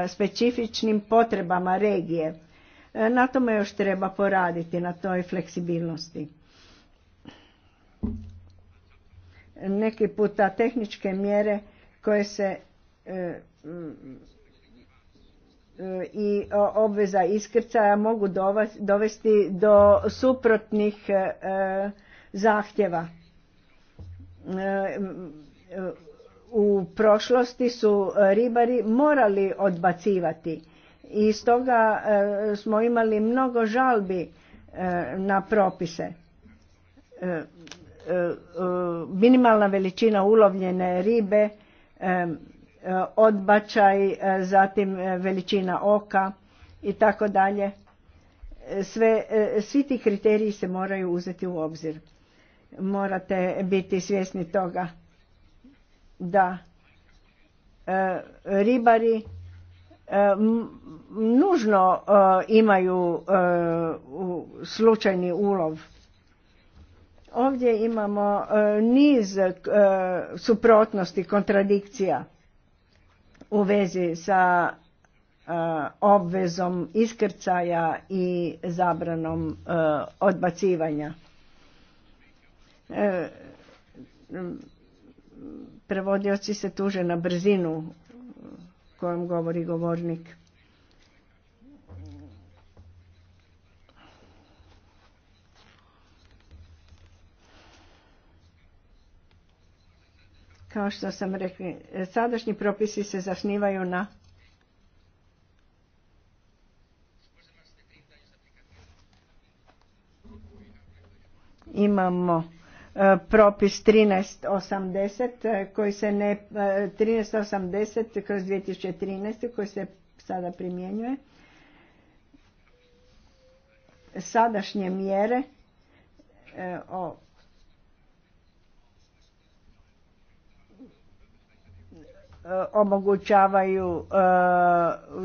specifičnim potrebama regije. Na tome još treba poraditi, na toj fleksibilnosti. Neki puta tehničke mjere koje se i obveza iskrcaja mogu dovesti do suprotnih e, e, zahtjeva. E, u prošlosti su ribari morali odbacivati i stoga smo imali mnogo žalbi na propise. Minimalna veličina ulovljene ribe Eh, odbačaj, eh, zatim eh, veličina oka i tako dalje. Sve, svi ti kriteriji se moraju uzeti u obzir. Morate biti svjesni toga da ribari nužno imaju slučajni ulov. Ovdje imamo niz suprotnosti, kontradikcija u vezi sa e, obvezom iskrcaja i zabranom e, odbacivanja. E, prevodioci se tuže na brzinu kojom govori govornik. Kao što sam rekli, sadašnji propisi se zasnivaju na imamo e, propis 1380 e, koji se ne 1380 e, kroz 2013 koji se sada primjenjuje sadašnje mjere o E, omogućavaju e,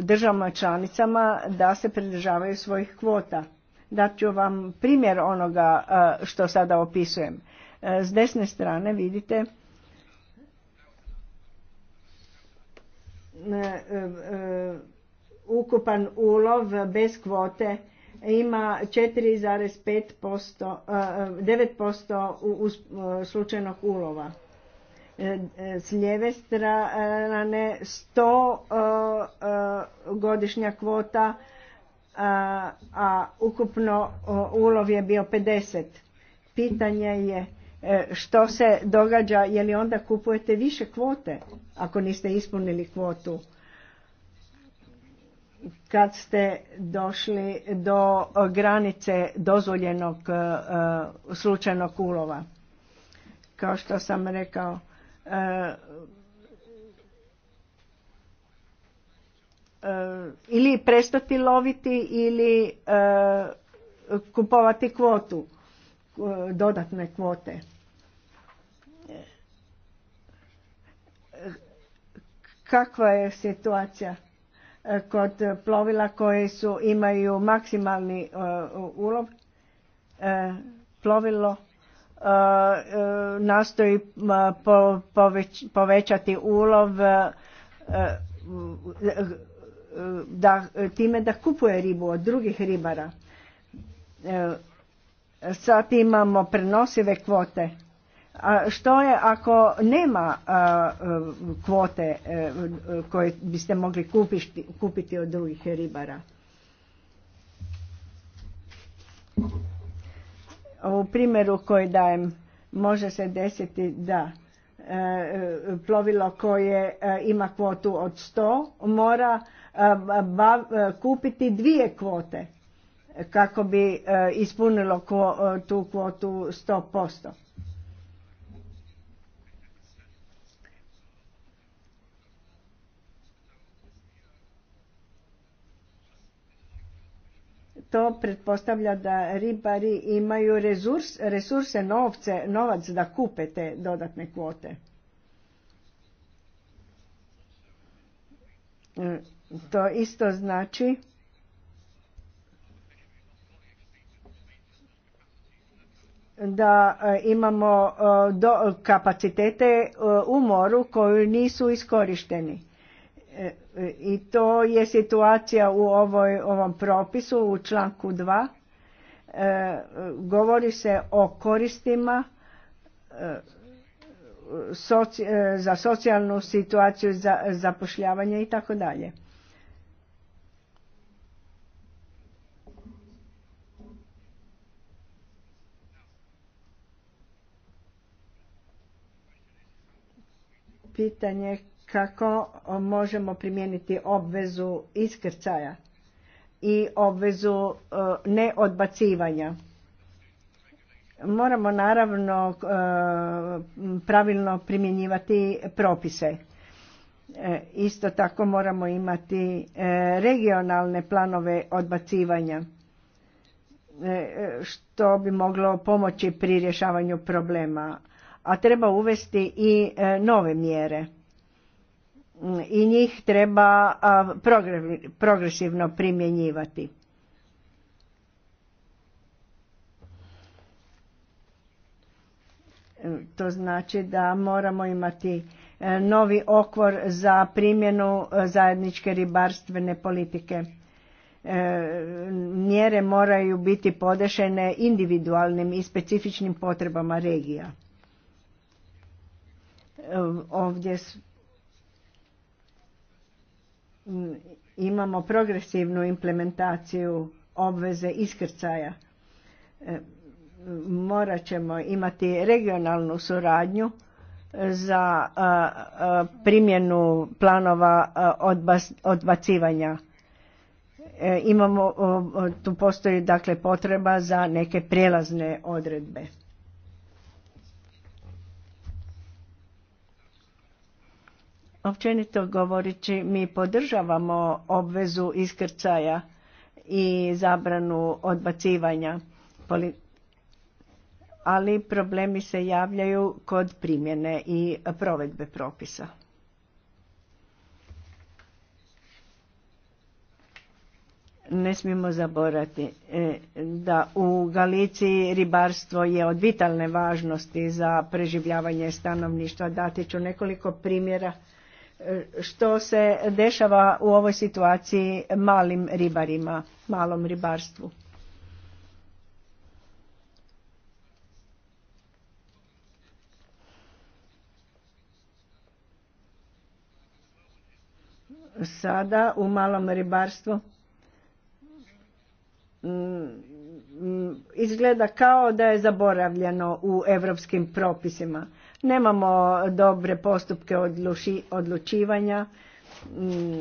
državama članicama da se pridržavaju svojih kvota. Dat vam primjer onoga e, što sada opisujem. S desne strane vidite ukupan ulov bez kvote ima 4,5%, 9% slučajnog ulova. E, e, s lijeve strane 100 e, godišnja kvota, a ukupno ulov je bio 50. Pitanje je što se događa, je li onda kupujete više kvote ako niste ispunili kvotu? Kad ste došli do granice dozvoljenog slučajnog ulova. Kao što sam rekao, E, e, ili prestati loviti ili e, kupovati kvotu, dodatne kvote. Kakva je situacija kod plovila koje su imaju maksimalni ulov? Plovilo E, nastoji e, povećati ulov e, da, time da kupuje ribu od drugih ribara. Sad imamo prenosive kvote. A što je ako nema kvote koje biste mogli kupiti, kupiti od drugih ribara? U primjeru koji dajem može se desiti da e, plovilo koje e, ima kvotu od 100 mora e, kupiti dvije kvote kako bi ispunilo tu kvotu 100%. to pretpostavlja da ribari imaju resurse, novce, novac da kupe te dodatne kvote. E, to isto znači da e, imamo e, kapacitete u moru koji nisu iskorišteni i to je situacija u ovoj, ovom propisu u članku 2. E, govori se o koristima e, e, za socijalnu situaciju, za zapošljavanje i tako dalje. Pitanje kako možemo primijeniti obvezu iskrcaja i obvezu e, neodbacivanja. Moramo naravno e, pravilno primjenjivati propise. E, isto tako moramo imati regionalne planove odbacivanja što bi moglo pomoći pri rješavanju problema. A treba uvesti i nove mjere i njih treba progresivno primjenjivati. E, to znači da moramo imati e, novi okvor za primjenu e, zajedničke ribarstvene politike. Mjere moraju biti podešene individualnim i specifičnim potrebama regija. Ovdje Mm, imamo progresivnu implementaciju obveze iskrcaja. E, morat ćemo imati regionalnu suradnju za primjenu planova odbacivanja. E, imamo, tu postoji dakle potreba za neke prijelazne odredbe. Općenito govoreći, mi podržavamo obvezu iskrcaja i zabranu odbacivanja, ali problemi se javljaju kod primjene i provedbe propisa. Ne smijemo zaborati e, da u Galiciji ribarstvo je od vitalne važnosti za preživljavanje stanovništva. Dati ću nekoliko primjera što se dešava u ovoj situaciji malim ribarima, malom ribarstvu. Sada u malom ribarstvu mm, mm, izgleda kao da je zaboravljeno u europskim propisima Nemamo dobre postupke odlučivanja, mm,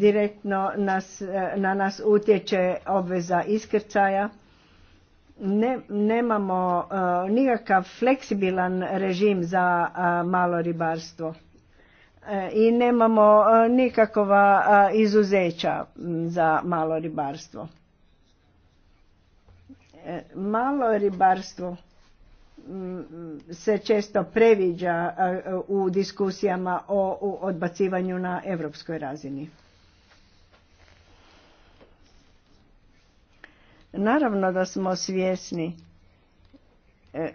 direktno nas, e, na nas utječe obveza iskrcaja. Ne, nemamo e, nikakav fleksibilan režim za e, malo ribarstvo i nemamo nikakova izuzeća za malo ribarstvo. Malo ribarstvo se često previđa u diskusijama o odbacivanju na europskoj razini. Naravno da smo svjesni e,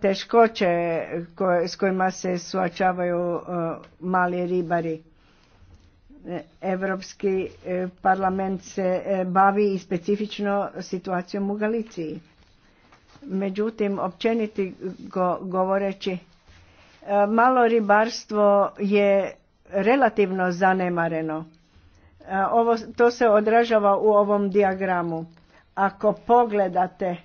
teškoće s kojima se suočavaju e, mali ribari. Europski e, parlament se bavi i specifično situacijom u Galiciji. Međutim, općeniti govoreći, e, malo ribarstvo je relativno zanemareno. E, ovo, to se odražava u ovom diagramu. Ako pogledate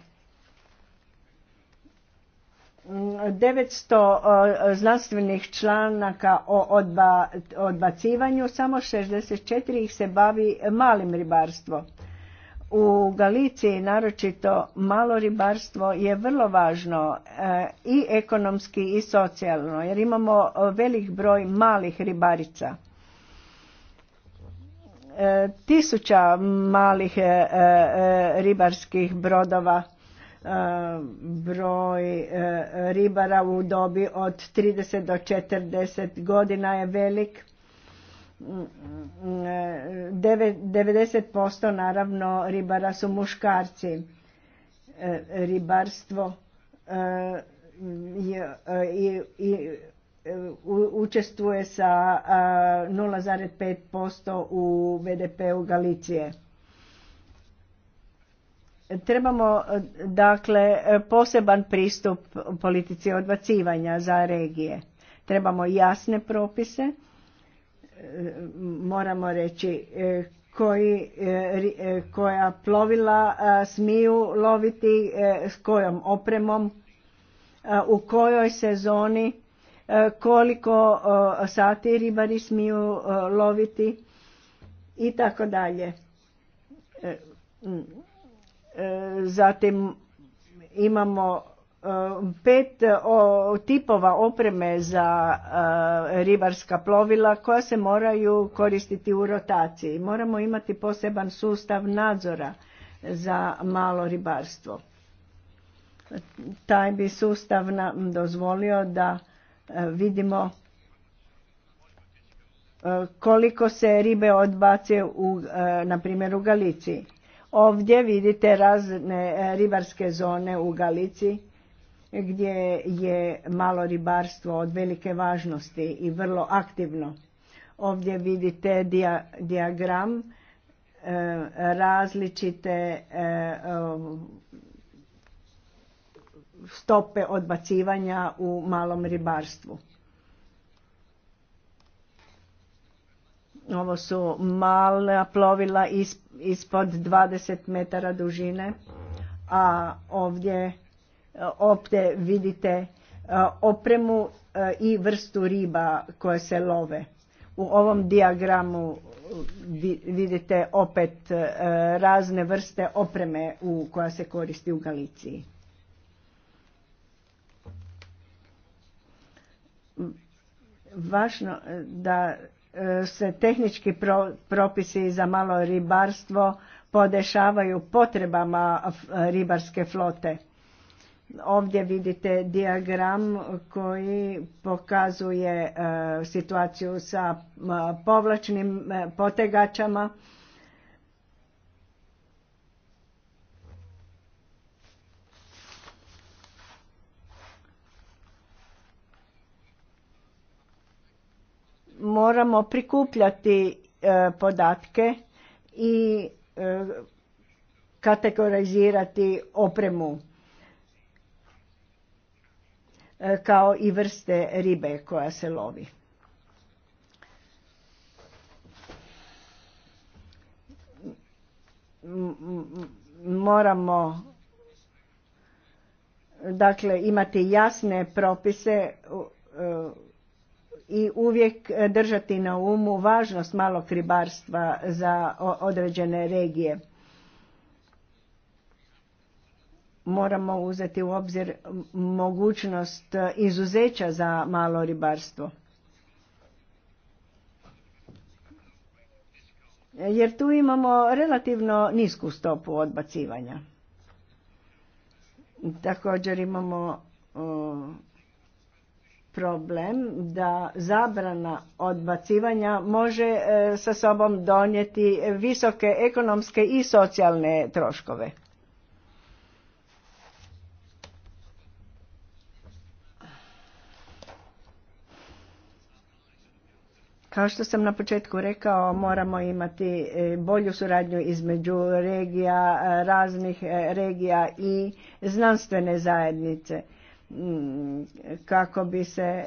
900 mm, e, znanstvenih članaka o odbacivanju, samo 64 ih se bavi malim ribarstvom. U Galiciji naročito malo ribarstvo je vrlo važno e, i ekonomski i socijalno jer imamo e, velik broj malih ribarica. E, tisuća malih ribarskih brodova broj ribara u dobi od 30 do 40 godina je velik 90% naravno ribara su muškarci. E, ribarstvo e, i e, učestvuje sa 0,5% u BDP-u Galicije. Trebamo dakle poseban pristup politici odbacivanja za regije. Trebamo jasne propise moramo reći e, koji, e, e, koja plovila smiju loviti, s kojom opremom, u kojoj sezoni, koliko sati ribari smiju loviti i tako dalje. Zatim imamo pet tipova opreme za e, ribarska plovila koja se moraju koristiti u rotaciji. Moramo imati poseban sustav nadzora za malo ribarstvo. Taj bi sustav nam dozvolio da e, vidimo e, koliko se ribe odbace u, na primjer u Galiciji. Ovdje vidite razne ribarske zone u Galiciji gdje je malo ribarstvo od velike važnosti i vrlo aktivno. Ovdje vidite diagram e, različite e, stope odbacivanja u malom ribarstvu. Ovo su mala plovila ispod 20 metara dužine, a ovdje E, opte vidite e, opremu e, i vrstu riba koje se love. U ovom diagramu vidite opet razne vrste opreme u, koja se koristi u Galiciji. Važno da se tehnički propisi za malo ribarstvo podešavaju potrebama ribarske flote Ovdje vidite diagram koji pokazuje e, situaciju sa povlačnim e, potegačama. Moramo prikupljati e, podatke i kategorizirati opremu. E, kao i vrste ribe koja se lovi. Moramo dakle imati jasne propise e, i uvijek držati na umu važnost malog ribarstva za određene regije moramo uzeti u obzir mogućnost e, izuzeća za malo ribarstvo. Jer tu imamo relativno nisku stopu odbacivanja. Također imamo problem da zabrana odbacivanja može e, sa sobom donijeti visoke ekonomske i socijalne troškove. Kao što sam na početku rekao, moramo imati e, bolju suradnju između regija, e, raznih e, regija i znanstvene zajednice mm, kako bi se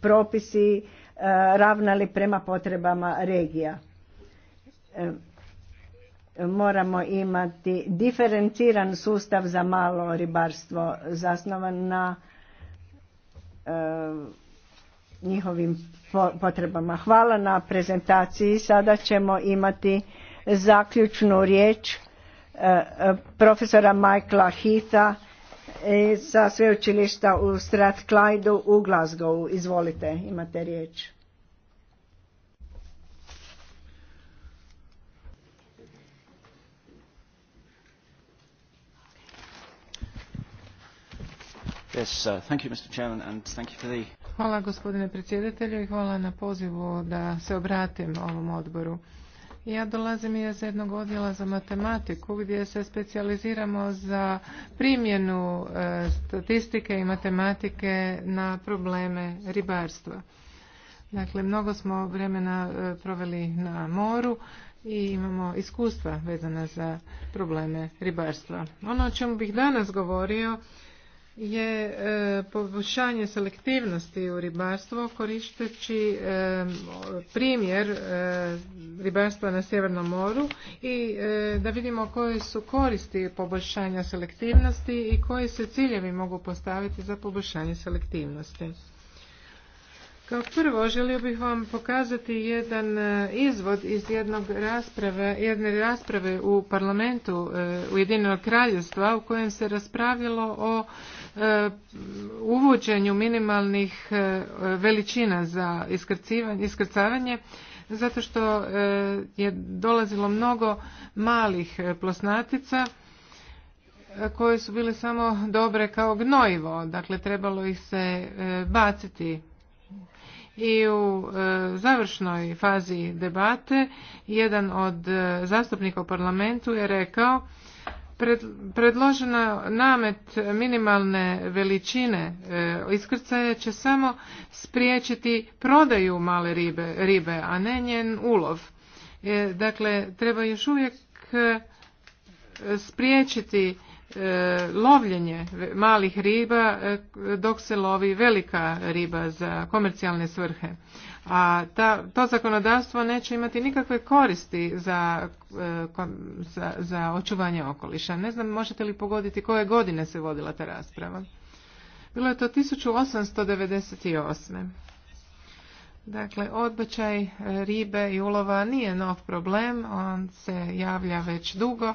propisi ravnali prema potrebama regija. Moramo imati diferenciran sustav za malo ribarstvo zasnovan na njihovim potrebama. Hvala na prezentaciji. Sada ćemo imati zaključnu riječ e, profesora Michaela Heatha e, sa sveučilišta u Strathclyde u Glasgowu. Izvolite, imate riječ. Yes, uh, thank you, Mr. Chairman, and thank you for the Hvala gospodine predsjedatelju i hvala na pozivu da se obratim ovom odboru. Ja dolazim iz jednog odjela za matematiku gdje se specijaliziramo za primjenu e, statistike i matematike na probleme ribarstva. Dakle, mnogo smo vremena e, proveli na moru i imamo iskustva vezana za probleme ribarstva. Ono o čemu bih danas govorio je e, poboljšanje selektivnosti u ribarstvu koristeći e, primjer e, ribarstva na Sjevernom moru i da vidimo koje su koristi poboljšanja selektivnosti i koji se ciljevi mogu postaviti za poboljšanje selektivnosti. Kao prvo želio bih vam pokazati jedan izvod iz jednog rasprave, jedne rasprave u parlamentu Ujedinjenog kraljevstva u kojem se raspravilo o E, uvođenju minimalnih e, veličina za iskrcavanje zato što e, je dolazilo mnogo malih plosnatica koje su bile samo dobre kao gnojivo, dakle trebalo ih se baciti i u završnoj fazi debate jedan od zastupnika u parlamentu je rekao Predloženo namet minimalne veličine e, iskrcaja će samo spriječiti prodaju male ribe, ribe a ne njen ulov. E, dakle, treba još uvijek e, spriječiti lovljenje malih riba dok se lovi velika riba za komercijalne svrhe a to zakonodavstvo neće imati nikakve koristi za, e, za, za očuvanje okoliša. Ne znam možete li pogoditi koje godine se vodila ta rasprava. Bilo je to 1898. Dakle, odbačaj ribe i ulova nije nov problem, on se javlja već dugo,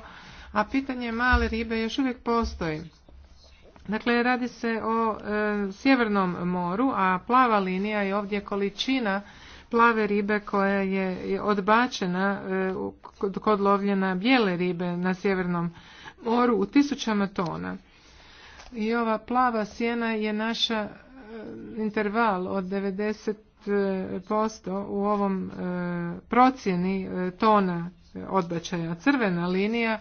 a pitanje male ribe još uvijek postoji. Dakle, radi se o e, Sjevernom moru, a plava linija je ovdje količina plave ribe koja je odbačena e, kod lovljena bijele ribe na Sjevernom moru u tisućama tona. I ova plava sjena je naša e, interval od 90% u ovom procjeni tona odbačaja. Crvena linija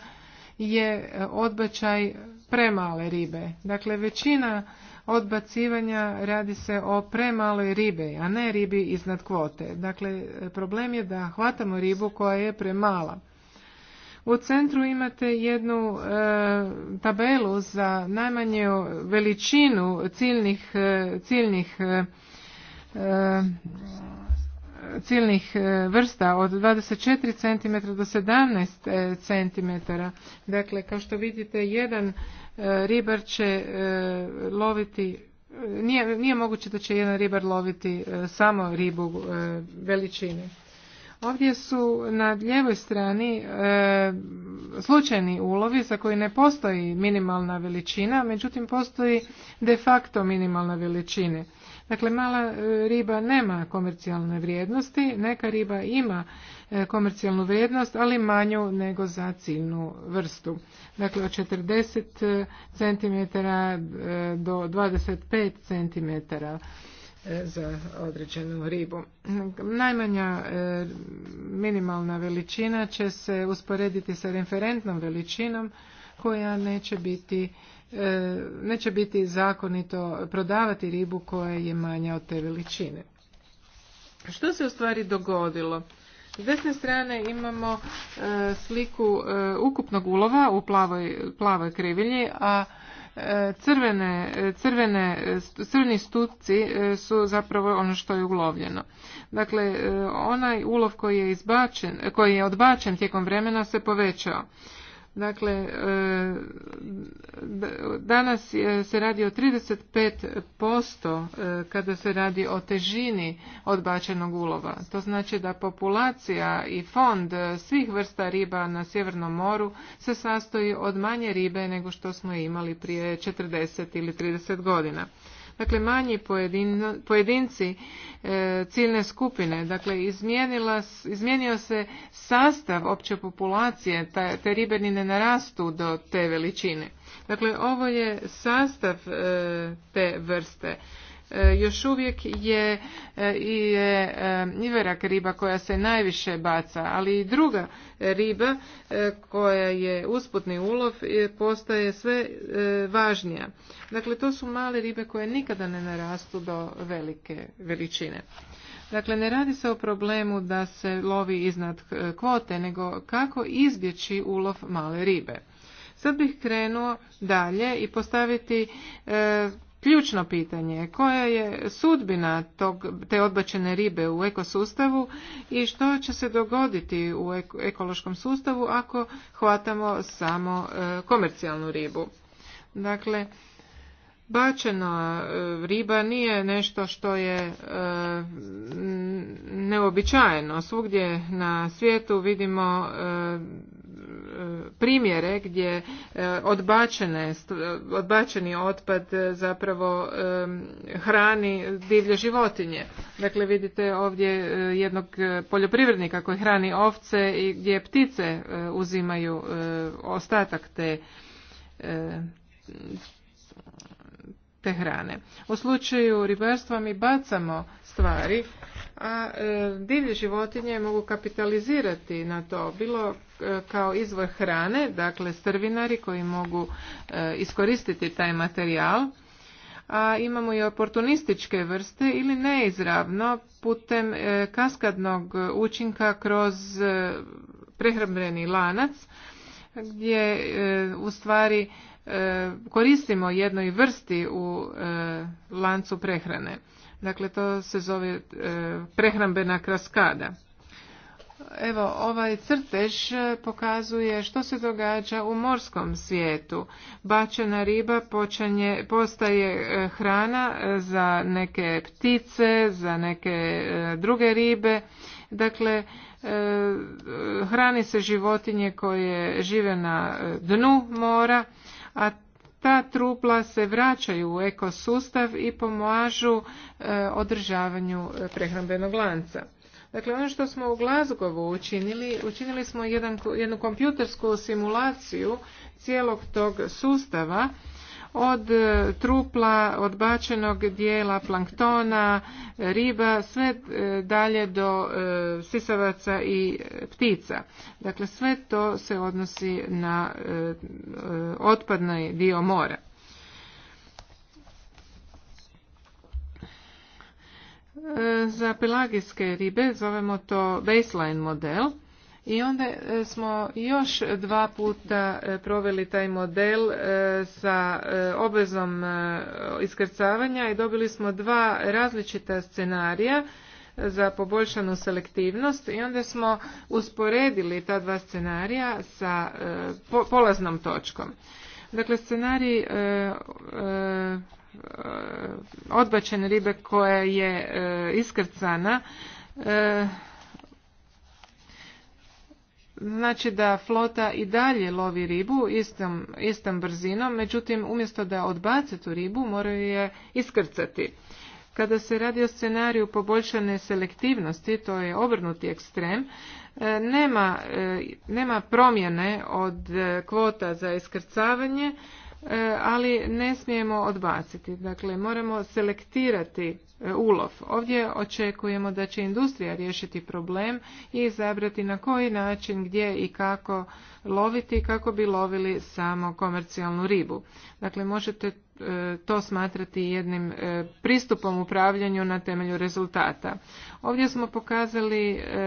je odbačaj premale ribe. Dakle, većina odbacivanja radi se o premaloj ribe, a ne ribi iznad kvote. Dakle, problem je da hvatamo ribu koja je premala. U centru imate jednu e, tabelu za najmanju veličinu ciljnih, e, ciljnih e, ciljnih vrsta od 24 cm do 17 cm. Dakle, kao što vidite, jedan E, ribar će e, loviti nije, nije moguće da će jedan ribar loviti e, samo ribu veličine. Ovdje su na ljevoj strani slučajni ulovi za koji ne postoji minimalna veličina, međutim postoji de facto minimalna veličine. Dakle, mala riba nema komercijalne vrijednosti, neka riba ima E, komercijalnu vrijednost, ali manju nego za ciljnu vrstu. Dakle, od 40 e, cm e, do 25 cm za određenu ribu. Najmanja minimalna veličina će se usporediti sa referentnom veličinom koja neće biti neće biti zakonito prodavati ribu koja je manja od te veličine. Što se u stvari dogodilo? S desne strane imamo e, sliku e, ukupnog ulova u plavoj, plavoj krivilji, a e, crvene, crvene, crveni stupci su zapravo ono što je ulovljeno. Dakle, onaj ulov koji je, izbačen, koji je odbačen tijekom vremena se povećao. Dakle, e, danas e, se radi o 35% e, kada se radi o težini odbačenog ulova. To znači da populacija i fond svih vrsta riba na Sjevernom moru se sastoji od manje ribe nego što smo imali prije 40 ili 30 godina. Dakle, manji pojedinci, e, ciljne skupine, dakle, izmijenila, izmijenio se sastav opće populacije, ta, te ribernine ne narastu do te veličine. Dakle, ovo je sastav e, te vrste. E, još uvijek je e, i e, iverak riba koja se najviše baca, ali i druga riba koja je usputni ulov postaje sve važnija. Dakle, to su male ribe koje nikada ne narastu do velike veličine. Dakle, ne radi se o problemu da se lovi iznad kvote, nego kako izbjeći ulov male ribe. Sad bih krenuo dalje i postaviti Ključno pitanje je koja je sudbina tog, te odbačene ribe u ekosustavu i što će se dogoditi u ekološkom sustavu ako hvatamo samo e, komercijalnu ribu. Dakle, bačena e, riba nije nešto što je e, neobičajeno. Svugdje na svijetu vidimo primjere gdje e, odbačene, odbačeni otpad e, zapravo e, hrani divlje životinje. Dakle, vidite ovdje jednog poljoprivrednika koji hrani ovce i gdje ptice uzimaju ostatak te te hrane. U slučaju ribarstva mi bacamo stvari, a divlje životinje mogu kapitalizirati na to, bilo E, kao izvor hrane, dakle strvinari koji mogu e, iskoristiti taj materijal. A imamo i oportunističke vrste ili neizravno putem e, kaskadnog učinka kroz prehrambeni lanac gdje u stvari koristimo jednoj vrsti u lancu prehrane. Dakle, to se zove prehrambena kraskada evo ovaj crtež e, pokazuje što se događa u morskom svijetu. Bačena riba počanje, postaje e, hrana e, za neke ptice, za neke druge ribe. Dakle, hrani se životinje koje žive na dnu mora, a ta trupla se vraćaju u ekosustav i pomažu održavanju prehrambenog lanca. Dakle, ono što smo u Glazgovu učinili, učinili smo jedan, jednu kompjutersku simulaciju cijelog tog sustava od e, trupla, odbačenog dijela planktona, e, riba, sve e, dalje do sisavaca i ptica. Dakle, sve to se odnosi na otpadni dio mora. E, za pelagijske ribe, zovemo to baseline model. I onda e, smo još dva puta e, proveli taj model sa obvezom iskrcavanja i dobili smo dva različita scenarija za poboljšanu selektivnost i onda smo usporedili ta dva scenarija sa polaznom točkom. Dakle, scenarij E, odbačene ribe koja je e, iskrcana e, znači da flota i dalje lovi ribu istom, istom brzinom, međutim umjesto da odbace tu ribu moraju je iskrcati. Kada se radi o scenariju poboljšane selektivnosti, to je obrnuti ekstrem, nema, nema promjene od kvota za iskrcavanje, E, ali ne smijemo odbaciti. Dakle, moramo selektirati e, ulov. Ovdje očekujemo da će industrija riješiti problem i izabrati na koji način, gdje i kako loviti kako bi lovili samo komercijalnu ribu. Dakle, možete e, to smatrati jednim e, pristupom upravljanju na temelju rezultata. Ovdje smo pokazali e,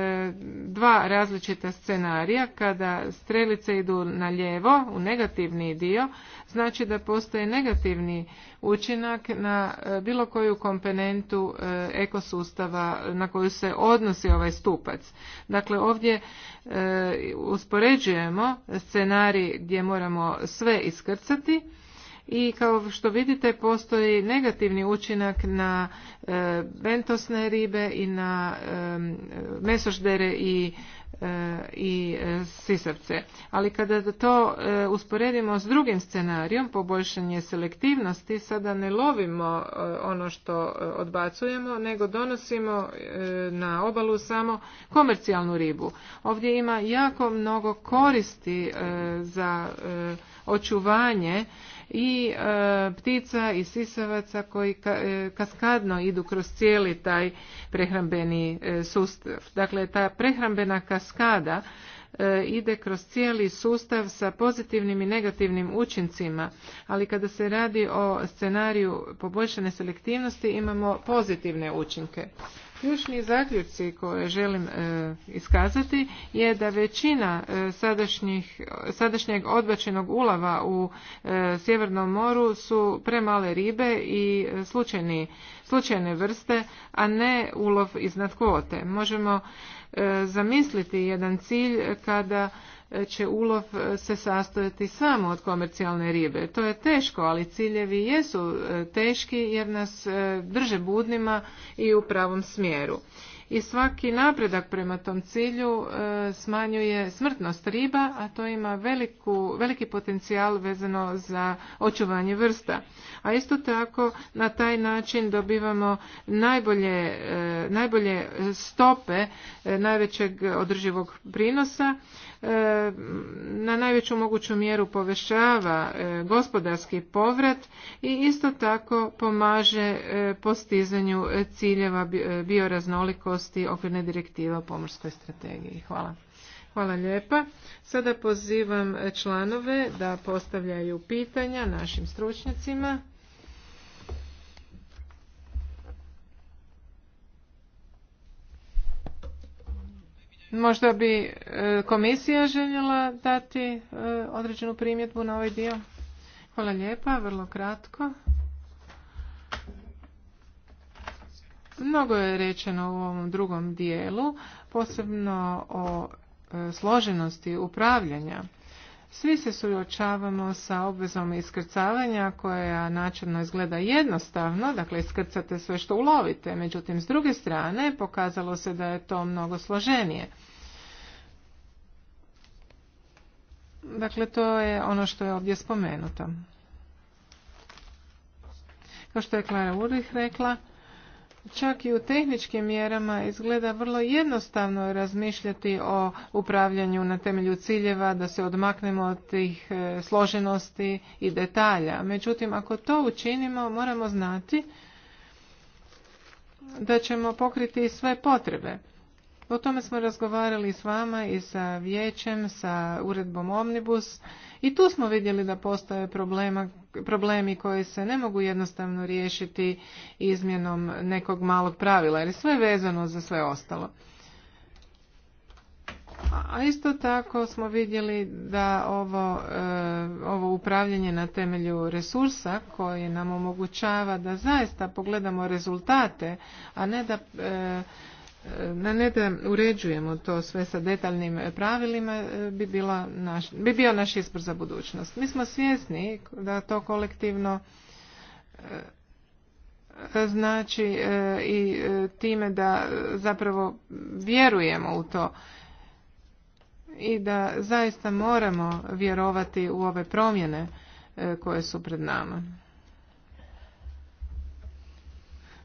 dva različita scenarija. Kada strelice idu na lijevo, u negativni dio, znači da postoje negativni učinak na e, bilo koju komponentu e, ekosustava na koju se odnosi ovaj stupac. Dakle, ovdje e, uspoređujemo scenarij gdje moramo sve iskrcati i kao što vidite postoji negativni učinak na e, bentosne ribe i na e, mesoždere i e, i sisavce. Ali kada to usporedimo s drugim scenarijom, poboljšanje selektivnosti, sada ne lovimo ono što odbacujemo, nego donosimo na obalu samo komercijalnu ribu. Ovdje ima jako mnogo koristi za očuvanje i e, ptica i sisavaca koji e, kaskadno idu kroz cijeli taj prehrambeni e, sustav. Dakle, ta prehrambena kaskada ide kroz cijeli sustav sa pozitivnim i negativnim učincima, ali kada se radi o scenariju poboljšane selektivnosti imamo pozitivne učinke. Ključni zaključci koje želim e, iskazati je da većina e, sadašnjih, sadašnjeg odbačenog ulava u e, Sjevernom moru su premale ribe i slučajni, slučajne vrste, a ne ulov iznad kvote. Možemo zamisliti jedan cilj kada će ulov e, se sastojati samo od komercijalne ribe. To je teško, ali ciljevi jesu e, teški jer nas e, drže budnima i u pravom smjeru. I svaki napredak prema tom cilju smanjuje smrtnost riba, a to ima veliku, veliki potencijal vezano za očuvanje vrsta. A isto tako na taj način dobivamo najbolje, najbolje stope najvećeg održivog prinosa E, na najveću moguću mjeru povešava e, gospodarski povrat i isto tako pomaže e, postizanju ciljeva bioraznolikosti okvirne direktive o pomorskoj strategiji. Hvala. Hvala lijepa. Sada pozivam članove da postavljaju pitanja našim stručnjacima. Možda bi e, komisija željela dati e, određenu primjedbu na ovaj dio. Hvala lijepa, vrlo kratko. Mnogo je rečeno u ovom drugom dijelu, posebno o e, složenosti upravljanja svi se suočavamo sa obvezom iskrcavanja koja načelno izgleda jednostavno, dakle iskrcate sve što ulovite, međutim s druge strane pokazalo se da je to mnogo složenije. Dakle, to je ono što je ovdje spomenuto. Kao što je Klara Urih rekla, čak i u tehničkim mjerama izgleda vrlo jednostavno razmišljati o upravljanju na temelju ciljeva da se odmaknemo od tih e, složenosti i detalja međutim ako to učinimo moramo znati da ćemo pokriti sve potrebe o tome smo razgovarali s vama i sa vijećem, sa uredbom Omnibus i tu smo vidjeli da postoje problema, problemi koji se ne mogu jednostavno riješiti izmjenom nekog malog pravila jer je sve vezano za sve ostalo. A isto tako smo vidjeli da ovo, e, ovo upravljanje na temelju resursa koji nam omogućava da zaista pogledamo rezultate, a ne da e, na ne da uređujemo to sve sa detaljnim pravilima e, bi, bila naš, bi bio naš izbor za budućnost. Mi smo svjesni da to kolektivno e, znači e, i time da zapravo vjerujemo u to i da zaista moramo vjerovati u ove promjene koje su pred nama.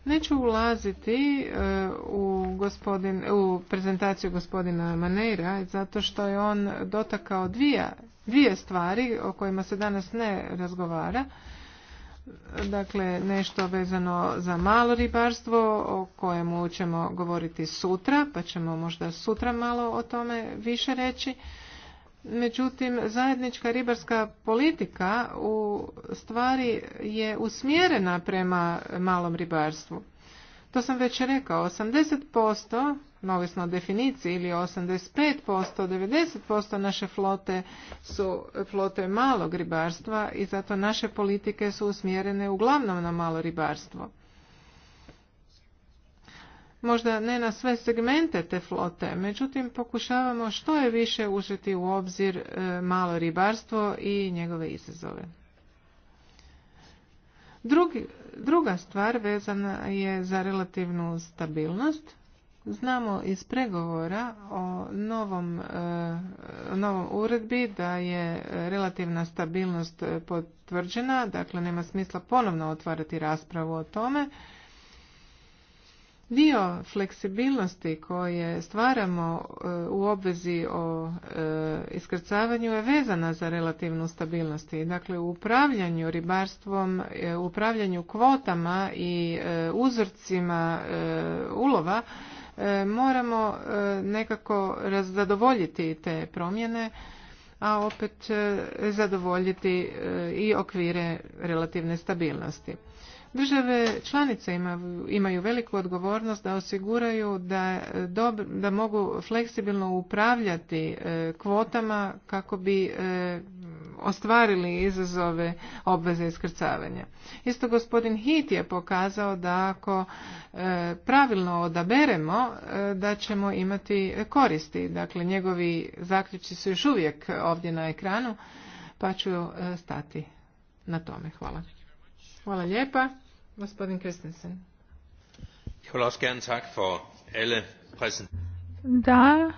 Neću ulaziti e, u, prezentaciju gospodina Maneira zato što je on dotakao dvije stvari o kojima se danas ne razgovara. Dakle, nešto vezano za malo ribarstvo o kojemu ćemo govoriti sutra, pa ćemo možda sutra malo o tome više reći međutim zajednička ribarska politika u stvari je usmjerena prema malom ribarstvu. To sam već rekao, 80%, neovisno o definiciji, ili 85%, 90% naše flote su flote malog ribarstva i zato naše politike su usmjerene uglavnom na malo ribarstvo možda ne na sve segmente te flote, međutim pokušavamo što je više uzeti u obzir e, malo ribarstvo i njegove izazove. druga stvar vezana je za relativnu stabilnost. Znamo iz pregovora o novom, e, o novom uredbi da je relativna stabilnost e, potvrđena, dakle nema smisla ponovno otvarati raspravu o tome Dio fleksibilnosti koje stvaramo e, u obvezi o e, iskrcavanju je vezana za relativnu stabilnost. Dakle, u upravljanju ribarstvom, e, u upravljanju kvotama i uzorcima ulova moramo nekako zadovoljiti te promjene, a opet zadovoljiti i okvire relativne stabilnosti. Države članice imaju veliku odgovornost da osiguraju da, eh, da mogu fleksibilno upravljati eh, kvotama kako bi eh, ostvarili izazove obveze iskrcavanja. Isto gospodin Hit je pokazao da ako pravilno odaberemo da ćemo imati koristi. Dakle, njegovi zaključci su još uvijek ovdje na ekranu pa ću stati na tome. Hvala. Hvala lijepa. Da,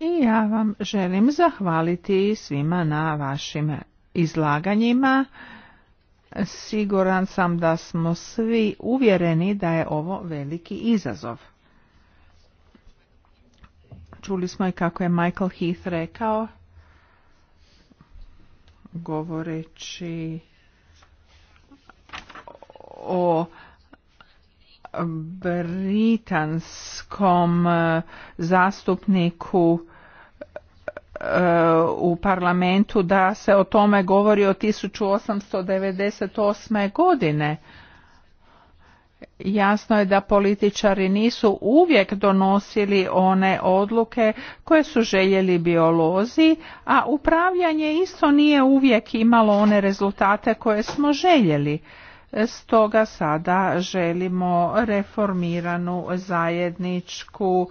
i ja vam želim zahvaliti svima na vašim izlaganjima. Siguran sam da smo svi uvjereni da je ovo veliki izazov. Čuli smo i kako je Michael Heath rekao, govoreći o britanskom e, zastupniku e, u parlamentu da se o tome govori od 1898. godine. Jasno je da političari nisu uvijek donosili one odluke koje su željeli biolozi, a upravljanje isto nije uvijek imalo one rezultate koje smo željeli. Stoga sada želimo reformiranu zajedničku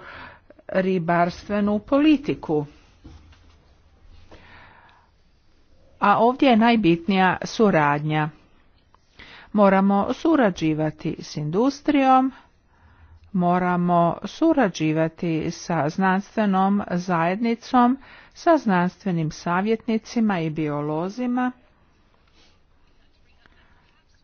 ribarstvenu politiku. A ovdje je najbitnija suradnja. Moramo surađivati s industrijom, moramo surađivati sa znanstvenom zajednicom, sa znanstvenim savjetnicima i biolozima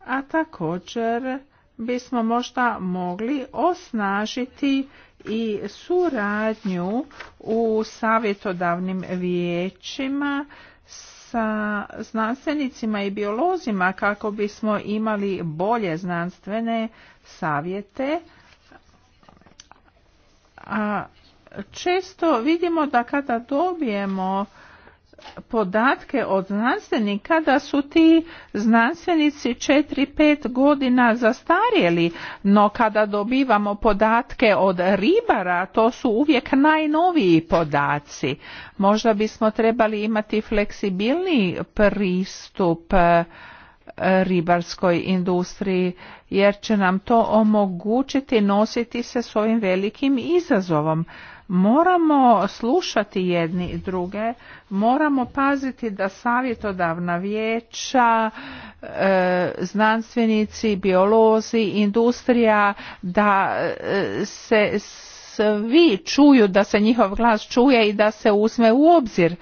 a također bismo možda mogli osnažiti i suradnju u savjetodavnim vijećima sa znanstvenicima i biolozima kako bismo imali bolje znanstvene savjete. A često vidimo da kada dobijemo podatke od znanstvenika da su ti znanstvenici 4-5 godina zastarjeli, no kada dobivamo podatke od ribara, to su uvijek najnoviji podaci. Možda bismo trebali imati fleksibilni pristup e, ribarskoj industriji jer će nam to omogućiti nositi se s ovim velikim izazovom. Moramo slušati jedni i druge, moramo paziti da savjetodavna vijeća, e, znanstvenici, biolozi, industrija, da e, se svi čuju, da se njihov glas čuje i da se uzme u obzir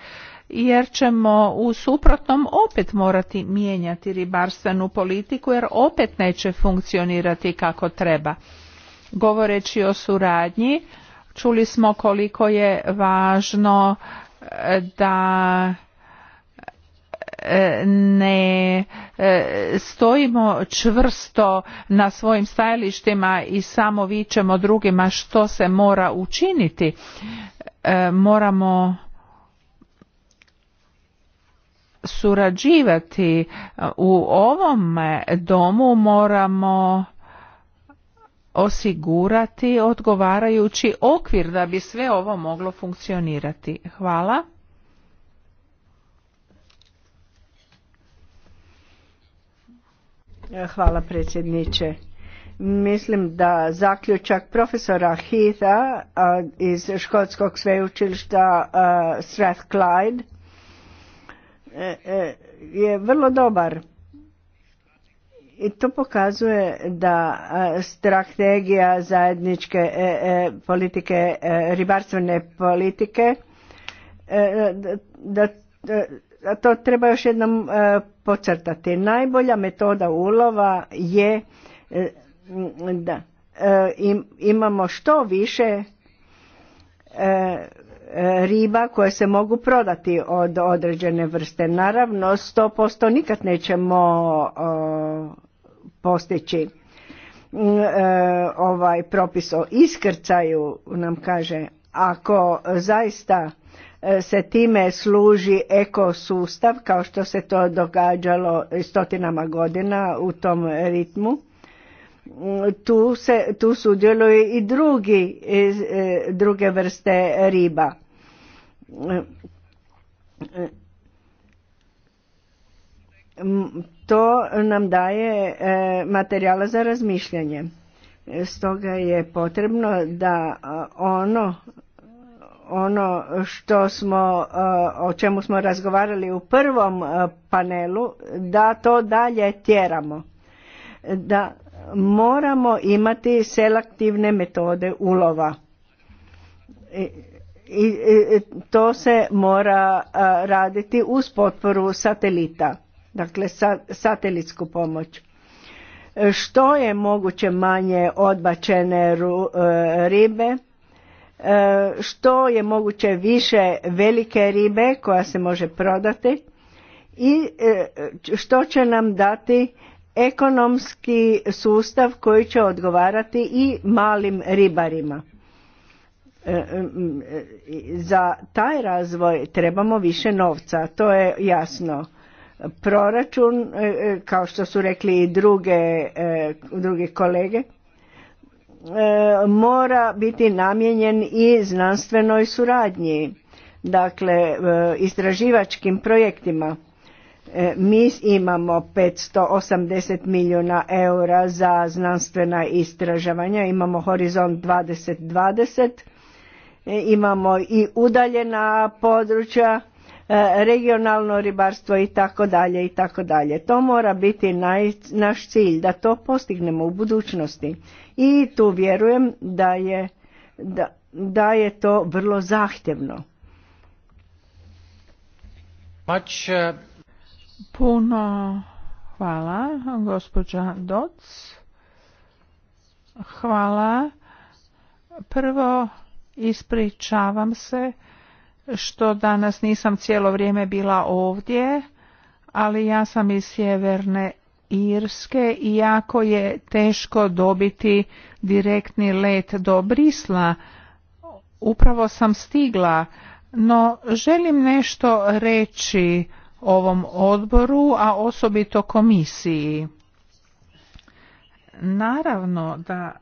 jer ćemo u suprotnom opet morati mijenjati ribarstvenu politiku jer opet neće funkcionirati kako treba. Govoreći o suradnji, Čuli smo koliko je važno e, da e, ne e, stojimo čvrsto na svojim stajalištima i samo vičemo drugima što se mora učiniti. Moramo surađivati u ovom domu moramo osigurati odgovarajući okvir da bi sve ovo moglo funkcionirati. Hvala. Hvala predsjedniče. Mislim da zaključak profesora Heatha iz Škotskog sveučilišta Strathclyde e, e, je vrlo dobar i to pokazuje da strategija zajedničke e, e, politike, e, ribarstvene politike, da, to treba još jednom pocrtati. Najbolja metoda ulova je da imamo što više riba koje se mogu prodati od određene vrste. Naravno, 100% nikad nećemo postići. Mm, e, ovaj propis o iskrcaju nam kaže ako zaista e, se time služi ekosustav kao što se to događalo stotinama godina u tom ritmu. Mm, tu, se, tu sudjeluju i drugi, e, druge vrste riba mm, to nam daje e, materijala za razmišljanje. Stoga je potrebno da e, ono ono što smo, e, o čemu smo razgovarali u prvom panelu, da to dalje tjeramo. Da moramo imati selektivne metode ulova. I, i to se mora raditi uz potporu satelita dakle satelitsku pomoć. E, što je moguće manje odbačene e, ribe, e, što je moguće više velike ribe koja se može prodati i što će nam dati ekonomski sustav koji će odgovarati i malim ribarima. Za taj razvoj trebamo više novca, to je jasno proračun, e, e, kao što su rekli i druge, e, drugi kolege, mora biti namijenjen i znanstvenoj suradnji, dakle istraživačkim projektima. Mi imamo 580 milijuna eura za znanstvena istražavanja, imamo Horizont 2020, imamo i udaljena područja, E, regionalno ribarstvo i tako dalje i tako dalje. To mora biti naj, naš cilj da to postignemo u budućnosti i tu vjerujem da je, da, da je to vrlo zahtjevno. Uh, Puno hvala, gospođa Doc. Hvala. Prvo ispričavam se što danas nisam cijelo vrijeme bila ovdje, ali ja sam iz sjeverne Irske i jako je teško dobiti direktni let do Brisla. Upravo sam stigla, no želim nešto reći ovom odboru, a osobito komisiji. Naravno da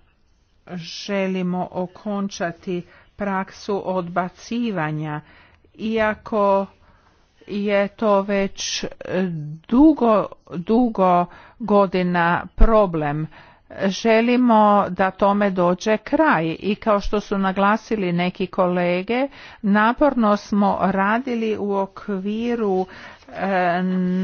želimo okončati praksu odbacivanja iako je to već dugo dugo godina problem želimo da tome dođe kraj i kao što su naglasili neki kolege naporno smo radili u okviru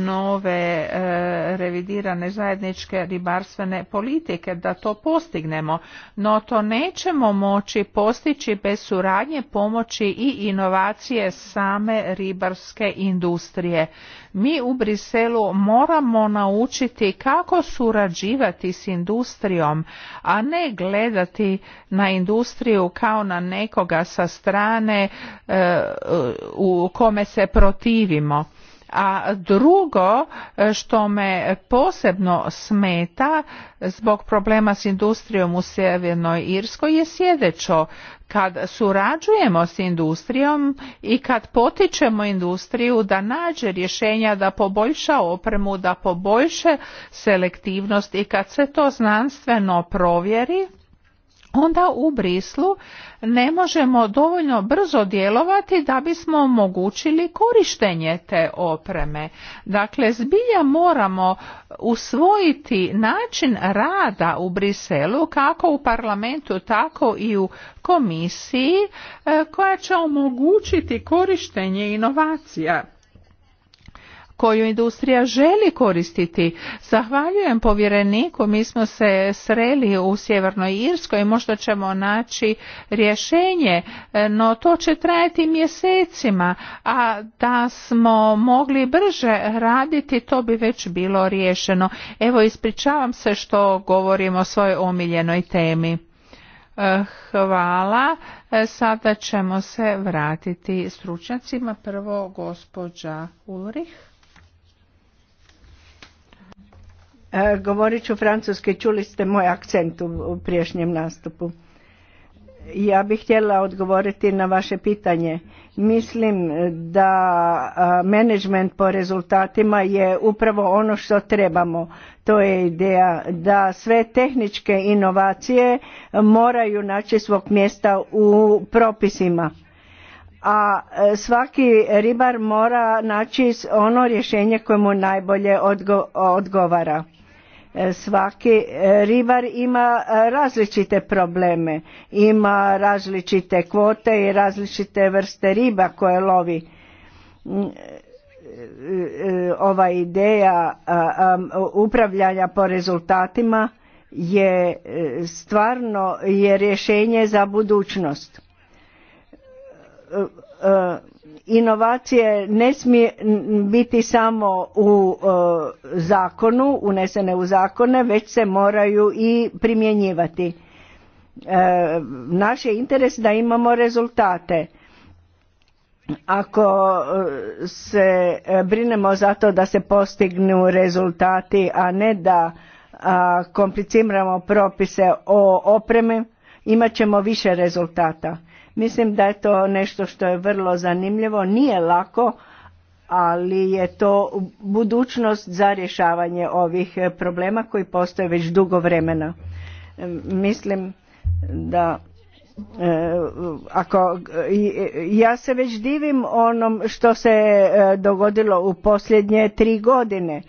nove e, revidirane zajedničke ribarstvene politike da to postignemo no to nećemo moći postići bez suradnje pomoći i inovacije same ribarske industrije mi u Briselu moramo naučiti kako surađivati s industrijom a ne gledati na industriju kao na nekoga sa strane e, u kome se protivimo a drugo e, što me posebno smeta zbog problema s industrijom u Sjevernoj Irskoj je sljedeće. Kad surađujemo s industrijom i kad potičemo industriju da nađe rješenja da poboljša opremu, da poboljše selektivnost i kad se to znanstveno provjeri, onda u Brislu ne možemo dovoljno brzo djelovati da bismo omogućili korištenje te opreme. Dakle, zbilja moramo usvojiti način rada u Briselu kako u parlamentu tako i u komisiji e, koja će omogućiti korištenje inovacija koju industrija želi koristiti. Zahvaljujem povjereniku, mi smo se sreli u Sjevernoj Irskoj, možda ćemo naći rješenje, e, no to će trajati mjesecima, a da smo mogli brže raditi, to bi već bilo riješeno. Evo, ispričavam se što govorim o svojoj omiljenoj temi. E, hvala. E, sada ćemo se vratiti stručnjacima. Prvo gospođa Ulrich. E, govorit ću francuski, čuli ste moj akcent u priješnjem nastupu. Ja bih htjela odgovoriti na vaše pitanje. Mislim da e, management po rezultatima je upravo ono što trebamo. To je ideja da sve tehničke inovacije moraju naći svog mjesta u propisima. A e, svaki ribar mora naći ono rješenje koje mu najbolje odgovara E, svaki e, ribar ima e, različite probleme, ima različite kvote i različite vrste riba koje lovi. Mm, ova ideja upravljanja po rezultatima je stvarno je rješenje za budućnost Inovacije ne smije biti samo u e, zakonu, unesene u zakone, već se moraju i primjenjivati. E, naš je interes da imamo rezultate. Ako e, se brinemo za to da se postignu rezultati, a ne da kompliciramo propise o opremi, imat ćemo više rezultata Mislim da je to nešto što je vrlo zanimljivo, nije lako, ali je to budućnost za rješavanje ovih problema koji postoje već dugo vremena. E, mislim da e, ako ja se već divim onom što se e, dogodilo u posljednje tri godine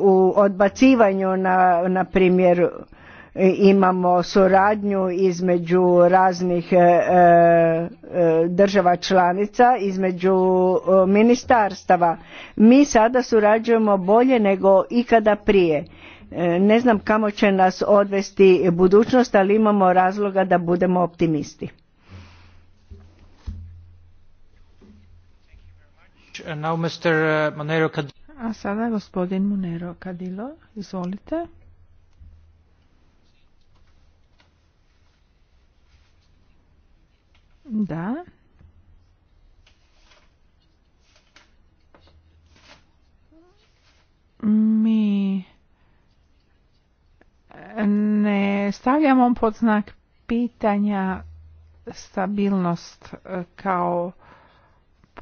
u odbacivanju na, na primjer E, imamo suradnju između raznih e, e, država članica, između ministarstava. Mi sada surađujemo bolje nego ikada prije. Ne znam kamo će nas odvesti budućnost, ali imamo razloga da budemo optimisti. Uh, A sada gospodin Monero Kadilo, izvolite. Da. Mi ne stavljamo pod znak pitanja stabilnost e, kao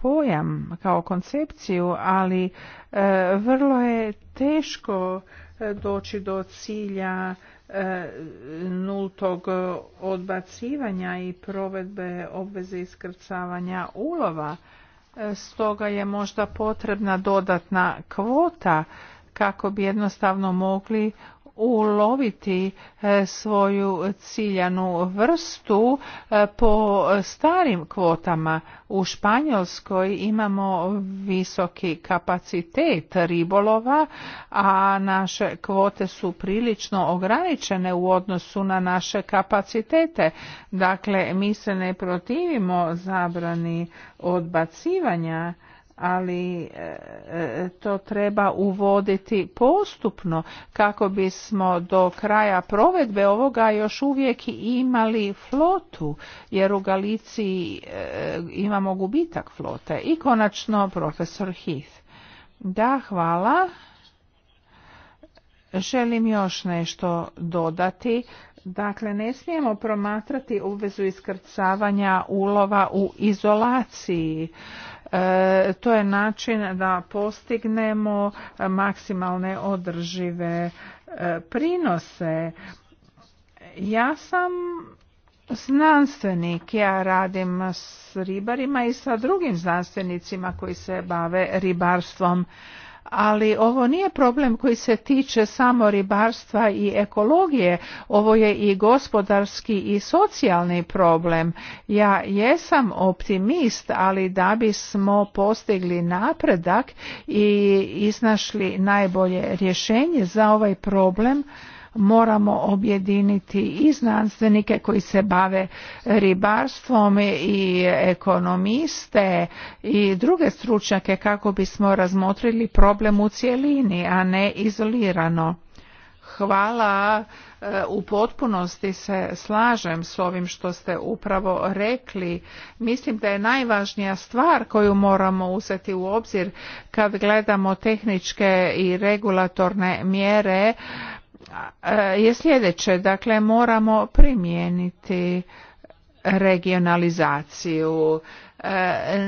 pojam, kao koncepciju, ali e, vrlo je teško e, doći do cilja E, nultog odbacivanja i provedbe obveze iskrcavanja ulova. E, stoga je možda potrebna dodatna kvota kako bi jednostavno mogli uloviti e, svoju ciljanu vrstu e, po starim kvotama. U Španjolskoj imamo visoki kapacitet ribolova, a naše kvote su prilično ograničene u odnosu na naše kapacitete. Dakle, mi se ne protivimo zabrani odbacivanja ali e, e, to treba uvoditi postupno kako bismo do kraja provedbe ovoga još uvijek imali flotu jer u Galiciji e, imamo gubitak flote i konačno profesor Heath da hvala želim još nešto dodati Dakle, ne smijemo promatrati obvezu iskrcavanja ulova u izolaciji. E, to je način da postignemo maksimalne održive e, prinose. Ja sam znanstvenik, ja radim s ribarima i sa drugim znanstvenicima koji se bave ribarstvom ali ovo nije problem koji se tiče samo ribarstva i ekologije, ovo je i gospodarski i socijalni problem. Ja jesam optimist, ali da bismo postigli napredak i iznašli najbolje rješenje za ovaj problem, moramo objediniti i znanstvenike koji se bave ribarstvom i ekonomiste i druge stručnjake kako bismo razmotrili problem u cjelini, a ne izolirano. Hvala, e, u potpunosti se slažem s ovim što ste upravo rekli. Mislim da je najvažnija stvar koju moramo uzeti u obzir kad gledamo tehničke i regulatorne mjere E, je sljedeće. Dakle, moramo primijeniti regionalizaciju. E,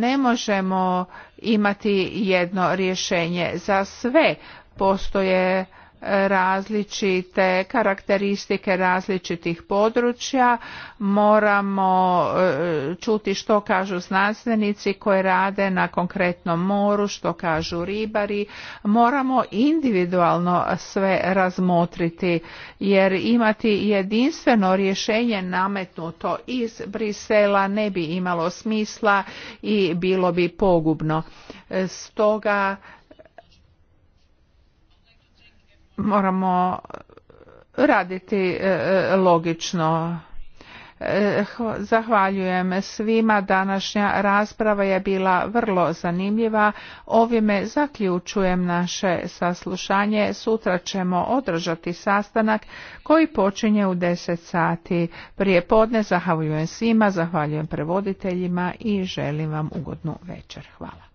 ne možemo imati jedno rješenje za sve. Postoje različite karakteristike različitih područja. Moramo e, čuti što kažu znanstvenici koji rade na konkretnom moru, što kažu ribari. Moramo individualno sve razmotriti jer imati jedinstveno rješenje nametnuto iz Brisela ne bi imalo smisla i bilo bi pogubno. Stoga moramo eh, raditi eh, logično. Eh, zahvaljujem svima. Današnja rasprava je bila vrlo zanimljiva. Ovime zaključujem naše saslušanje. Sutra ćemo održati sastanak koji počinje u 10 sati prije podne. Zahvaljujem svima, zahvaljujem prevoditeljima i želim vam ugodnu večer. Hvala.